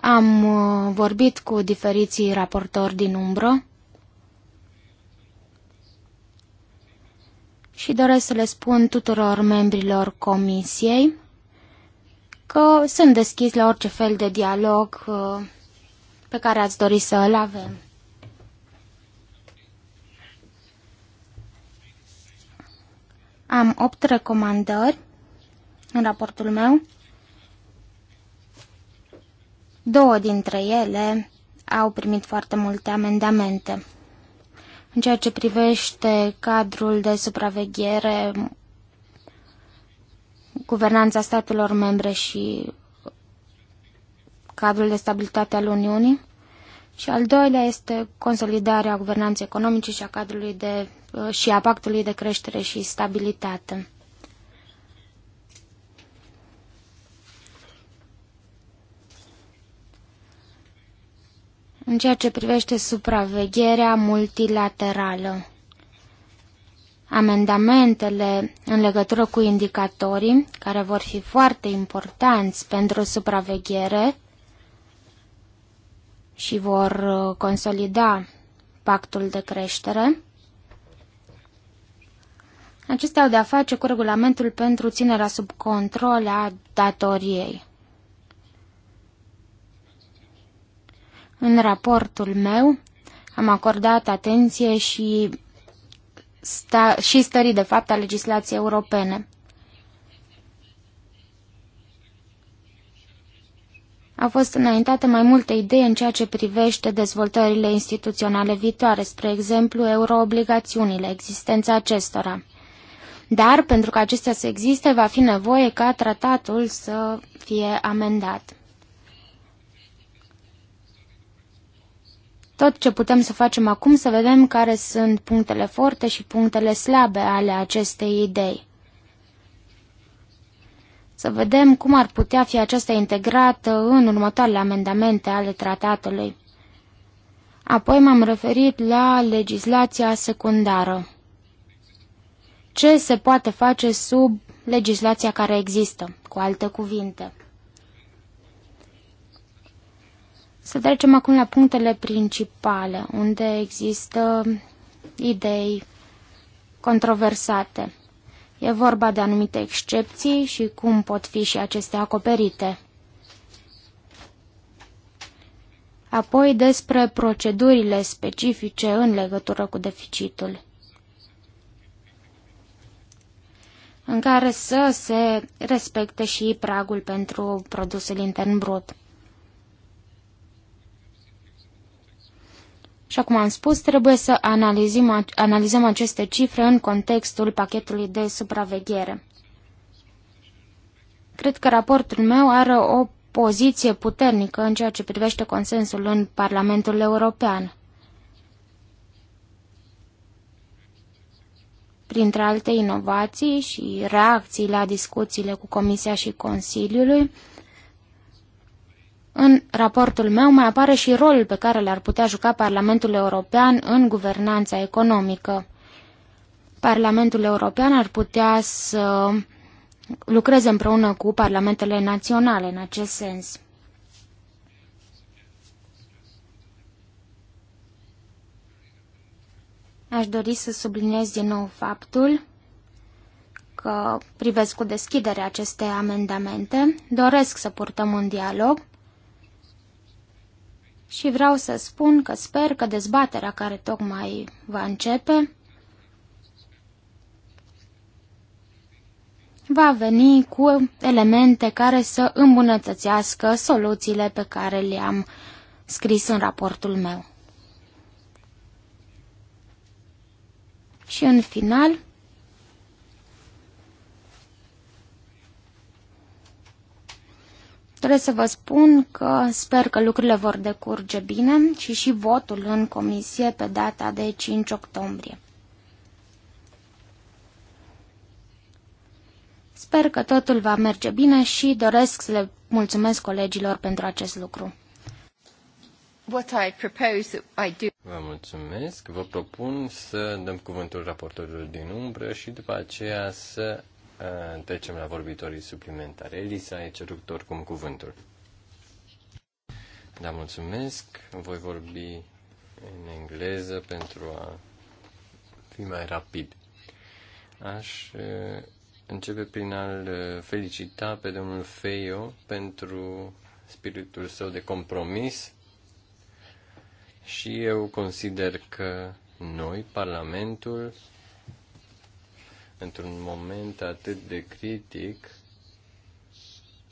am uh, vorbit cu diferiții raportori din umbră și doresc să le spun tuturor membrilor comisiei că sunt deschis la orice fel de dialog uh, pe care ați dori să îl avem. Am opt recomandări în raportul meu. Două dintre ele au primit foarte multe amendamente. În ceea ce privește cadrul de supraveghere, guvernanța statelor membre și cadrul de stabilitate al Uniunii, și al doilea este consolidarea guvernanței economice și a cadrului de, uh, și a pactului de creștere și stabilitate. În ceea ce privește supravegherea multilaterală, amendamentele în legătură cu indicatorii, care vor fi foarte importanți pentru supraveghere, și vor uh, consolida pactul de creștere. Acestea au de-a face cu regulamentul pentru ținerea sub control a datoriei. În raportul meu am acordat atenție și, sta- și stării de fapt a legislației europene. Au fost înaintate mai multe idei în ceea ce privește dezvoltările instituționale viitoare, spre exemplu euroobligațiunile, existența acestora. Dar, pentru că acestea să existe, va fi nevoie ca tratatul să fie amendat. Tot ce putem să facem acum să vedem care sunt punctele forte și punctele slabe ale acestei idei. Să vedem cum ar putea fi aceasta integrată în următoarele amendamente ale tratatului. Apoi m-am referit la legislația secundară. Ce se poate face sub legislația care există, cu alte cuvinte? Să trecem acum la punctele principale, unde există idei controversate. E vorba de anumite excepții și cum pot fi și acestea acoperite. Apoi despre procedurile specifice în legătură cu deficitul. în care să se respecte și pragul pentru produsul intern brut. Și acum am spus, trebuie să analizăm, analizăm aceste cifre în contextul pachetului de supraveghere. Cred că raportul meu are o poziție puternică în ceea ce privește consensul în Parlamentul European. Printre alte inovații și reacții la discuțiile cu Comisia și Consiliului, în raportul meu mai apare și rolul pe care l-ar putea juca Parlamentul European în guvernanța economică. Parlamentul European ar putea să lucreze împreună cu parlamentele naționale în acest sens. Aș dori să subliniez din nou faptul că privesc cu deschidere aceste amendamente, doresc să purtăm un dialog și vreau să spun că sper că dezbaterea care tocmai va începe va veni cu elemente care să îmbunătățească soluțiile pe care le-am scris în raportul meu. Și în final, Doresc să vă spun că sper că lucrurile vor decurge bine și și votul în comisie pe data de 5 octombrie. Sper că totul va merge bine și doresc să le mulțumesc colegilor pentru acest lucru. What I propose I do. Vă mulțumesc. Vă propun să dăm cuvântul raportorului din umbră și după aceea să Trecem la vorbitorii suplimentare. Elisa, e cerut oricum cuvântul. Da, mulțumesc. Voi vorbi în engleză pentru a fi mai rapid. Aș începe prin a-l felicita pe domnul Feio pentru spiritul său de compromis și eu consider că noi, Parlamentul, într-un moment atât de critic,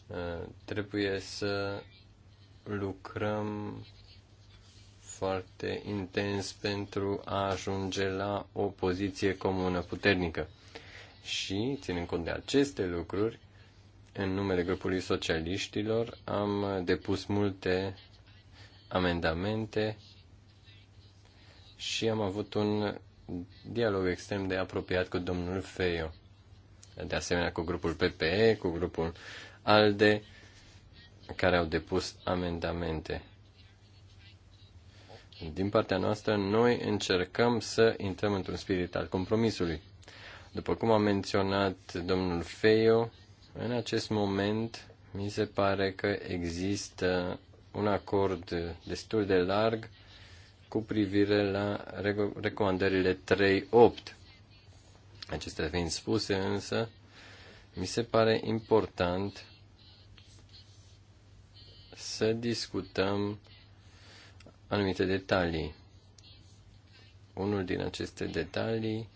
uh, trebuie să lucrăm foarte intens pentru a ajunge la o poziție comună puternică. Și, ținând cont de aceste lucruri, în numele grupului socialiștilor am depus multe amendamente și am avut un dialog extrem de apropiat cu domnul Feio. De asemenea, cu grupul PPE, cu grupul ALDE, care au depus amendamente. Din partea noastră, noi încercăm să intrăm într-un spirit al compromisului. După cum a menționat domnul Feio, în acest moment mi se pare că există un acord destul de larg cu privire la recomandările 3.8. Acestea fiind spuse însă, mi se pare important să discutăm anumite detalii. Unul din aceste detalii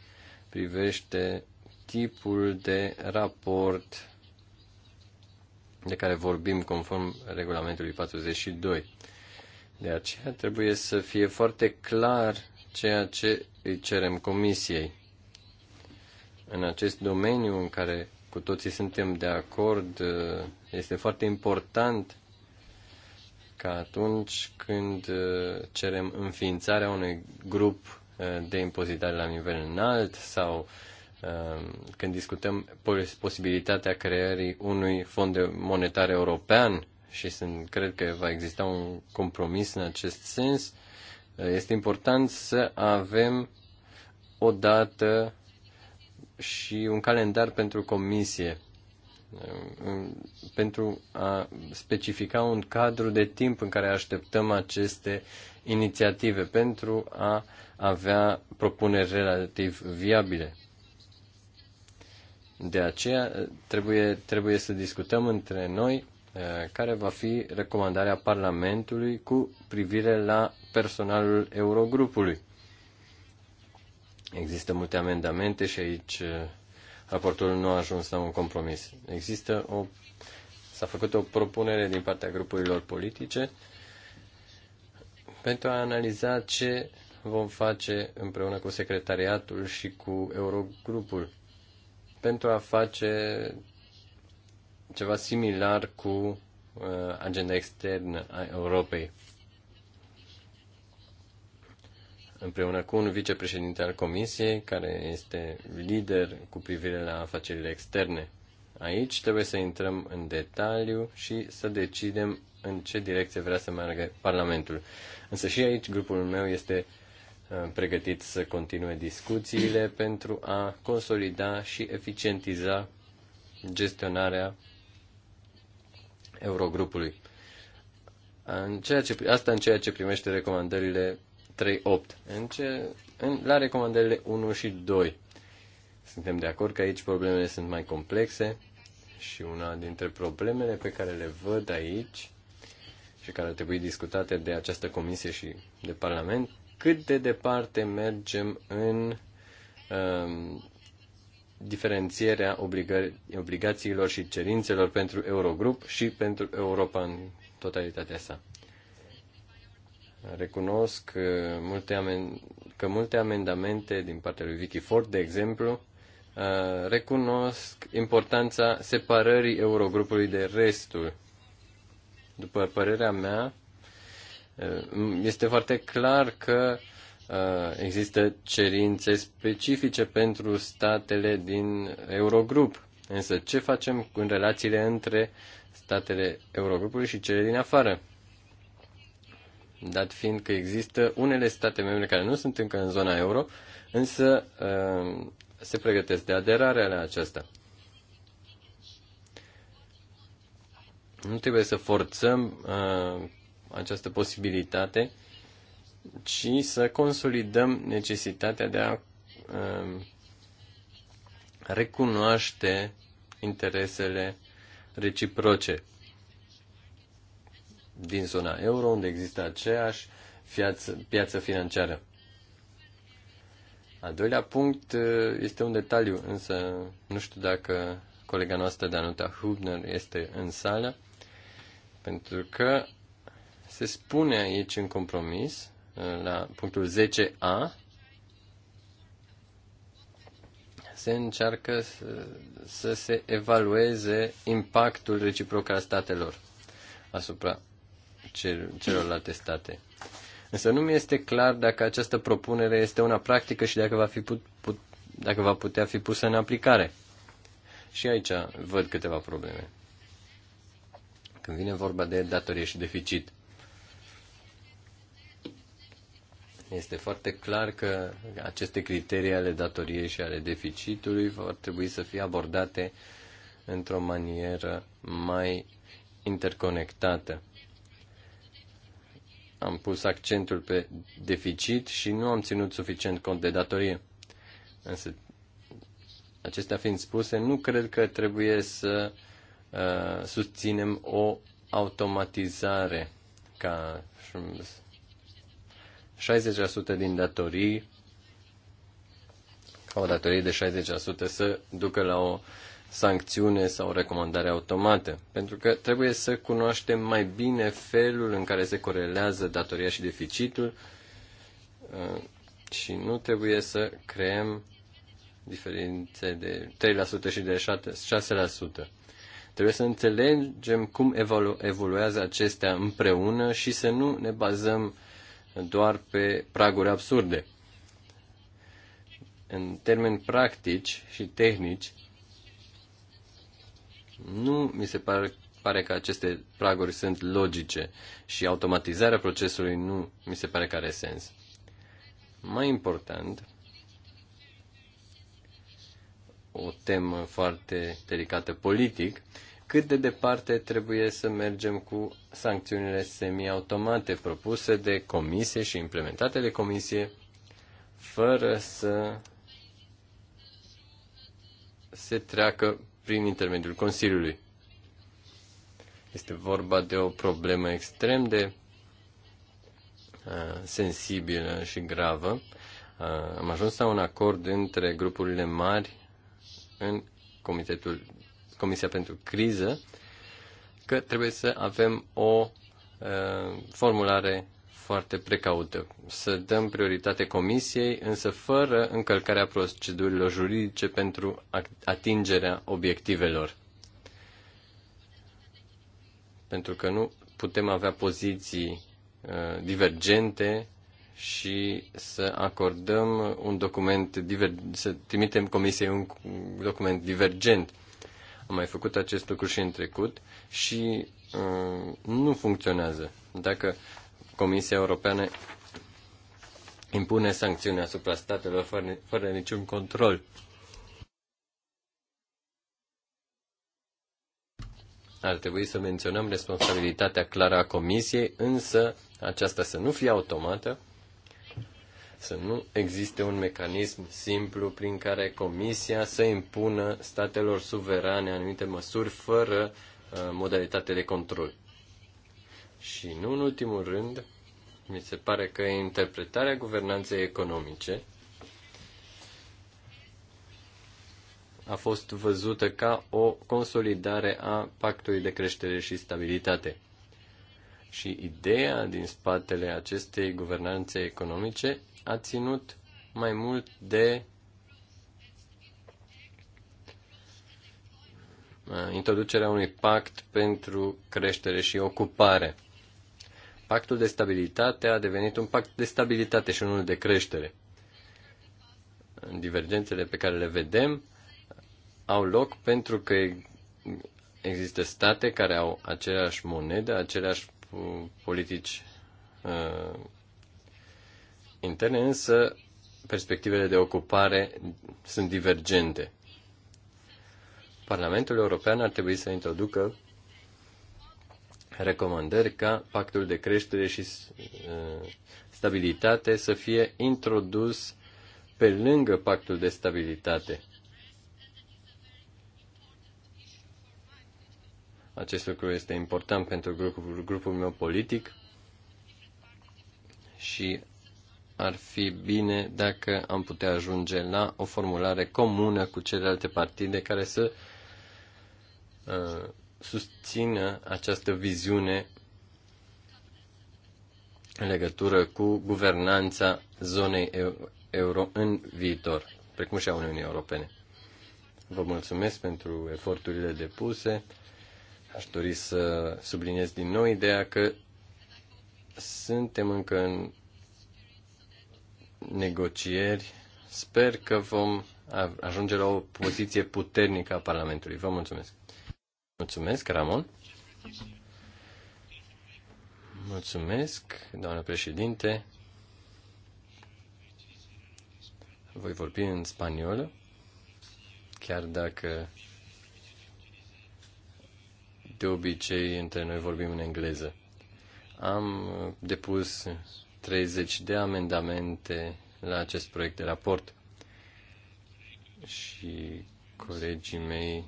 privește tipul de raport de care vorbim conform regulamentului 42. De aceea trebuie să fie foarte clar ceea ce îi cerem comisiei. În acest domeniu în care cu toții suntem de acord, este foarte important ca atunci când uh, cerem înființarea unui grup uh, de impozitare la nivel înalt sau uh, când discutăm posibilitatea creării unui fond monetar european și sunt, cred că va exista un compromis în acest sens, este important să avem o dată și un calendar pentru comisie um, pentru a specifica un cadru de timp în care așteptăm aceste inițiative pentru a avea propuneri relativ viabile. De aceea trebuie, trebuie să discutăm între noi Eh, care va fi recomandarea Parlamentului cu privire la personalul Eurogrupului. Există multe amendamente și aici eh, raportul nu a ajuns la un compromis. Există o, s-a făcut o propunere din partea grupurilor politice pentru a analiza ce vom face împreună cu secretariatul și cu Eurogrupul pentru a face ceva similar cu uh, agenda externă a Europei. Împreună cu un vicepreședinte al Comisiei, care este lider cu privire la afacerile externe. Aici trebuie să intrăm în detaliu și să decidem în ce direcție vrea să meargă Parlamentul. Însă și aici grupul meu este uh, pregătit să continue discuțiile pentru a consolida și eficientiza gestionarea Eurogrupului. În ceea ce, asta în ceea ce primește recomandările 3.8. În ce, în, la recomandările 1 și 2. Suntem de acord că aici problemele sunt mai complexe și una dintre problemele pe care le văd aici și care ar trebui discutate de această comisie și de Parlament, cât de departe mergem în um, diferențierea obliga- obligațiilor și cerințelor pentru Eurogrup și pentru Europa în totalitatea sa. Recunosc că uh, multe, amen- că multe amendamente din partea lui Vicky Ford, de exemplu, uh, recunosc importanța separării Eurogrupului de restul. După părerea mea, uh, este foarte clar că uh, Uh, există cerințe specifice pentru statele din Eurogrup. Însă ce facem în relațiile între statele Eurogrupului și cele din afară? Dat fiind că există unele state membre care nu sunt încă în zona euro, însă uh, se pregătesc de aderarea la aceasta. Nu trebuie să forțăm uh, această posibilitate uh, ci să consolidăm necesitatea de a um, recunoaște interesele reciproce din zona euro, unde există aceeași piață, piață financiară. Al doilea punct uh, este un detaliu, însă nu știu dacă colega noastră Danuta Hubner este în sală, pentru că se spune aici în compromis la punctul 10a, se încearcă să, să se evalueze impactul reciproc al statelor asupra cel, celorlalte state. Însă nu mi este clar dacă această propunere este una practică și dacă va, fi put, put, dacă va putea fi pusă în aplicare. Și aici văd câteva probleme. Când vine vorba de datorie și deficit. Este foarte clar că aceste criterii ale datoriei și ale deficitului vor trebui să fie abordate într-o manieră mai interconectată. Am pus accentul pe deficit și nu am ținut suficient cont de datorie. Însă, acestea fiind spuse, nu cred că trebuie să uh, susținem o automatizare ca 60% din datorii, ca o datorie de 60% să ducă la o sancțiune sau o recomandare automată, pentru că trebuie să cunoaștem mai bine felul în care se corelează datoria și deficitul uh, și nu trebuie să creăm diferențe de 3% și de 6%. Trebuie să înțelegem cum evolu- evoluează acestea împreună și să nu ne bazăm doar pe praguri absurde. În termeni practici și tehnici, nu mi se pare, pare că aceste praguri sunt logice și automatizarea procesului nu mi se pare că are sens. Mai important, o temă foarte delicată politic, cât de departe trebuie să mergem cu sancțiunile semiautomate propuse de comisie și implementate de comisie, fără să se treacă prin intermediul Consiliului. Este vorba de o problemă extrem de uh, sensibilă și gravă. Uh, am ajuns la un acord între grupurile mari în Comitetul Comisia pentru Criză, că trebuie să avem o uh, formulare foarte precaută. Să dăm prioritate comisiei, însă fără încălcarea procedurilor juridice pentru atingerea obiectivelor. Pentru că nu putem avea poziții uh, divergente și să acordăm un document, diver, să trimitem comisiei un document divergent. Uh, am mai făcut acest lucru și în trecut și uh, nu funcționează. Dacă Comisia Europeană impune sancțiuni asupra statelor fără, fără niciun control. Ar trebui să menționăm responsabilitatea clară a Comisiei, însă aceasta să nu fie automată să nu existe un mecanism simplu prin care Comisia să impună statelor suverane anumite măsuri fără uh, modalitate de control. Și nu în ultimul rând, mi se pare că interpretarea guvernanței economice a fost văzută ca o consolidare a pactului de creștere și stabilitate. Și ideea din spatele acestei guvernanțe economice a ținut mai mult de uh, introducerea unui pact pentru creștere și ocupare. Pactul de stabilitate a devenit un pact de stabilitate și unul de creștere. Divergențele pe care le vedem au loc pentru că există state care au aceleași monedă, aceleași politici uh, interne, însă perspectivele de ocupare sunt divergente. Parlamentul European ar trebui să introducă recomandări ca pactul de creștere și uh, stabilitate să fie introdus pe lângă pactul de stabilitate. Acest lucru este important pentru grupul, grupul meu politic și ar fi bine dacă am putea ajunge la o formulare comună cu celelalte partide care să uh, susțină această viziune în legătură cu guvernanța zonei euro în viitor, precum și a Uniunii Europene. Vă mulțumesc pentru eforturile depuse. Aș dori să subliniez din nou ideea că suntem încă în negocieri sper că vom ajunge la o poziție puternică a Parlamentului. Vă mulțumesc. Mulțumesc, Ramon. Mulțumesc, doamnă președinte. Voi vorbi în spaniolă, chiar dacă de obicei între noi vorbim în engleză. Am depus 30 de amendamente la acest proiect de raport și colegii mei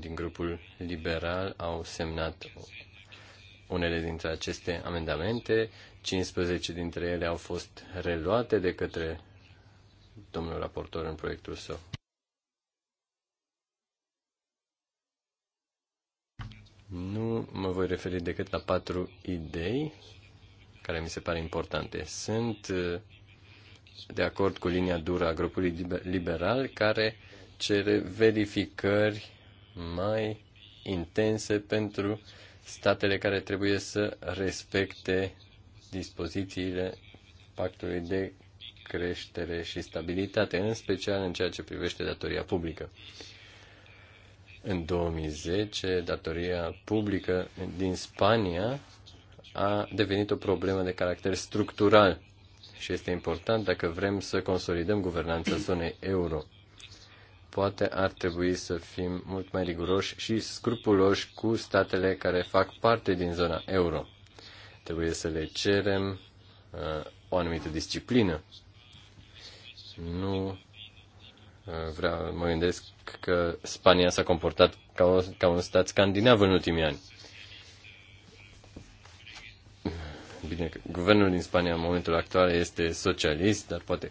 din grupul liberal au semnat unele dintre aceste amendamente. 15 dintre ele au fost reluate de către domnul raportor în proiectul său. Nu mă voi referi decât la patru idei care mi se pare importante. Sunt uh, de acord cu linia dură a grupului liberal care cere verificări mai intense pentru statele care trebuie să respecte dispozițiile pactului de creștere și stabilitate, în special în ceea ce privește datoria publică. În 2010, datoria publică din Spania a devenit o problemă de caracter structural și este important dacă vrem să consolidăm guvernanța zonei euro. Poate ar trebui să fim mult mai riguroși și scrupuloși cu statele care fac parte din zona euro. Trebuie să le cerem uh, o anumită disciplină. Nu uh, vreau, mă gândesc că Spania s-a comportat ca, o, ca un stat scandinav în ultimii ani bine, guvernul din Spania în momentul actual este socialist, dar poate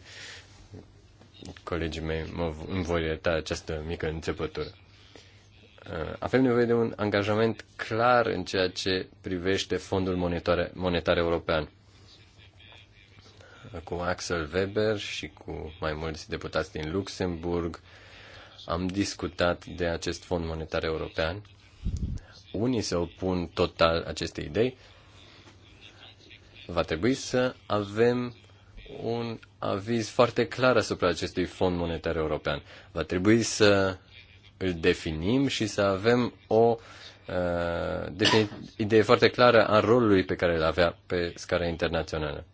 colegii mei mă, îmi vor ierta această mică înțepătură. Uh, avem nevoie de un angajament clar în ceea ce privește Fondul Monetar, Monetar European. Uh, cu Axel Weber și cu mai mulți deputați din Luxemburg am discutat de acest Fond Monetar European. Unii se opun total acestei idei, va trebui să avem un aviz foarte clar asupra acestui fond monetar european. Va trebui să îl definim și să avem o uh, idee foarte clară a rolului pe care îl avea pe scară internațională.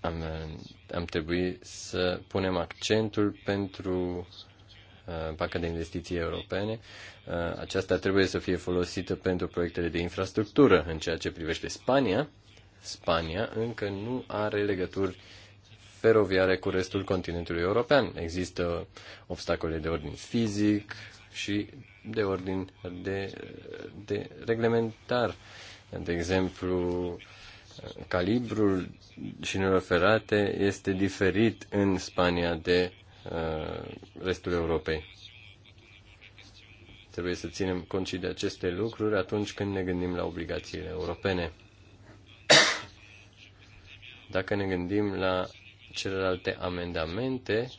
Am, am trebuit să punem accentul pentru Banca uh, de Investiții Europene, uh, aceasta trebuie să fie folosită pentru proiectele de infrastructură. În ceea ce privește Spania, Spania încă nu are legături feroviare cu restul continentului european. Există obstacole de ordin fizic și de ordin de, de reglementar. De exemplu, calibrul șinelor ferate este diferit în Spania de Uh, restul Europei. Trebuie să ținem cont și de aceste lucruri atunci când ne gândim la obligațiile europene. Dacă ne gândim la celelalte amendamente,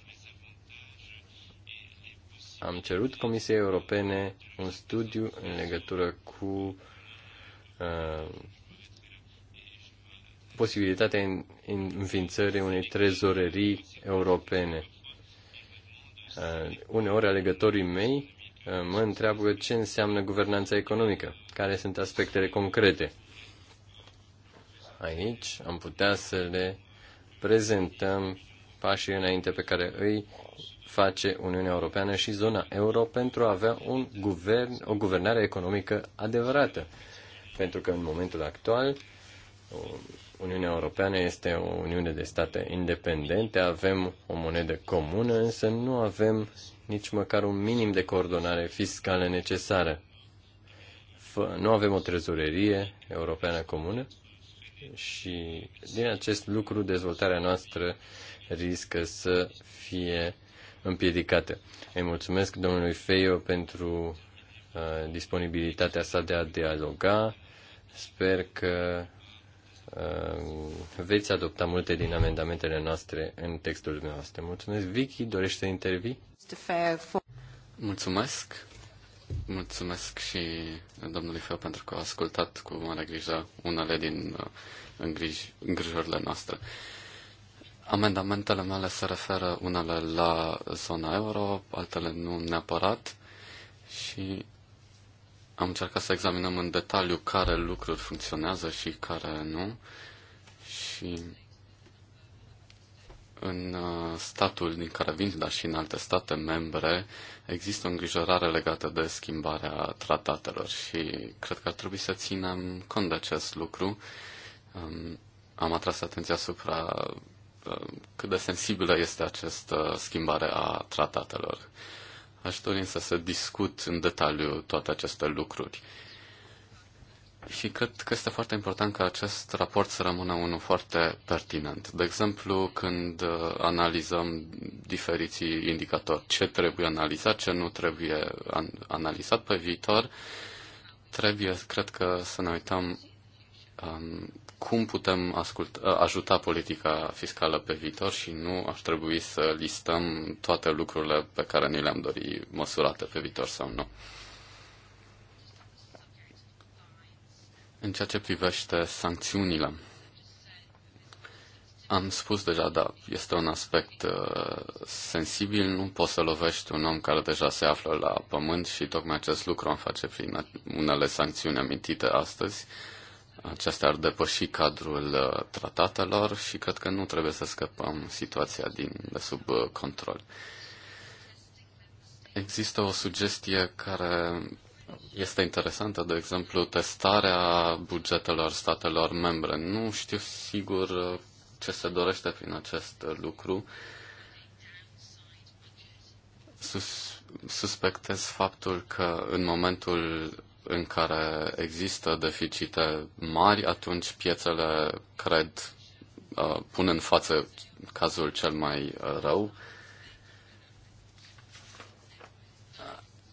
am cerut Comisiei Europene un studiu în legătură cu uh, posibilitatea înființării unei trezorerii europene. Uh, uneori alegătorii mei uh, mă întreabă ce înseamnă guvernanța economică, care sunt aspectele concrete. Aici am putea să le prezentăm pașii înainte pe care îi face Uniunea Europeană și zona euro pentru a avea un guvern, o guvernare economică adevărată. Pentru că în momentul actual Uniunea Europeană este o uniune de state independente, avem o monedă comună, însă nu avem nici măcar un minim de coordonare fiscală necesară. Nu avem o trezorerie europeană comună și din acest lucru dezvoltarea noastră riscă să fie împiedicată. Îi mulțumesc domnului Feio pentru uh, disponibilitatea sa de a dialoga. Sper că Uh, veți adopta multe din amendamentele noastre în textul dumneavoastră. Mulțumesc. Vicky, dorește să intervii? Mulțumesc. Mulțumesc și domnului Feu pentru că a ascultat cu mare grijă unele din uh, îngrij, noastre. Amendamentele mele se referă unele la zona euro, altele nu neapărat și am încercat să examinăm în detaliu care lucruri funcționează și care nu. Și în uh, statul din care vin, dar și în alte state membre, există o îngrijorare legată de schimbarea tratatelor și cred că ar trebui să ținem cont de acest lucru. Um, am atras atenția asupra uh, cât de sensibilă este această schimbare a tratatelor. Aș dori însă să discut în detaliu toate aceste lucruri. Și cred că este foarte important ca acest raport să rămână unul foarte pertinent. De exemplu, când uh, analizăm diferiții indicatori, ce trebuie analizat, ce nu trebuie analizat pe viitor, trebuie, cred că, să ne uităm um, cum putem asculta, uh, ajuta politica fiscală pe viitor și nu ar trebui să listăm toate lucrurile pe care ni le-am dori măsurate pe viitor sau nu. În ceea ce privește sancțiunile, am spus deja, da, este un aspect uh, sensibil, nu poți să lovești un om care deja se află la pământ și tocmai acest lucru am face prin unele sancțiuni amintite astăzi. Uh, acesta ar depăși cadrul uh, tratatelor și cred că nu trebuie să scăpăm situația din, de sub uh, control. Există o sugestie care este interesantă, de exemplu, testarea bugetelor statelor membre. Nu știu sigur uh, ce se dorește prin acest lucru. Sus, suspectez faptul că în momentul în care există deficite mari, atunci piețele, cred, uh, pun în față cazul cel mai uh, rău.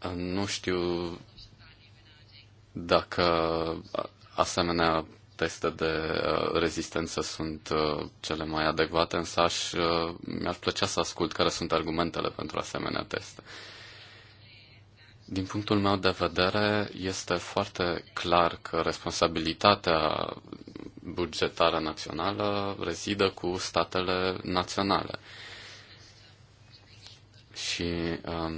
Uh, nu știu dacă asemenea teste de rezistență sunt cele mai adecvate, însă aș, mi-ar plăcea să ascult care sunt argumentele pentru asemenea teste. Din punctul meu de vedere, este foarte clar că responsabilitatea bugetară națională rezidă cu statele naționale. Și um,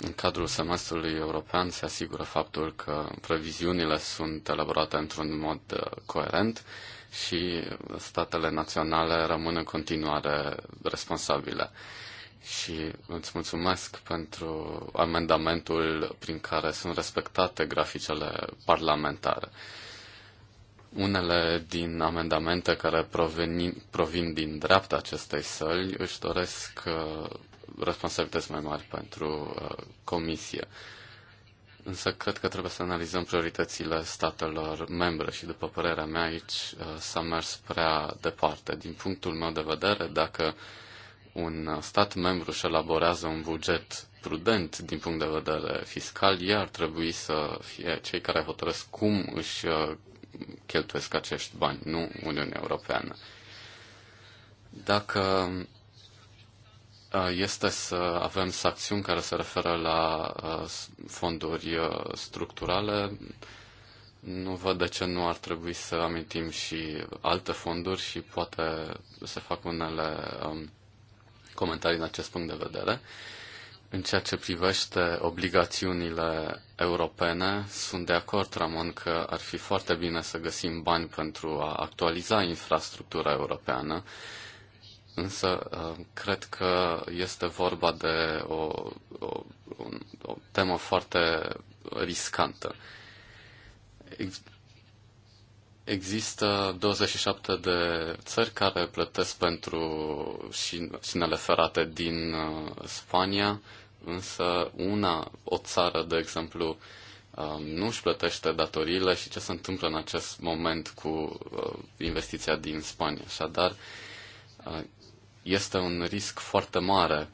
în cadrul semestrului european se asigură faptul că previziunile sunt elaborate într-un mod uh, coerent și statele naționale rămân în continuare responsabile. Uh, și îți mulțumesc pentru amendamentul prin care sunt respectate graficele parlamentare. Unele din amendamente care proveni, provin din dreapta acestei săli își doresc uh, responsabilități mai mari pentru uh, comisie. Însă cred că trebuie să analizăm prioritățile statelor membre și, după părerea mea, aici uh, s-a mers prea departe. Din punctul meu de vedere, dacă uh, un stat membru își elaborează un buget prudent din punct de vedere fiscal, ei ar trebui să fie cei care hotărăsc cum își uh, cheltuiesc acești bani, nu Uniunea Europeană. Dacă uh, este să avem sancțiuni care se referă la uh, fonduri structurale, nu văd de ce nu ar trebui să amintim și alte fonduri și poate să fac unele um, comentarii în acest punct de vedere. În ceea ce privește obligațiunile europene, sunt de acord, Ramon, că ar fi foarte bine să găsim bani pentru a actualiza infrastructura europeană, însă uh, cred că este vorba de o, o, o temă foarte riscantă Există 27 de țări care plătesc pentru sinele ferate din uh, Spania, însă una, o țară, de exemplu, um, nu își plătește datoriile și ce se întâmplă în acest moment cu uh, investiția din Spania. Așadar, uh, este un risc foarte mare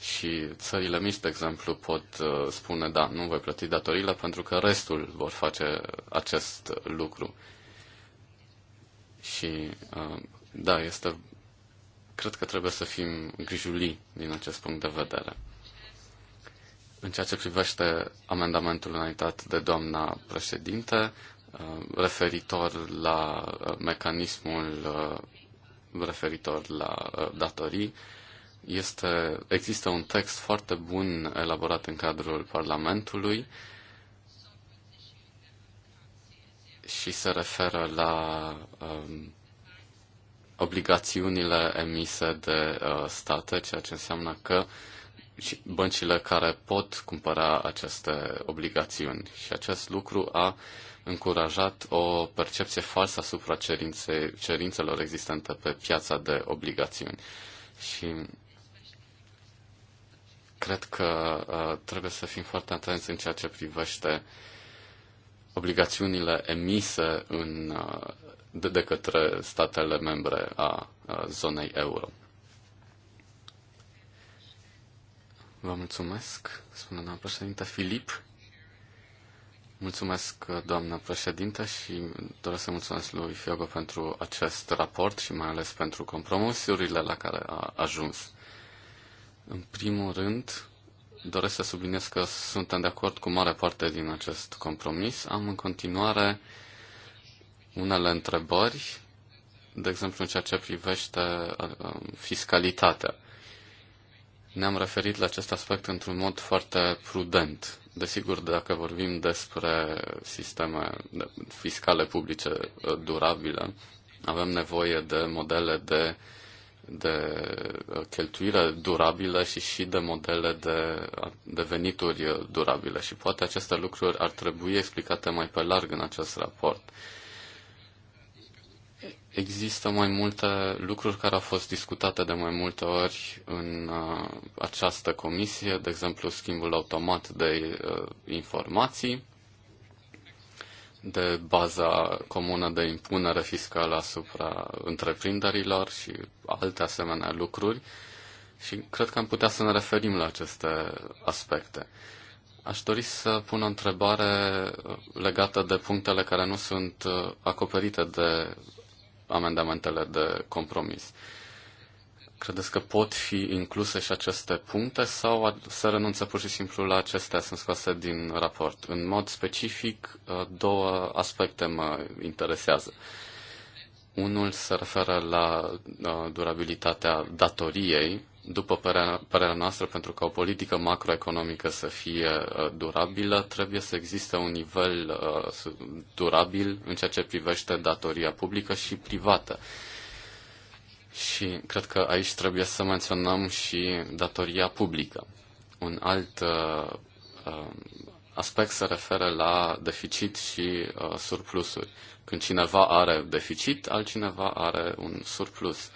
și țările mici, de exemplu, pot spune, da, nu voi plăti datoriile pentru că restul vor face acest lucru. Și, uh, da, este, cred că trebuie să fim grijuli din acest punct de vedere. În ceea ce privește amendamentul înaintat de doamna președinte, uh, referitor la uh, mecanismul referitor la datorii, este, există un text foarte bun elaborat în cadrul Parlamentului, și se referă la um, obligațiunile emise de uh, state, ceea ce înseamnă că și băncile care pot cumpăra aceste obligațiuni. Și acest lucru a încurajat o percepție falsă asupra cerințe, cerințelor existente pe piața de obligațiuni. Și cred că uh, trebuie să fim foarte atenți în ceea ce privește uh, obligațiunile emise în, uh, de, de către statele membre a zonei euro. Vă mulțumesc, spune doamna președinte Filip. Mulțumesc, doamna președinte, și doresc să mulțumesc lui Fiogo pentru acest raport și mai ales pentru compromisurile la care a ajuns. În primul rând, doresc să subliniez că suntem de acord cu mare parte din acest compromis. Am în continuare unele întrebări, de exemplu în ceea ce privește uh, um, fiscalitatea. Ne-am referit la acest aspect într-un mod foarte prudent. Desigur, dacă vorbim despre sisteme fiscale publice uh, durabile, avem nevoie de modele de uh, de uh, cheltuire durabilă și și de modele de, uh, de venituri uh, durabile. Și poate aceste lucruri ar trebui explicate mai pe larg în acest raport. Există mai multe lucruri care au fost discutate de mai multe ori în uh, această comisie, de exemplu schimbul automat de uh, informații, de baza comună de impunere fiscală asupra întreprinderilor și alte asemenea lucruri și cred că am putea să ne referim la aceste aspecte. Aș dori să pun o întrebare legată de punctele care nu sunt acoperite de amendamentele de compromis. Uh, Credeți că pot fi incluse și aceste puncte sau să renunță pur și simplu la acestea, sunt scoase din raport? În mod specific, uh, două aspecte mă interesează. Unul se referă la uh, durabilitatea datoriei, după părerea, părerea noastră, pentru ca o politică macroeconomică să fie uh, durabilă, trebuie să existe un nivel durabil în ceea ce privește datoria publică și privată și cred că aici trebuie să menționăm și datoria publică. Un alt uh, uh, aspect se referă la deficit și uh, surplusuri. Când cineva are deficit, altcineva are un surplus.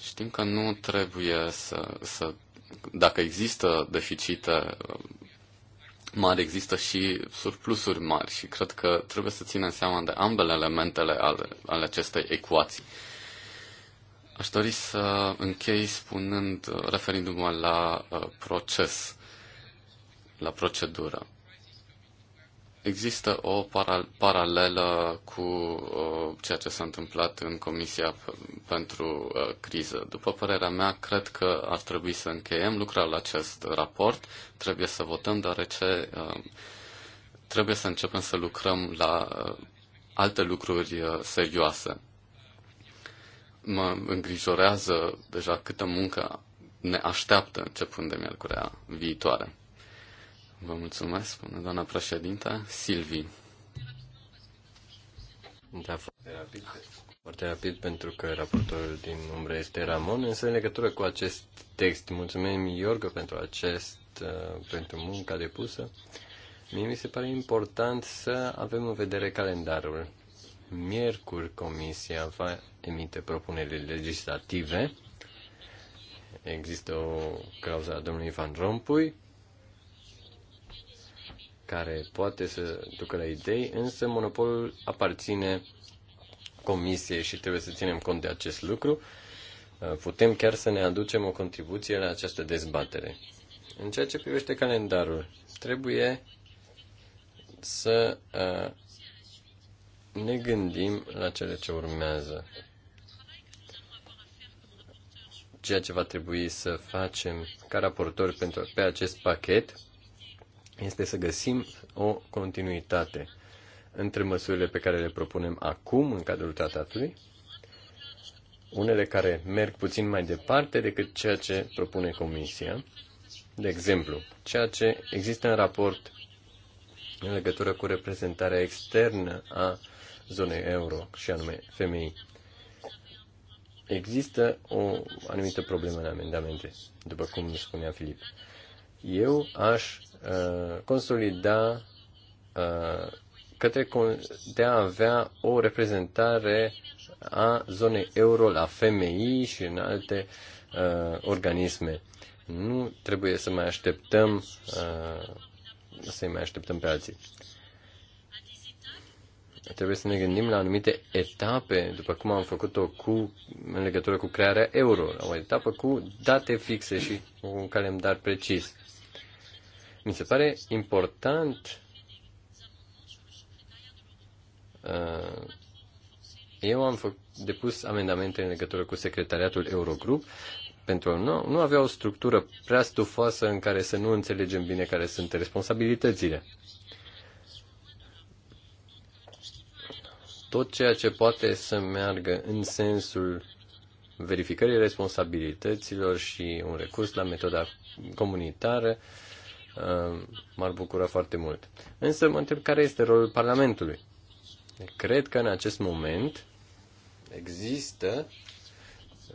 Știm că nu trebuie să, să dacă există deficite uh, mari, există și surplusuri mari și cred că trebuie să ținem seama de ambele elementele ale, ale acestei ecuații. Uh, Aș dori să închei spunând, referindu-mă la uh, proces, la procedură. Există o para- paralelă cu uh, ceea ce s-a întâmplat în Comisia pentru uh, Criză. După părerea mea, cred că ar trebui să încheiem lucrul la acest raport. Trebuie să votăm, deoarece uh, trebuie să începem să lucrăm la uh, alte lucruri uh, serioase mă îngrijorează deja câtă muncă ne așteaptă începând de miercurea viitoare. Vă mulțumesc, spune doamna președinte. Silvi. Da, foarte rapid. Foarte rapid, pentru că raportorul din umbră este Ramon, însă în legătură cu acest text. Mulțumim, Iorgă, pentru acest, uh, pentru munca depusă. Mie mi se pare important să avem în vedere calendarul miercuri Comisia va emite propuneri legislative. Există o cauză a domnului Van Rompuy care poate să ducă la idei, însă monopolul aparține Comisiei și trebuie să ținem cont de acest lucru. Putem chiar să ne aducem o contribuție la această dezbatere. În ceea ce privește calendarul, trebuie să uh, ne gândim la cele ce urmează. Ceea ce va trebui să facem ca raportori pentru, pe acest pachet este să găsim o continuitate între măsurile pe care le propunem acum în cadrul tratatului, unele care merg puțin mai departe decât ceea ce propune Comisia, de exemplu, ceea ce există în raport în legătură cu reprezentarea externă a zonei euro, și anume femei. Există o anumită problemă în amendamente, după cum spunea Filip. Eu aș uh, consolida uh, către de a avea o reprezentare a zonei euro la FMI și în alte uh, organisme. Nu trebuie să mai așteptăm uh, să-i mai așteptăm pe alții trebuie să ne gândim la anumite etape, după cum am făcut-o cu, în legătură cu crearea euro, la o etapă cu date fixe și cu un calendar precis. Mi se pare important uh, eu am făc, depus amendamente în legătură cu secretariatul Eurogrup pentru că nu, nu avea o structură prea stufoasă în care să nu înțelegem bine care sunt responsabilitățile. tot ceea ce poate să meargă în sensul verificării responsabilităților și un recurs la metoda comunitară uh, m-ar bucura foarte mult. Însă mă întreb care este rolul Parlamentului. Cred că în acest moment există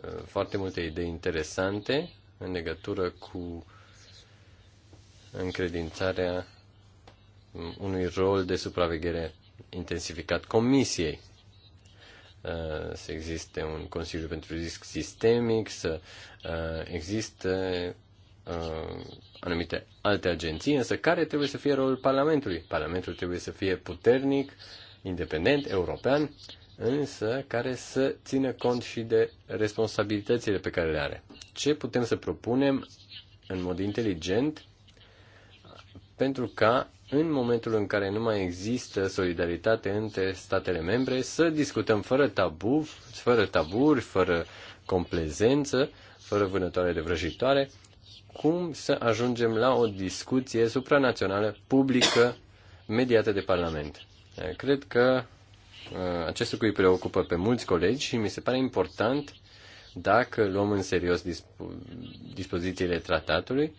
uh, foarte multe idei interesante în legătură cu încredințarea unui rol de supraveghere intensificat comisiei uh, să existe un Consiliu pentru Risc Sistemic, să uh, existe uh, anumite alte agenții, însă care trebuie să fie rolul Parlamentului? Parlamentul trebuie să fie puternic, independent, european, însă care să țină cont și de responsabilitățile pe care le are. Ce putem să propunem în mod inteligent pentru ca în momentul în care nu mai există solidaritate între statele membre, să discutăm fără tabu, fără taburi, fără complezență, fără vânătoare de vrăjitoare, cum să ajungem la o discuție supranațională, publică, mediată de Parlament. Cred că uh, acest lucru îi preocupă pe mulți colegi și mi se pare important dacă luăm în serios dispo- dispozițiile tratatului,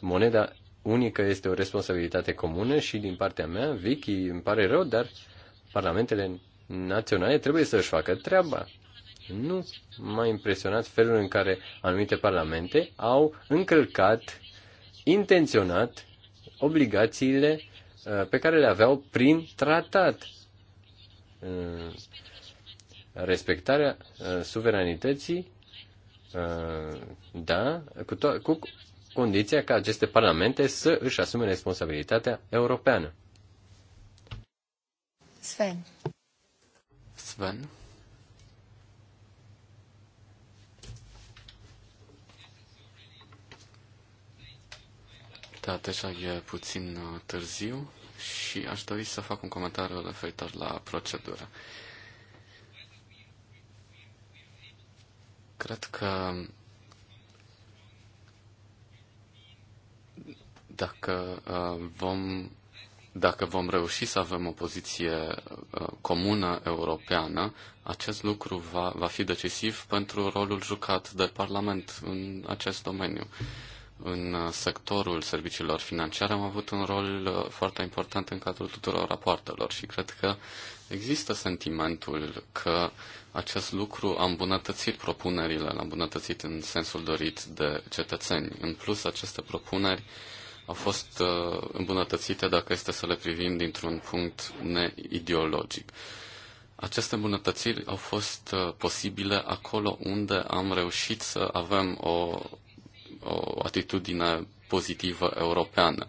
moneda unică este o responsabilitate comună și din partea mea, Vicky, îmi pare rău, dar parlamentele naționale trebuie să-și facă treaba. Nu m-a impresionat felul în care anumite parlamente au încălcat intenționat obligațiile uh, pe care le aveau prin tratat. Uh, respectarea uh, suveranității, da, cu, to- cu condiția ca aceste parlamente să își asume responsabilitatea europeană. Sven. Sven. Da, deja e puțin uh, târziu și aș dori să fac un comentariu referitor la procedură. Cred că dacă uh, vom dacă vom reuși să avem o poziție uh, comună europeană, acest lucru va, va fi decisiv pentru rolul jucat de Parlament în acest domeniu. În uh, sectorul serviciilor financiare am avut un rol foarte important în cadrul tuturor rapoartelor și cred că există sentimentul că acest lucru a îmbunătățit propunerile, l-a îmbunătățit în sensul dorit de cetățeni. În plus, aceste propuneri uh, au fost uh, îmbunătățite dacă este să le privim dintr-un punct neideologic. Aceste îmbunătățiri au fost uh, posibile acolo unde am reușit să avem o, o atitudine pozitivă europeană.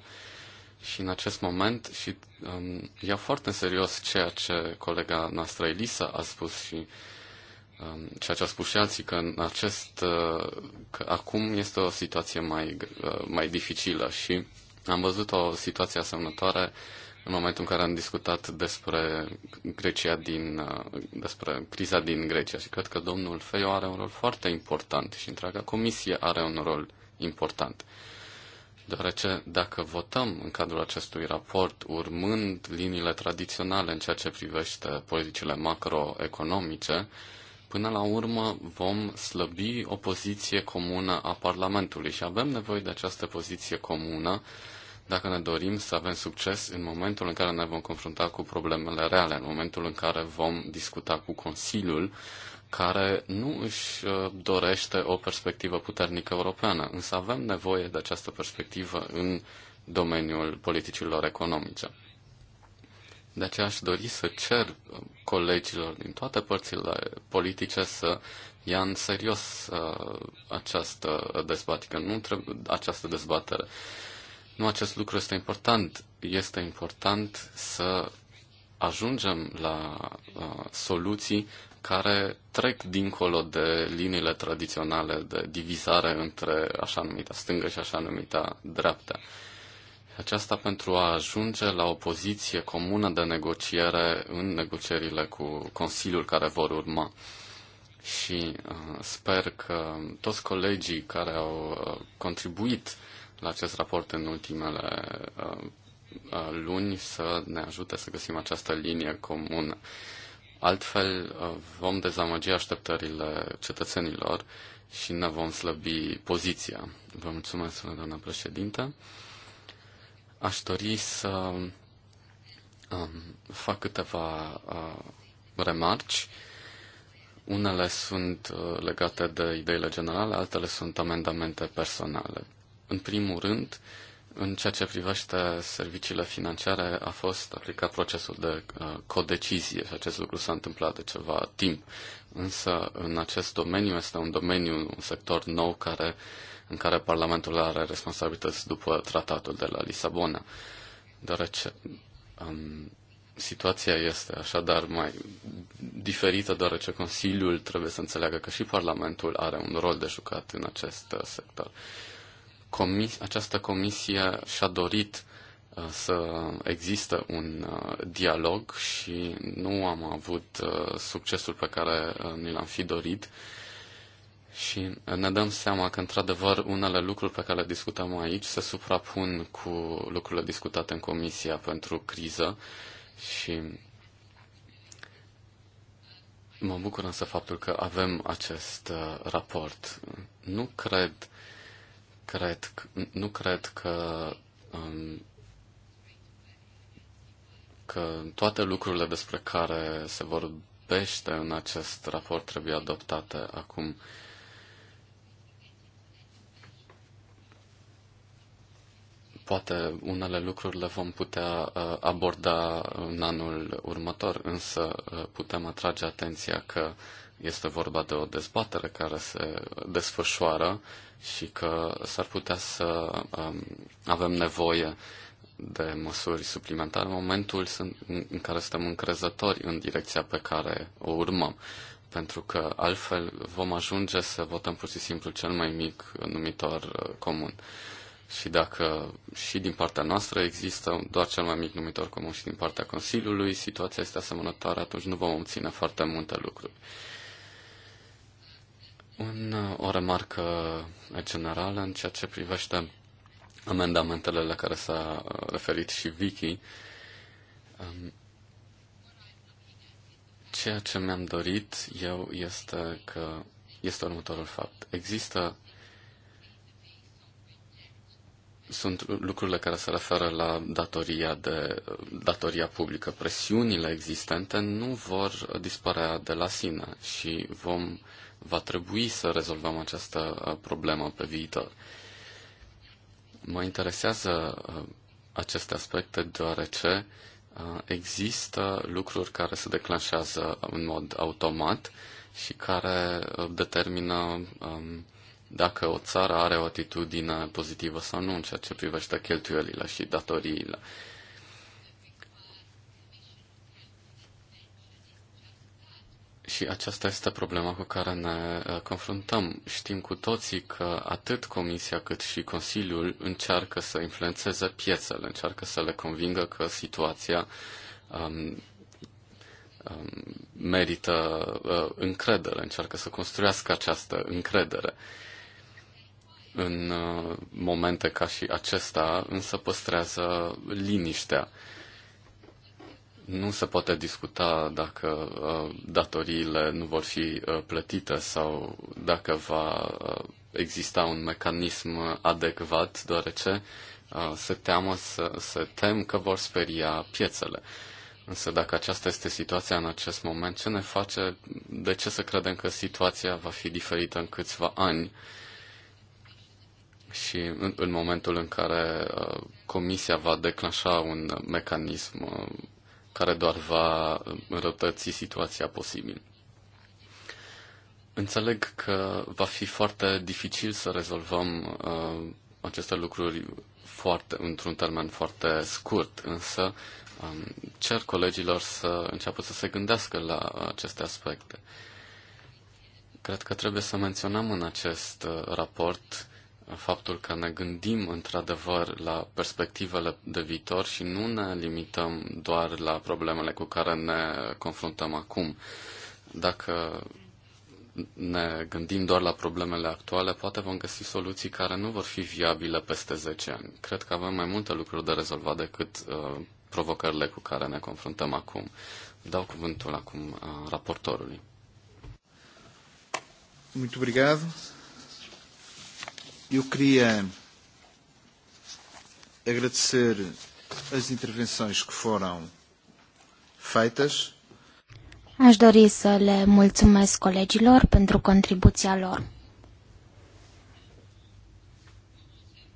Și în acest moment, și um, iau foarte în serios ceea ce colega noastră Elisa a spus și uh, Um, ceea ce a spus și alții, că în acest, uh, că acum este o situație mai, uh, mai dificilă și am văzut o situație asemănătoare în momentul în care am discutat despre Grecia din, uh, despre criza din Grecia și cred că domnul Feio are un rol foarte important și întreaga comisie are un rol important. Deoarece dacă votăm în cadrul acestui raport, urmând liniile tradiționale în ceea ce privește politicile macroeconomice, uh, până la urmă vom slăbi o poziție comună a Parlamentului și avem nevoie de această poziție comună dacă ne dorim să avem succes în momentul în care ne vom confrunta cu problemele reale, în momentul în care vom discuta cu Consiliul, care nu își uh, dorește o perspectivă puternică europeană, însă avem nevoie de această perspectivă în domeniul politicilor economice. De aceea aș dori să cer uh, colegilor din toate părțile politice să ia în serios uh, această dezbatere. Nu trebuie această dezbatere. Nu acest lucru este important. Este important să ajungem la uh, soluții care trec dincolo de liniile tradiționale de divizare între așa numita stângă și așa numita dreapta. Aceasta pentru a ajunge la o poziție comună de negociere în negocierile cu Consiliul care vor urma. Și uh, sper că toți colegii care au uh, contribuit la acest raport în ultimele uh, luni să ne ajute să găsim această linie comună. Altfel vom dezamăgi așteptările cetățenilor și ne vom slăbi poziția. Vă mulțumesc, doamna președintă. Aș dori să um, fac câteva uh, remarci. Unele sunt uh, legate de ideile generale, altele sunt amendamente personale. În primul rând, în ceea ce privește serviciile financiare, a fost aplicat procesul de uh, codecizie și acest lucru s-a întâmplat de ceva timp. Însă, în acest domeniu, este un domeniu, un sector nou care uh, în care Parlamentul are responsabilități după tratatul de la Lisabona, deoarece um, situația este așadar mai diferită, deoarece Consiliul trebuie să înțeleagă că și Parlamentul are un rol de jucat în acest uh, sector. Comis- această comisie și-a dorit uh, să există un uh, dialog și nu am avut succesul pe care ni l-am fi dorit. Și ne dăm seama că, într-adevăr, unele lucruri pe care le discutăm aici se suprapun cu lucrurile discutate în Comisia pentru Criză și mă bucur însă faptul că avem acest uh, raport. Nu cred, cred, nu cred că um, că toate lucrurile despre care se vorbește în acest raport trebuie adoptate acum. Poate unele lucruri le vom putea uh, aborda în anul următor, însă uh, putem atrage atenția că este vorba de o dezbatere care se desfășoară și că s-ar putea să um, avem nevoie de măsuri suplimentare în momentul în care suntem încrezători în direcția pe care o urmăm. Pentru că altfel vom ajunge să votăm pur și simplu cel mai mic numitor uh, comun și dacă și din partea noastră există doar cel mai mic numitor comun și din partea Consiliului, situația este asemănătoare, atunci nu vom obține foarte multe lucruri. Un, o remarcă generală în ceea ce privește amendamentele la care s-a uh, referit și Vicky. Um, ceea ce mi-am dorit eu este că este următorul fapt. Există sunt lucrurile care se referă la datoria, de, datoria publică. Presiunile existente nu vor dispărea de la sine și vom, va trebui să rezolvăm această uh, problemă pe viitor. Mă interesează uh, aceste aspecte deoarece uh, există lucruri care se declanșează în mod automat și care determină um, dacă o țară are o atitudine pozitivă sau nu în ceea ce privește cheltuielile și datoriile. Și aceasta este problema cu care ne uh, confruntăm. Știm cu toții că atât Comisia cât și Consiliul încearcă să influențeze piețele, încearcă să le convingă că situația um, um merită uh, încredere, încearcă să construiască această încredere în uh, momente ca și acesta, însă păstrează liniștea. Nu se poate discuta dacă uh, datoriile nu vor fi uh, plătite sau dacă va exista un mecanism adecvat, deoarece se, teamă, se, se tem că vor speria piețele. Însă dacă aceasta este situația în acest moment, ce ne face, de ce să credem că situația va fi diferită în câțiva ani? și în, în momentul în care uh, Comisia va declanșa un mecanism uh, care doar va uh, înrăutăți situația posibil. Înțeleg că va fi foarte dificil să rezolvăm uh, aceste lucruri foarte, într-un termen foarte scurt, însă um, cer colegilor să înceapă să se gândească la aceste aspecte. Cred că trebuie să menționăm în acest raport faptul că ne gândim într-adevăr la perspectivele de viitor și nu ne limităm doar la problemele cu care ne confruntăm acum. Dacă ne gândim doar la problemele actuale, poate vom găsi soluții care nu vor fi viabile peste 10 ani. Cred că avem mai multe lucruri de rezolvat decât uh, provocările cu care ne confruntăm acum. Dau cuvântul acum uh, raportorului. Muito obrigado. Eu queria agradecer as intervenções que foram feitas. Aș dori să le mulțumesc colegilor pentru contribuția lor.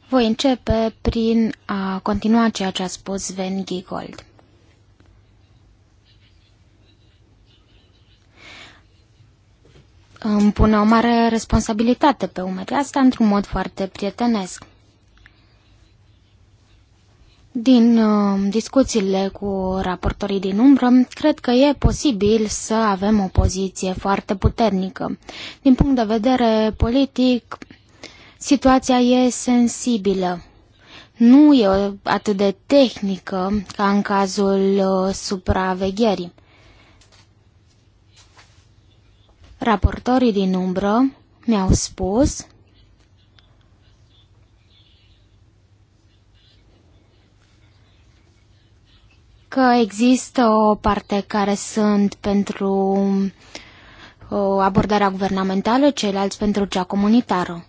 Voi începe prin a continua ceea ce a spus Sven Giegold. îmi pune o mare responsabilitate pe umeri, asta într-un mod foarte prietenesc. Din uh, discuțiile cu raportorii din umbră, cred că e posibil să avem o poziție foarte puternică. Din punct de vedere politic, situația e sensibilă. Nu e atât de tehnică ca în cazul uh, supravegherii. Raportorii din umbră mi-au spus că există o parte care sunt pentru uh, abordarea guvernamentală, ceilalți pentru cea comunitară.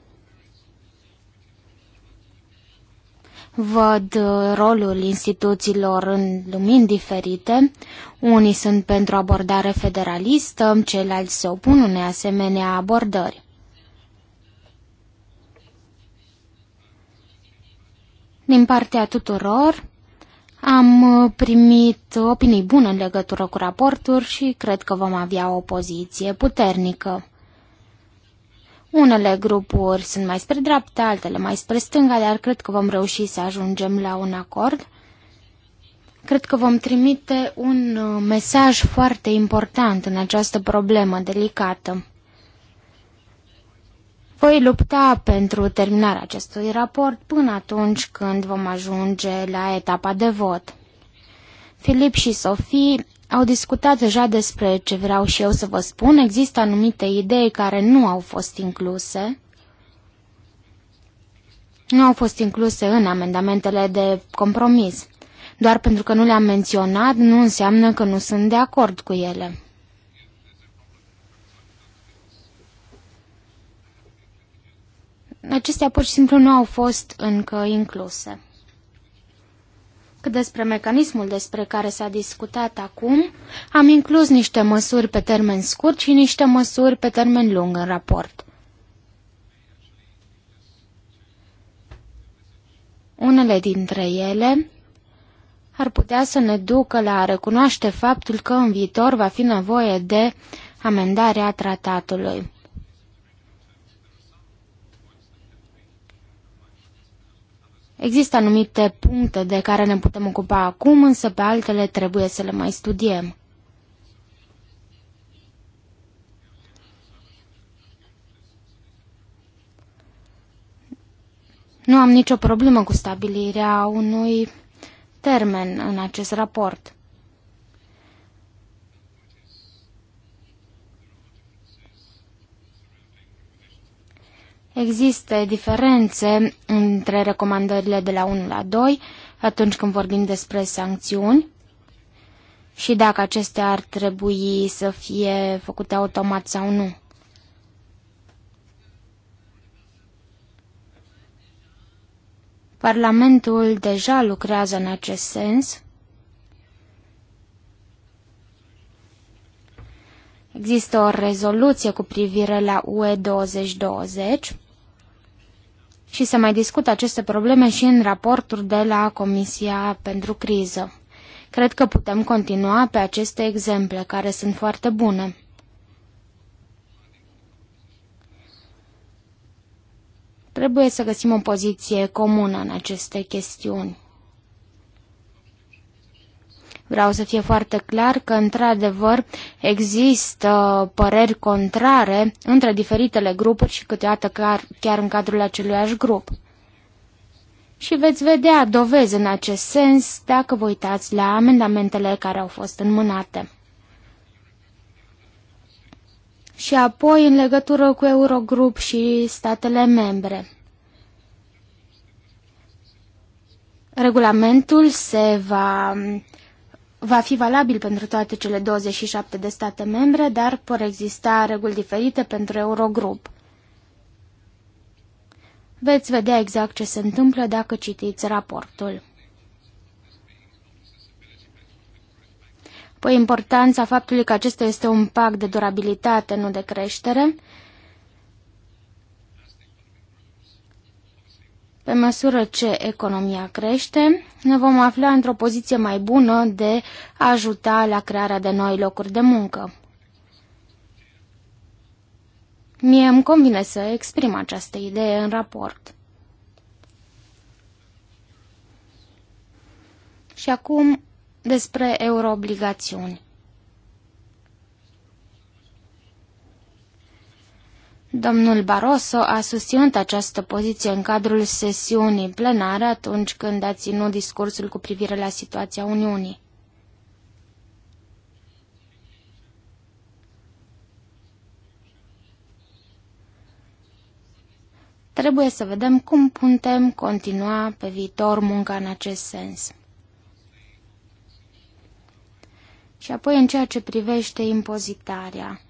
văd uh, rolul instituțiilor în lumini diferite. Unii sunt pentru abordare federalistă, ceilalți se opun unei asemenea abordări. Din partea tuturor, am uh, primit opinii bune în legătură cu raportul și cred că vom avea o poziție puternică. Unele grupuri sunt mai spre dreapta, altele mai spre stânga, dar cred că vom reuși să ajungem la un acord. Cred că vom trimite un uh, mesaj foarte important în această problemă delicată. Voi lupta pentru terminarea acestui raport până atunci când vom ajunge la etapa de vot. Filip și Sofie au discutat deja despre ce vreau și eu să vă spun. Există anumite idei care nu au fost incluse. Nu au fost incluse în amendamentele de compromis. Doar pentru că nu le-am menționat, nu înseamnă că nu sunt de acord cu ele. Acestea pur și simplu nu au fost încă incluse despre mecanismul despre care s-a discutat acum, am inclus niște măsuri pe termen scurt și niște măsuri pe termen lung în raport. Unele dintre ele ar putea să ne ducă la a recunoaște faptul că în viitor va fi nevoie de amendarea tratatului. Există anumite puncte de care ne putem ocupa acum, însă pe altele trebuie să le mai studiem. Nu am nicio problemă cu stabilirea unui termen în acest raport. Există diferențe între recomandările de la 1 la 2 atunci când vorbim despre sancțiuni și dacă acestea ar trebui să fie făcute automat sau nu. Parlamentul deja lucrează în acest sens. Există o rezoluție cu privire la UE 2020 și se mai discută aceste probleme și în raportul de la Comisia pentru Criză. Cred că putem continua pe aceste exemple, care sunt foarte bune. Trebuie să găsim o poziție comună în aceste chestiuni. Vreau să fie foarte clar că, într-adevăr, există păreri contrare între diferitele grupuri și câteodată chiar în cadrul aceluiași grup. Și veți vedea dovezi în acest sens dacă vă uitați la amendamentele care au fost înmânate. Și apoi în legătură cu Eurogrup și statele membre. Regulamentul se va va fi valabil pentru toate cele 27 de state membre, dar vor exista reguli diferite pentru Eurogrup. Veți vedea exact ce se întâmplă dacă citiți raportul. Păi importanța faptului că acesta este un pact de durabilitate, nu de creștere, Pe măsură ce economia crește, ne vom afla într-o poziție mai bună de a ajuta la crearea de noi locuri de muncă. Mie îmi convine să exprim această idee în raport. Și acum despre euroobligațiuni. Domnul Barroso a susținut această poziție în cadrul sesiunii plenare atunci când a ținut discursul cu privire la situația Uniunii. Trebuie să vedem cum putem continua pe viitor munca în acest sens. Și apoi în ceea ce privește impozitarea.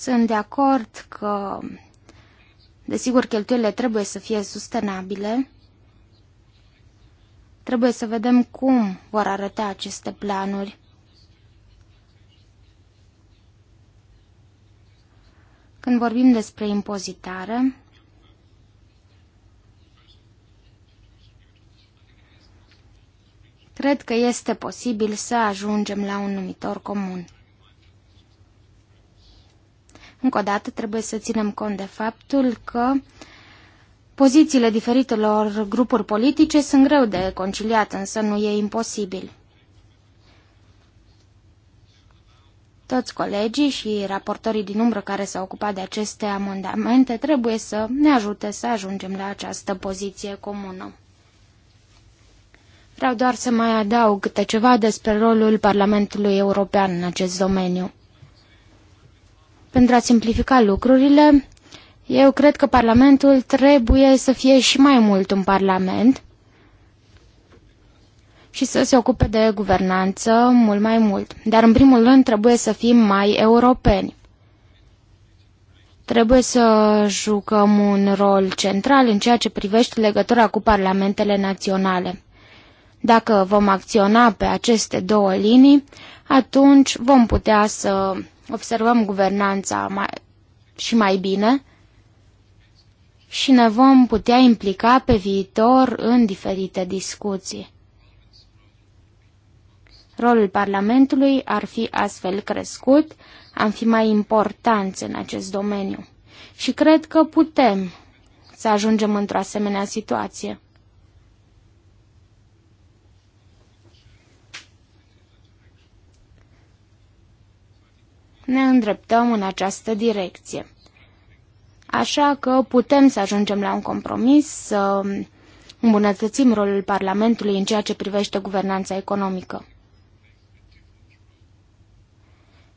Sunt de acord că, desigur, cheltuielile trebuie să fie sustenabile. Trebuie să vedem cum vor arăta aceste planuri. Când vorbim despre impozitare, cred că este posibil să ajungem la un numitor comun. Încă o dată trebuie să ținem cont de faptul că pozițiile diferitelor grupuri politice sunt greu de conciliat, însă nu e imposibil. Toți colegii și raportorii din umbră care s-au ocupat de aceste amendamente trebuie să ne ajute să ajungem la această poziție comună. Vreau doar să mai adaug câte ceva despre rolul Parlamentului European în acest domeniu. Pentru a simplifica lucrurile, eu cred că Parlamentul trebuie să fie și mai mult un Parlament și să se ocupe de guvernanță mult mai mult. Dar, în primul rând, trebuie să fim mai europeni. Trebuie să jucăm un rol central în ceea ce privește legătura cu parlamentele naționale. Dacă vom acționa pe aceste două linii, atunci vom putea să observăm guvernanța mai, și mai bine și ne vom putea implica pe viitor în diferite discuții. Rolul Parlamentului ar fi astfel crescut, am fi mai importanți în acest domeniu. Și cred că putem să ajungem într-o asemenea situație. ne îndreptăm în această direcție. Așa că putem să ajungem la un compromis, să îmbunătățim rolul Parlamentului în ceea ce privește guvernanța economică.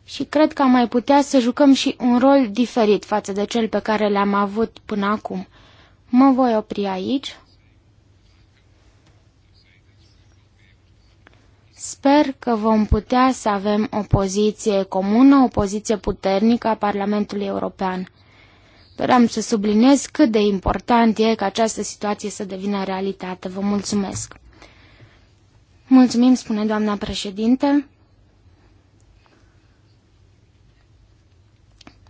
Și cred că am mai putea să jucăm și un rol diferit față de cel pe care l-am avut până acum. Mă voi opri aici. Sper că vom putea să avem o poziție comună, o poziție puternică a Parlamentului European. Doream să subliniez cât de important e ca această situație să devină realitate. Vă mulțumesc! Mulțumim, spune doamna președinte.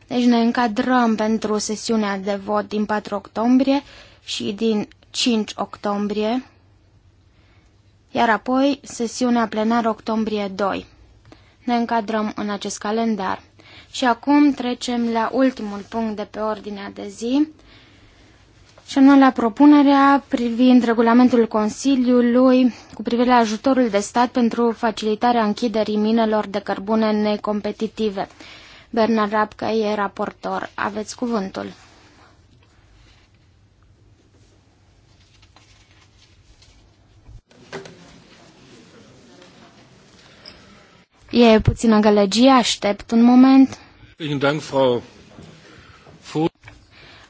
Deci ne încadrăm pentru sesiunea de vot din 4 octombrie și din 5 octombrie iar apoi sesiunea plenară octombrie 2. Ne încadrăm în acest calendar. Și acum trecem la ultimul punct de pe ordinea de zi, și anume la propunerea privind regulamentul Consiliului cu privire la ajutorul de stat pentru facilitarea închiderii minelor de cărbune necompetitive. Bernard Rapca e raportor. Aveți cuvântul. E puțină gălăgie, aștept un moment.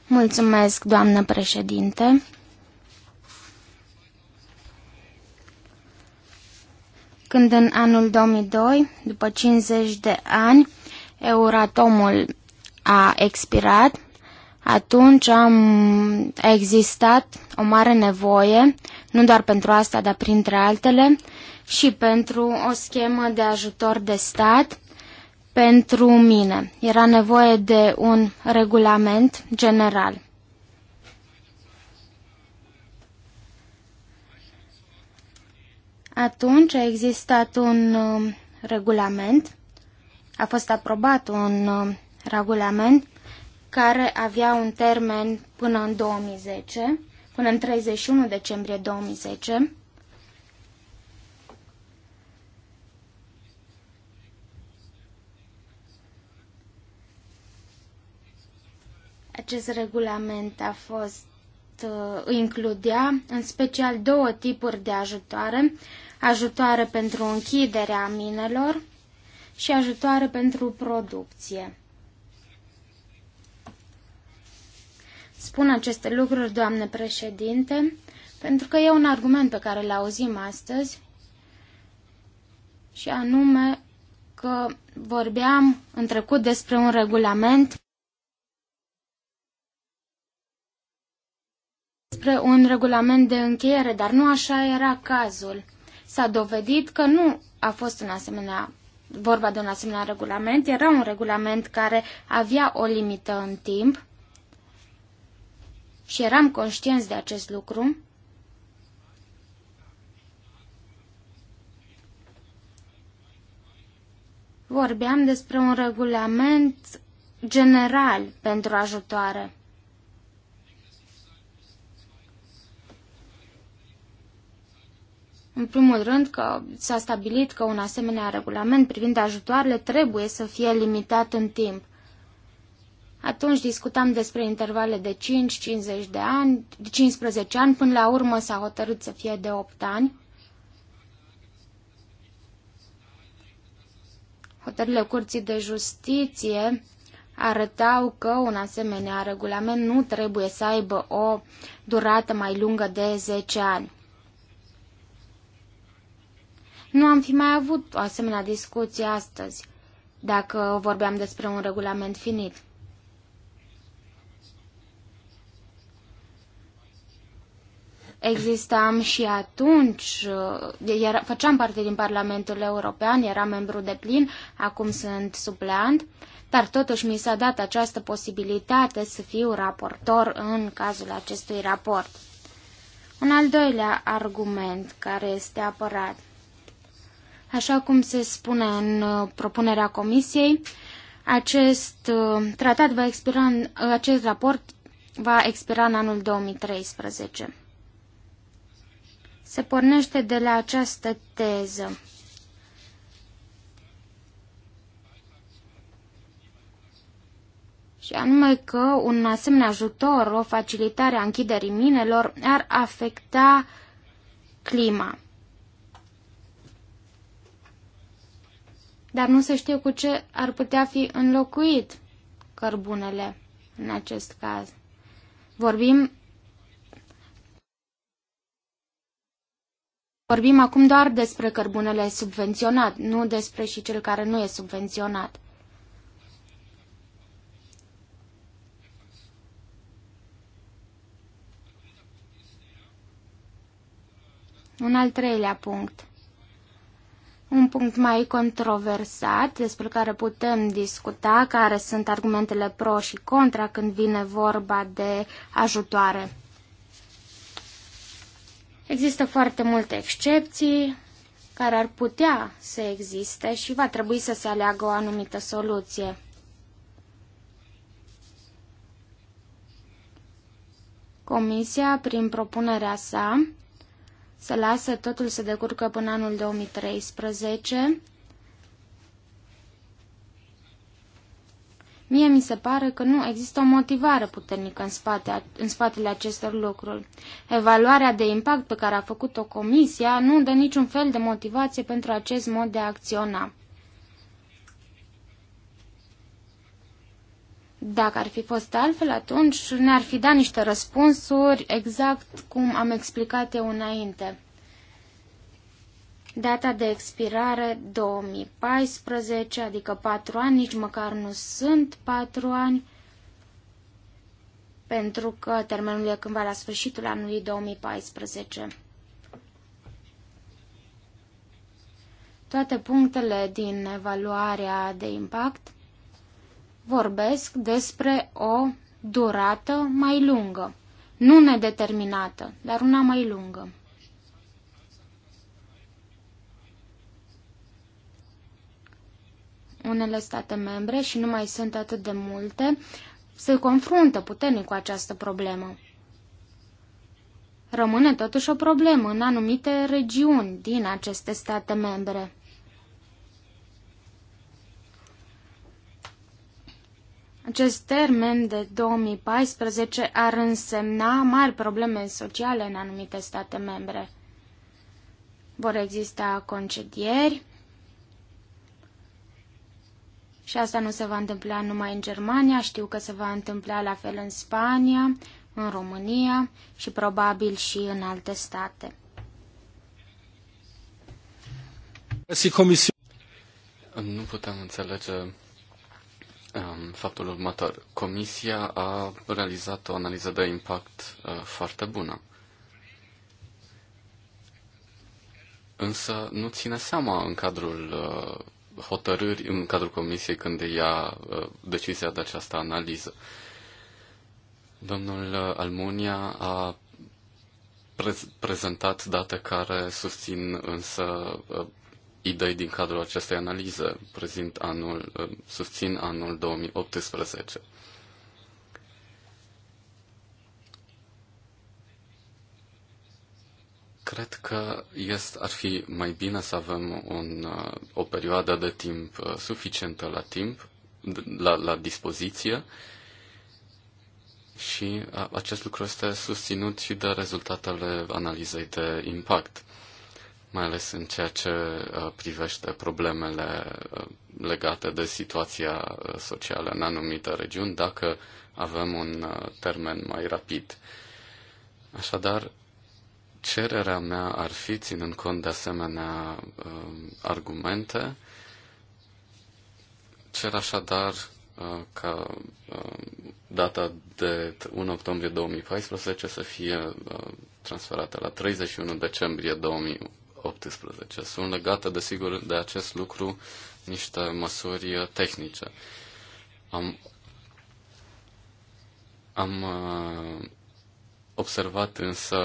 Mulțumesc, doamnă președinte. Când în anul 2002, după 50 de ani, Euratomul a expirat, atunci am, a existat o mare nevoie nu doar pentru asta, dar printre altele, și pentru o schemă de ajutor de stat pentru mine. Era nevoie de un regulament general. Atunci a existat un uh, regulament, a fost aprobat un uh, regulament care avea un termen până în 2010 până în 31 decembrie 2010. Acest regulament a fost uh, includea în special două tipuri de ajutoare, ajutoare pentru închiderea minelor și ajutoare pentru producție. spun aceste lucruri, doamne președinte, pentru că e un argument pe care îl auzim astăzi și anume că vorbeam în trecut despre un regulament despre un regulament de încheiere, dar nu așa era cazul. S-a dovedit că nu a fost un asemenea vorba de un asemenea regulament, era un regulament care avea o limită în timp și eram conștienți de acest lucru, vorbeam despre un regulament general pentru ajutoare. În primul rând că s-a stabilit că un asemenea regulament privind ajutoarele trebuie să fie limitat în timp – atunci discutam despre intervale de 5-50 de ani, de 15 ani, până la urmă s-a hotărât să fie de 8 ani. Hotările Curții de Justiție arătau că un asemenea regulament nu trebuie să aibă o durată mai lungă de 10 ani. Nu am fi mai avut o asemenea discuție astăzi, dacă vorbeam despre un regulament finit. existam și atunci, uh, era, făceam parte din Parlamentul European, eram membru de plin, acum sunt supleant, dar totuși mi s-a dat această posibilitate să fiu raportor în cazul acestui raport. Un al doilea argument care este apărat. Așa cum se spune în uh, propunerea comisiei, acest uh, tratat va expira, acest raport va expira în anul 2013 se pornește de la această teză. și anume că un asemenea ajutor, o facilitare a închiderii minelor, ar afecta clima. Dar nu se știe cu ce ar putea fi înlocuit cărbunele în acest caz. Vorbim Vorbim acum doar despre cărbunele subvenționat, nu despre și cel care nu e subvenționat. Un al treilea punct. Un punct mai controversat despre care putem discuta care sunt argumentele pro și contra când vine vorba de ajutoare. Există foarte multe excepții care ar putea să existe și va trebui să se aleagă o anumită soluție. Comisia, prin propunerea sa, să lasă totul să decurcă până anul 2013 Mie mi se pare că nu există o motivare puternică în, spate, în spatele acestor lucruri. Evaluarea de impact pe care a făcut-o comisia nu dă niciun fel de motivație pentru acest mod de a acționa. Dacă ar fi fost altfel, atunci ne-ar fi dat niște răspunsuri exact cum am explicat eu înainte. Data de expirare 2014, adică 4 ani, nici măcar nu sunt 4 ani, pentru că termenul e cândva la sfârșitul anului 2014. Toate punctele din evaluarea de impact vorbesc despre o durată mai lungă, nu nedeterminată, dar una mai lungă. Unele state membre, și nu mai sunt atât de multe, se confruntă puternic cu această problemă. Rămâne totuși o problemă în anumite regiuni din aceste state membre. Acest termen de 2014 ar însemna mari probleme sociale în anumite state membre. Vor exista concedieri, și asta nu se va întâmpla numai în Germania, știu că se va întâmpla la fel în Spania, în România și probabil și în alte state. Nu putem înțelege um, faptul următor. Comisia a realizat o analiză de impact uh, foarte bună. Însă nu ține seama în cadrul uh, hotărâri în cadrul comisiei când ia uh, decizia de această analiză. Domnul Almunia a prezentat date care susțin însă uh, idei din cadrul acestei analize. Prezint anul, uh, susțin anul 2018. Cred că este, ar fi mai bine să avem un, uh, o perioadă de timp uh, suficientă la timp, la, la dispoziție și uh, acest lucru este susținut și de rezultatele analizei de impact, mai ales în ceea ce privește problemele legate de situația socială în anumite regiuni, dacă avem un termen mai rapid. Așadar, Cererea mea ar fi, ținând cont de asemenea um, argumente, cer așadar uh, ca um, data de 1 octombrie 2014 să fie uh, transferată la 31 decembrie 2018. Sunt legate, desigur, de acest lucru niște măsuri tehnice. Am, am uh, observat însă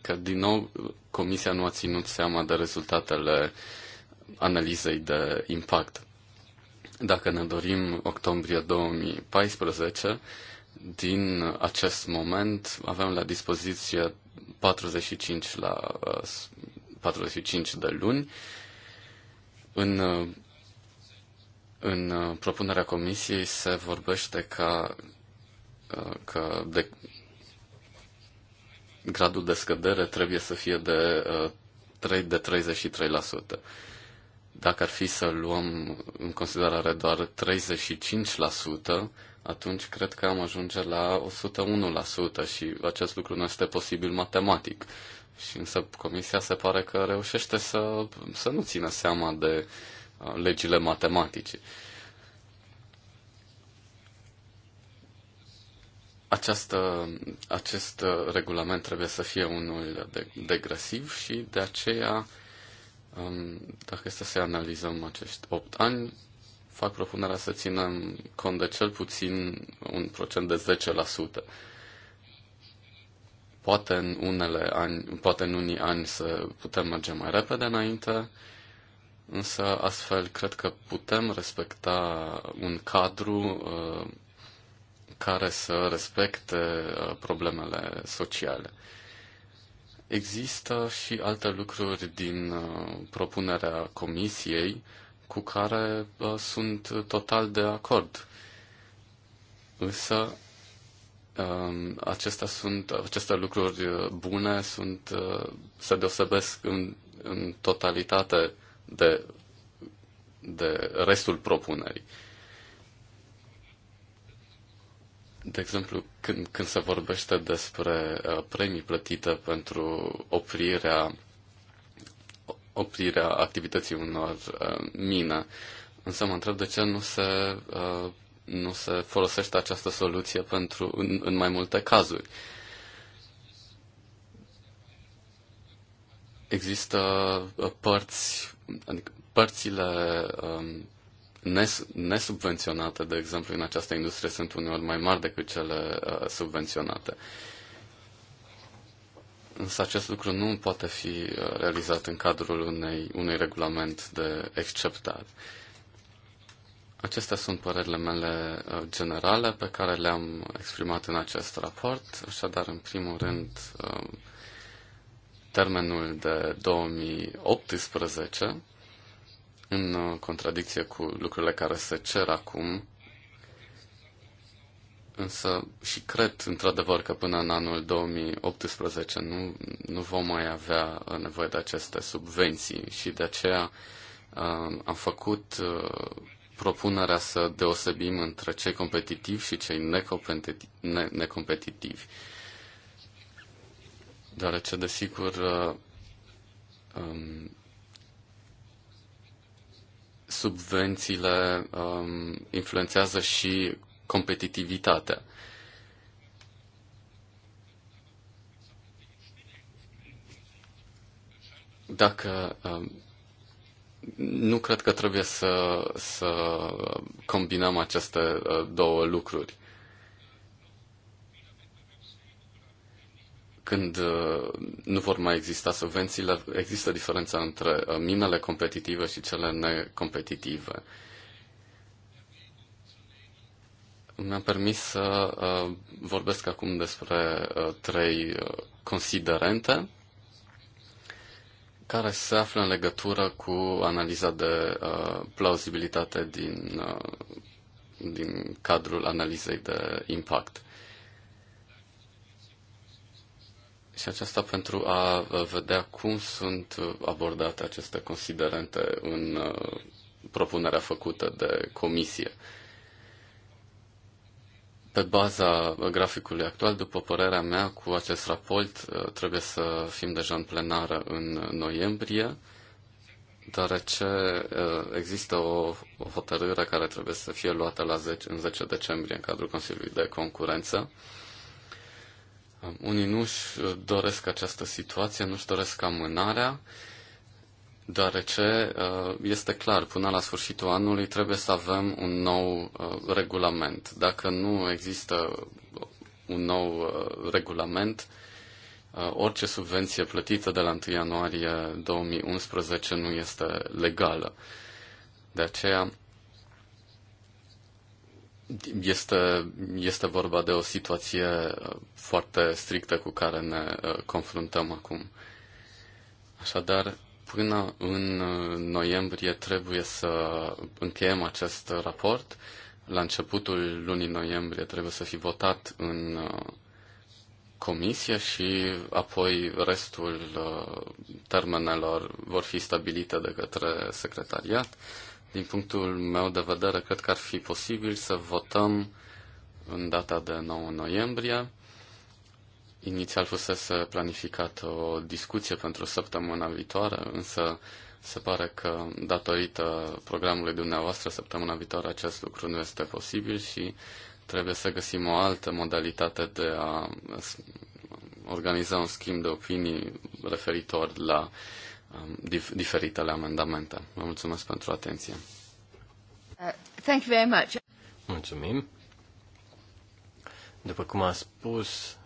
că, din nou, Comisia nu a ținut seama de rezultatele analizei de impact. Dacă ne dorim octombrie 2014, din acest moment avem la dispoziție 45, la, 45 de luni. În, în propunerea comisiei se vorbește ca că de, gradul de scădere trebuie să fie de, uh, de 33%. Dacă ar fi să luăm în considerare doar 35%, atunci cred că am ajunge la 101% și acest lucru nu este posibil matematic. Și însă comisia se pare că reușește să, să nu țină seama de uh, legile matematice. Această, acest uh, regulament trebuie să fie unul degresiv și de aceea, um, dacă este să analizăm acești 8 ani, fac propunerea să ținem cont de cel puțin un procent de 10%. Poate în unele ani, poate în unii ani să putem merge mai repede înainte, însă astfel cred că putem respecta un cadru uh, care să respecte uh, problemele sociale. Există și alte lucruri din uh, propunerea comisiei cu care uh, sunt total de acord. Însă, um, acestea sunt, aceste lucruri bune sunt, se deosebesc în, în totalitate de, de restul propunerii. De exemplu, când, când se vorbește despre uh, premii plătite pentru oprirea, oprirea activității unor uh, mine, însă mă întreb de ce nu se, uh, nu se folosește această soluție pentru, în, în mai multe cazuri. Există uh, părți, adică părțile um, nesubvenționate, de exemplu, în această industrie sunt uneori mai mari decât cele uh, subvenționate. Însă acest lucru nu poate fi uh, realizat în cadrul unei, unui regulament de exceptat. Acestea sunt părerile mele uh, generale pe care le-am exprimat în acest raport. Așadar, în primul rând, termenul de 2018 în contradicție cu lucrurile care se cer acum, însă și cred într-adevăr că până în anul 2018 nu, nu vom mai avea nevoie de aceste subvenții și de aceea uh, am făcut uh, propunerea să deosebim între cei competitivi și cei necompetitivi, Deoarece, desigur, uh, um, subvențiile um, influențează și competitivitatea. Dacă um, nu cred că trebuie să, să combinăm aceste uh, două lucruri. când uh, nu vor mai exista subvențiile, există diferența între uh, minele competitive și cele necompetitive. Mi-am permis să uh, vorbesc acum despre trei considerente care se află în legătură cu analiza de plauzibilitate din, din cadrul analizei de impact. Și aceasta pentru a vedea cum sunt abordate aceste considerente în propunerea făcută de comisie. Pe baza graficului actual, după părerea mea, cu acest raport trebuie să fim deja în plenară în noiembrie, deoarece există o hotărâre care trebuie să fie luată la 10, în 10 decembrie în cadrul Consiliului de Concurență unii nu își uh, doresc această situație, nu își doresc amânarea, deoarece uh, este clar, până la sfârșitul anului trebuie să avem un nou uh, regulament. Dacă nu există un nou regulament, orice subvenție plătită de la 1 ianuarie 2011 nu este legală. De aceea este, este vorba de o situație uh, foarte strictă cu care ne uh, confruntăm acum. Așadar, până în uh, noiembrie trebuie să încheiem acest raport. La începutul lunii noiembrie trebuie să fi votat în comisie și apoi restul termenelor vor fi stabilite de către secretariat. Din punctul meu de vedere, cred că ar fi posibil să votăm în data de 9 noiembrie. Inițial fusese planificată o discuție pentru săptămâna viitoare, însă se pare că datorită programului dumneavoastră săptămâna viitoare acest lucru nu este posibil și trebuie să găsim o altă modalitate de a organiza un schimb de opinii referitor la diferitele amendamente. Vă mulțumesc pentru atenție. Uh, thank you very much. Mulțumim. După cum a spus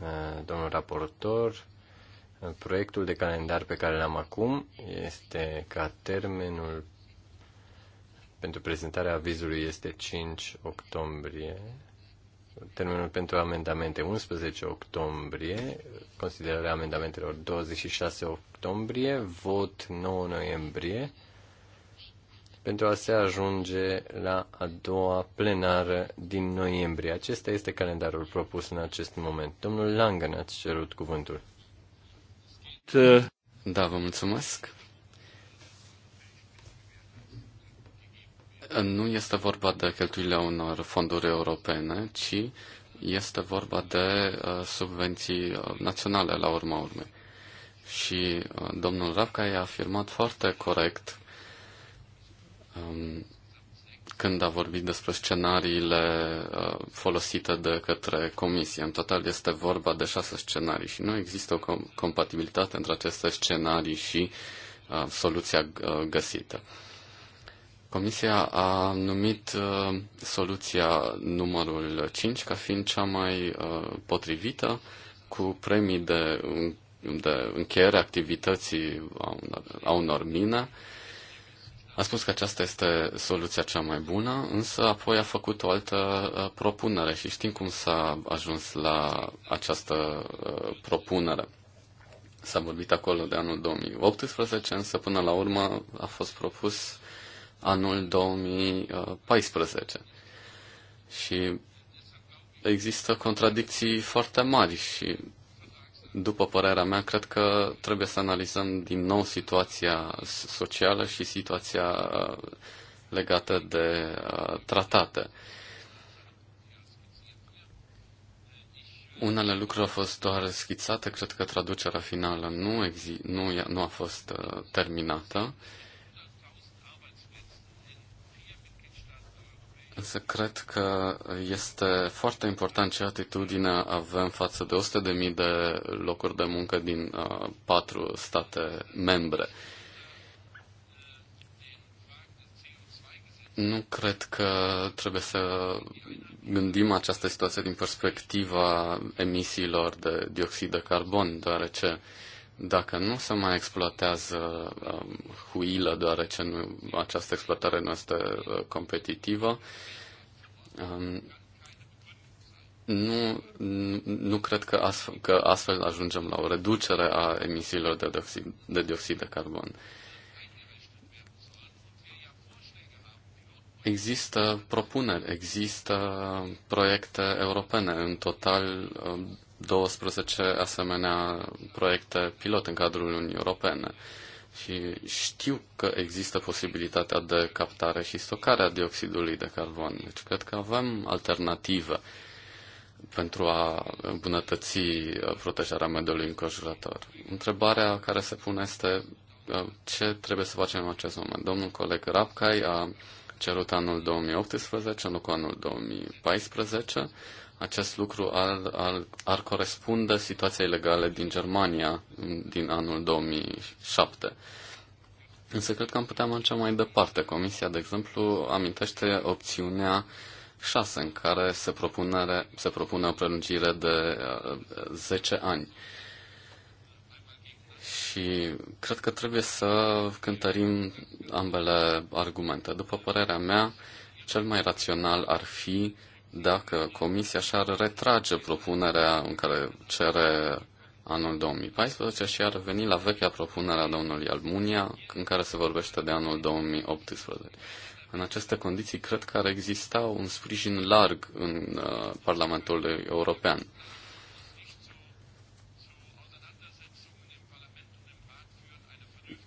uh, domnul raportor, uh, proiectul de calendar pe care l-am acum este ca termenul pentru prezentarea avizului este 5 octombrie, termenul pentru amendamente 11 octombrie, considerarea amendamentelor 26 octombrie, vot 9 noiembrie, pentru a se ajunge la a doua plenară din noiembrie. Acesta este calendarul propus în acest moment. Domnul Langen, ați cerut cuvântul. Da, vă mulțumesc. Nu este vorba de cheltuielile unor fonduri europene, ci este vorba de uh, subvenții uh, naționale la urma urmei. Și uh, domnul Rapca a afirmat foarte corect um, când a vorbit despre scenariile folosite de către comisie. În total este vorba de șase scenarii și nu există o compatibilitate între aceste scenarii și soluția găsită. Comisia a numit uh, soluția numărul 5 ca fiind cea mai uh, potrivită, cu premii de, de încheiere activității a unor, a unor mine. A spus că aceasta este soluția cea mai bună, însă apoi a făcut o altă uh, propunere și știm cum s-a ajuns la această propunere. S-a vorbit acolo de anul 2018, însă până la urmă a fost propus anul 2014. Și există contradicții foarte mari și, după părerea mea, cred că trebuie să analizăm din nou situația socială și situația uh, legată de uh, tratate. Unele lucruri au fost doar schițate, cred că traducerea finală nu, exi- nu, nu a fost uh, terminată. Uh, Însă cred că este foarte important ce atitudine avem față de 100.000 de locuri de muncă din uh, patru state membre. Nu cred că trebuie să gândim această situație din perspectiva emisiilor de dioxid de carbon, deoarece uh, dacă nu se mai exploatează uh, huilă, deoarece nu, această exploatare nu este uh, competitivă, um, nu, nu cred că astfel, că astfel ajungem la o reducere a emisiilor de dioxid de, dioxid de carbon. Există propuneri, există proiecte europene, în total um, 12 asemenea proiecte pilot în cadrul Uniunii Europene și știu că există posibilitatea de captare și stocare a dioxidului de carbon. Deci cred că avem alternative pentru a îmbunătăți uh, protejarea mediului înconjurător. Întrebarea care se pune este uh, ce trebuie să facem în acest moment. Domnul coleg Rapcai a cerut anul 2018, nu cu anul 2014 acest lucru ar, ar, ar corespunde situației legale din Germania din anul 2007. Însă cred că am putea merge mai departe. Comisia, de exemplu, amintește opțiunea 6, în care se propune, se propune o prelungire de 10 uh, ani. Și cred că trebuie să cântărim ambele argumente. După părerea mea, cel mai rațional ar fi dacă Comisia și-ar retrage propunerea în care cere anul 2014 și ar veni la vechea propunere a domnului Almunia, în care se vorbește de anul 2018. În aceste condiții, cred că ar exista un sprijin larg în uh, Parlamentul European.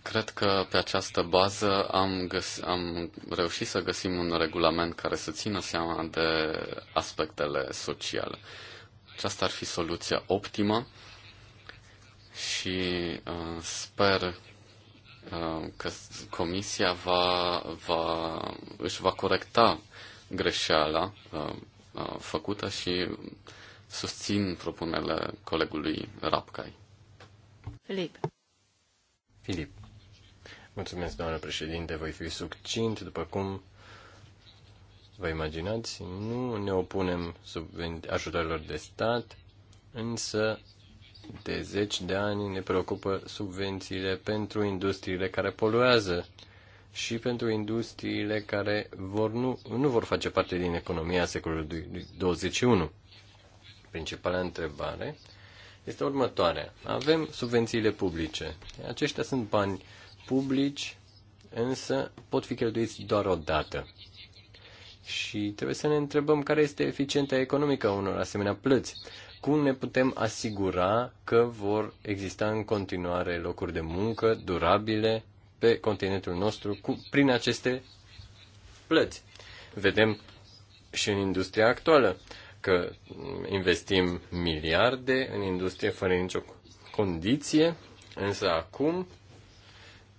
Cred că pe această bază am, găs- am reușit să găsim un regulament care să țină seama de aspectele sociale. Aceasta ar fi soluția optimă și uh, sper uh, că Comisia va, va, își va corecta greșeala uh, uh, făcută și susțin propunerile colegului Rapcai. Filip. Filip. Mulțumesc, doamnă președinte, voi fi succint, după cum vă imaginați, nu ne opunem ajutorilor de stat, însă de zeci de ani ne preocupă subvențiile pentru industriile care poluează și pentru industriile care vor nu, nu vor face parte din economia secolului 21. Principala întrebare este următoarea. Avem subvențiile publice. Aceștia sunt bani publici, însă pot fi cheltuiți doar o dată. Și trebuie să ne întrebăm care este eficiența economică a unor asemenea plăți. Cum ne putem asigura că vor exista în continuare locuri de muncă durabile pe continentul nostru cu, prin aceste plăți? Vedem și în industria actuală că investim miliarde în industrie fără nicio condiție, însă acum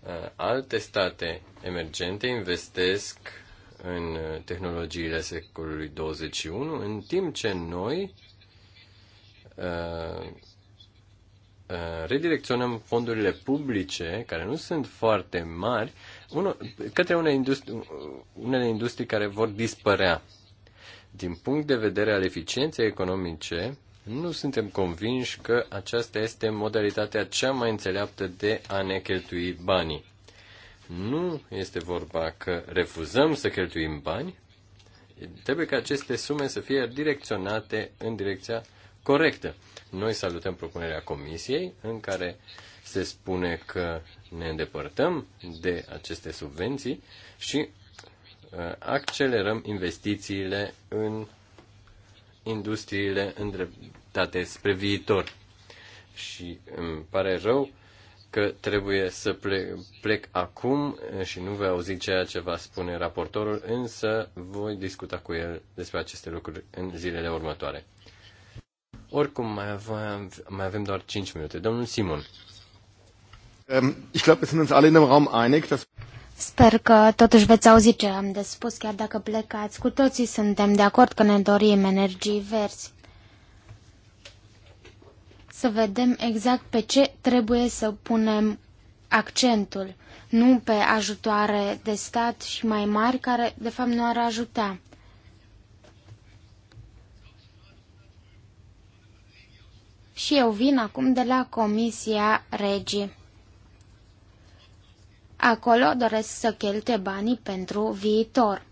Uh, alte state emergente investesc în uh, tehnologiile secolului 21, în timp ce noi uh, redirecționăm fondurile publice, care nu sunt foarte mari, către unele industrie, unele industrii care vor dispărea. Din punct de vedere al eficienței economice, nu suntem convinși că aceasta este modalitatea cea mai înțeleaptă de a ne cheltui banii. Nu este vorba că refuzăm să cheltuim bani, trebuie ca aceste sume să fie direcționate în direcția corectă. Noi salutăm propunerea comisiei în care se spune că ne îndepărtăm de aceste subvenții și uh, accelerăm investițiile în industriile îndreptate spre viitor. Și îmi pare rău că trebuie să plec, plec acum și nu voi auzi ceea ce va spune raportorul, însă voi discuta cu el despre aceste lucruri în zilele următoare. Oricum, mai avem, mai avem doar 5 minute. Domnul Simon. Ähm, ich glaube, wir sind uns alle in dem Raum einig, dass Sper că totuși veți auzi ce am de spus, chiar dacă plecați. Cu toții suntem de acord că ne dorim energii verzi să vedem exact pe ce trebuie să punem accentul, nu pe ajutoare de stat și mai mari care de fapt nu ar ajuta. Și eu vin acum de la Comisia Regii. Acolo doresc să cheltuie banii pentru viitor.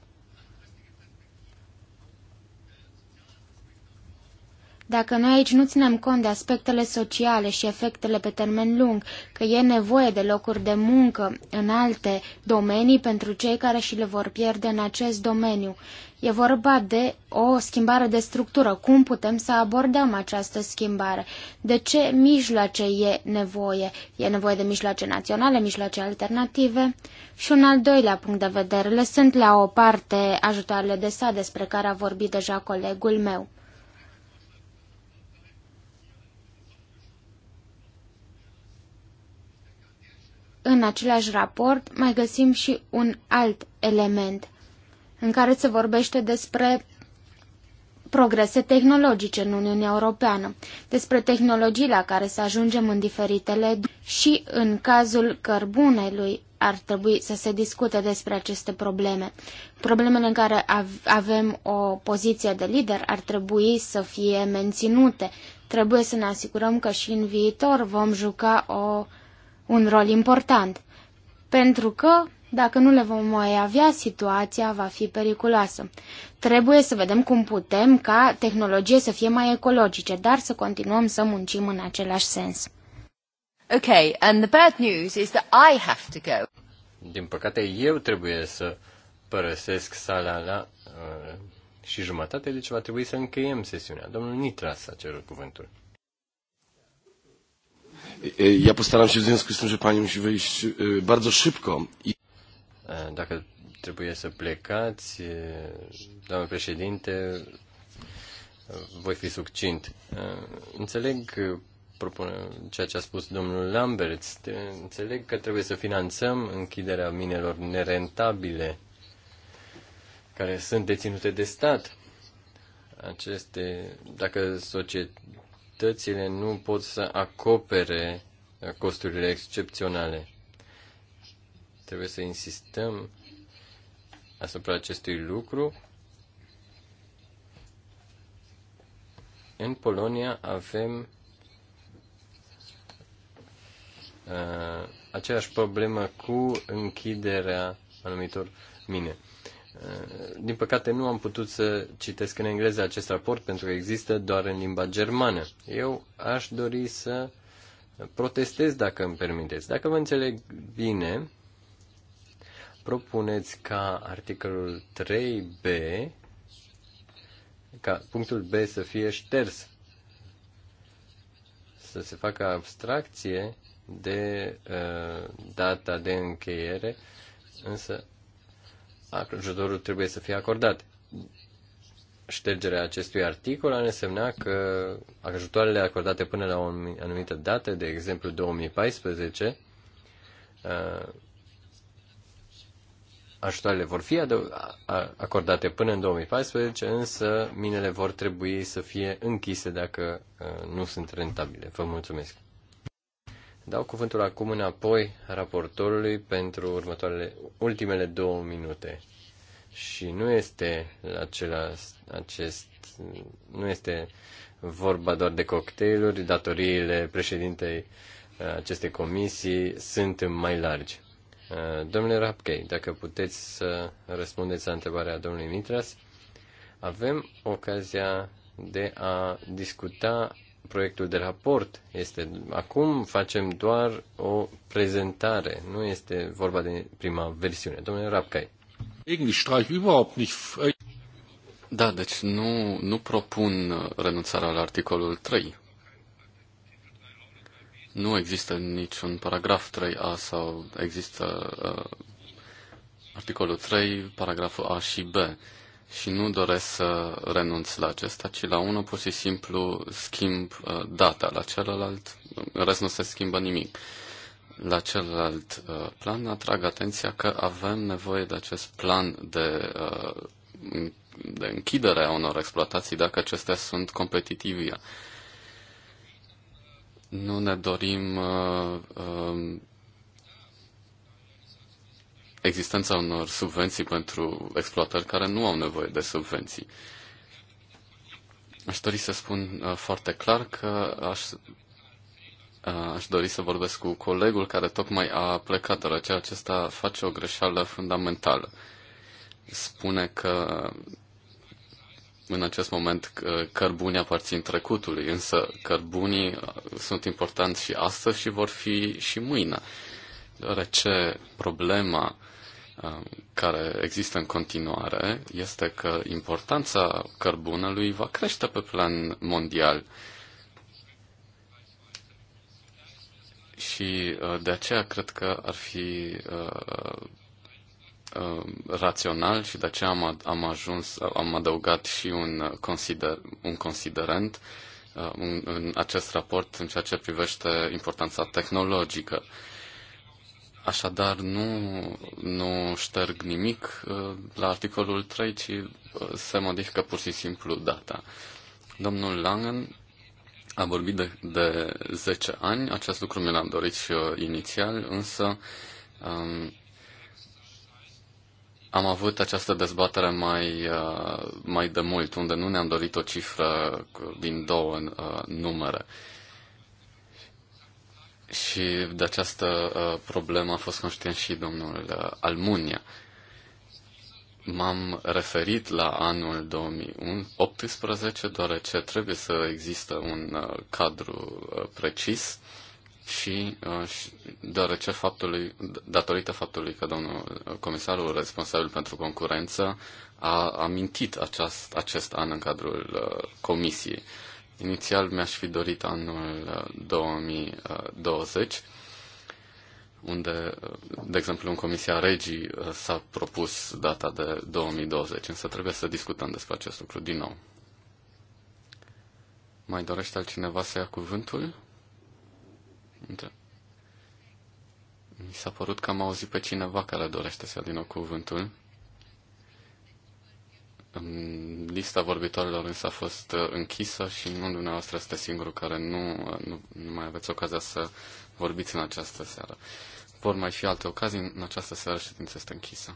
Dacă noi aici nu ținem cont de aspectele sociale și efectele pe termen lung, că e nevoie de locuri de muncă în alte domenii pentru cei care și le vor pierde în acest domeniu, e vorba de o schimbare de structură. Cum putem să abordăm această schimbare? De ce mijloace e nevoie? E nevoie de mijloace naționale, mijloace alternative? Și un al doilea punct de vedere. Le sunt la o parte ajutoarele de sa despre care a vorbit deja colegul meu. în același raport mai găsim și un alt element în care se vorbește despre progrese tehnologice în Uniunea Europeană, despre tehnologii la care să ajungem în diferitele și în cazul cărbunelui ar trebui să se discute despre aceste probleme. Problemele în care avem o poziție de lider ar trebui să fie menținute. Trebuie să ne asigurăm că și în viitor vom juca o un rol important, pentru că dacă nu le vom mai avea, situația va fi periculoasă. Trebuie să vedem cum putem ca tehnologie să fie mai ecologice, dar să continuăm să muncim în același sens. Okay, and the bad news is that I have to go. Din păcate, eu trebuie să părăsesc sala la uh, și jumătate, deci va trebui să încheiem sesiunea. Domnul Nitras a cerut cuvântul. Ja postaram się w związku z tym, że pani musi wyjść bardzo szybko. I... Dacă trebuie să plecați, doamnă președinte, voi fi succint. Înțeleg ceea ce a spus domnul Lambert. Înțeleg că trebuie să finanțăm închiderea minelor nerentabile care sunt deținute de stat. Aceste, dacă societ, Autoritățile nu pot să acopere uh, costurile excepționale. Trebuie să insistăm asupra acestui lucru. În Polonia avem uh, aceeași problemă cu închiderea anumitor mine. Eh, din păcate nu am putut să citesc în engleză acest raport pentru că există doar în limba germană. Eu aș dori să protestez dacă îmi permiteți. Dacă vă înțeleg bine, propuneți ca articolul 3b, ca punctul B să fie șters, să se facă abstracție de uh, data de încheiere, însă ajutorul trebuie să fie acordat. Ștergerea acestui articol ar însemna că ajutoarele acordate până la o anumită dată, de exemplu 2014, uh, ajutoarele vor fi acordate până în 2014, însă minele vor trebui să fie închise dacă uh, nu sunt rentabile. Vă mulțumesc. Dau cuvântul acum înapoi raportorului pentru următoarele, ultimele două minute. Și nu este acela, acest, nu este vorba doar de cocktailuri, datoriile președintei uh, acestei comisii sunt mai largi. Uh, domnule Rapkei, dacă puteți să răspundeți la întrebarea domnului Mitras, avem ocazia de a discuta proiectul de raport. Este, acum facem doar o prezentare, nu este vorba de prima versiune. Domnule Rapcai. Da, deci nu, nu propun renunțarea la articolul 3. Nu există niciun paragraf 3A sau există uh, articolul 3, paragraful A și B și nu doresc să renunț la acesta, ci la unul pur și simplu schimb uh, data, la celălalt în rest nu se schimbă nimic. La celălalt uh, plan atrag atenția că avem nevoie de acest plan de, uh, de închidere a unor exploatații dacă acestea sunt competitive. Nu ne dorim uh, uh, existența unor subvenții pentru exploatări care nu au nevoie de subvenții. Aș dori să spun uh, foarte clar că aș, uh, aș dori să vorbesc cu colegul care tocmai a plecat de la ceea acesta face o greșeală fundamentală. Spune că în acest moment uh, cărbunii aparțin trecutului, însă cărbunii sunt importanți și astăzi și vor fi și mâine, deoarece problema Um, care există în continuare este că importanța cărbunelui va crește pe plan mondial. Și uh, de aceea cred că ar fi uh, uh, rațional și de aceea am, am ajuns, am adăugat și un, consider, un considerent în, acest raport în ceea ce privește importanța tehnologică. Așadar, nu, nu șterg nimic uh, la articolul 3, ci uh, se modifică pur și simplu data. Domnul Langen a vorbit de, de 10 ani, acest lucru mi l-am dorit și eu inițial, însă um, am avut această dezbatere mai, uh, mai de mult, unde nu ne-am dorit o cifră din două uh, numere. Uh, și de această uh, problemă a fost conștient și domnul uh, Almunia. M-am referit la anul 2018, deoarece trebuie să există un uh, cadru uh, precis și uh, deoarece faptului, datorită faptului că domnul uh, comisarul responsabil pentru concurență a amintit aceast, acest an în cadrul uh, comisiei. Uh, Inițial mi-aș fi dorit anul 2020, uh, uh, unde, uh, de exemplu, în Comisia Regii s-a propus data de 2020, însă trebuie să discutăm despre acest lucru din nou. Mai dorește altcineva să ia cuvântul? Mi s-a părut că am auzit pe cineva care dorește să ia din nou cuvântul. Lista vorbitorilor însă a fost uh, închisă și nu dumneavoastră este singurul care nu, uh, nu, nu mai aveți ocazia să vorbiți în această seară. Vor mai fi alte ocazii, în această seară ședința este închisă.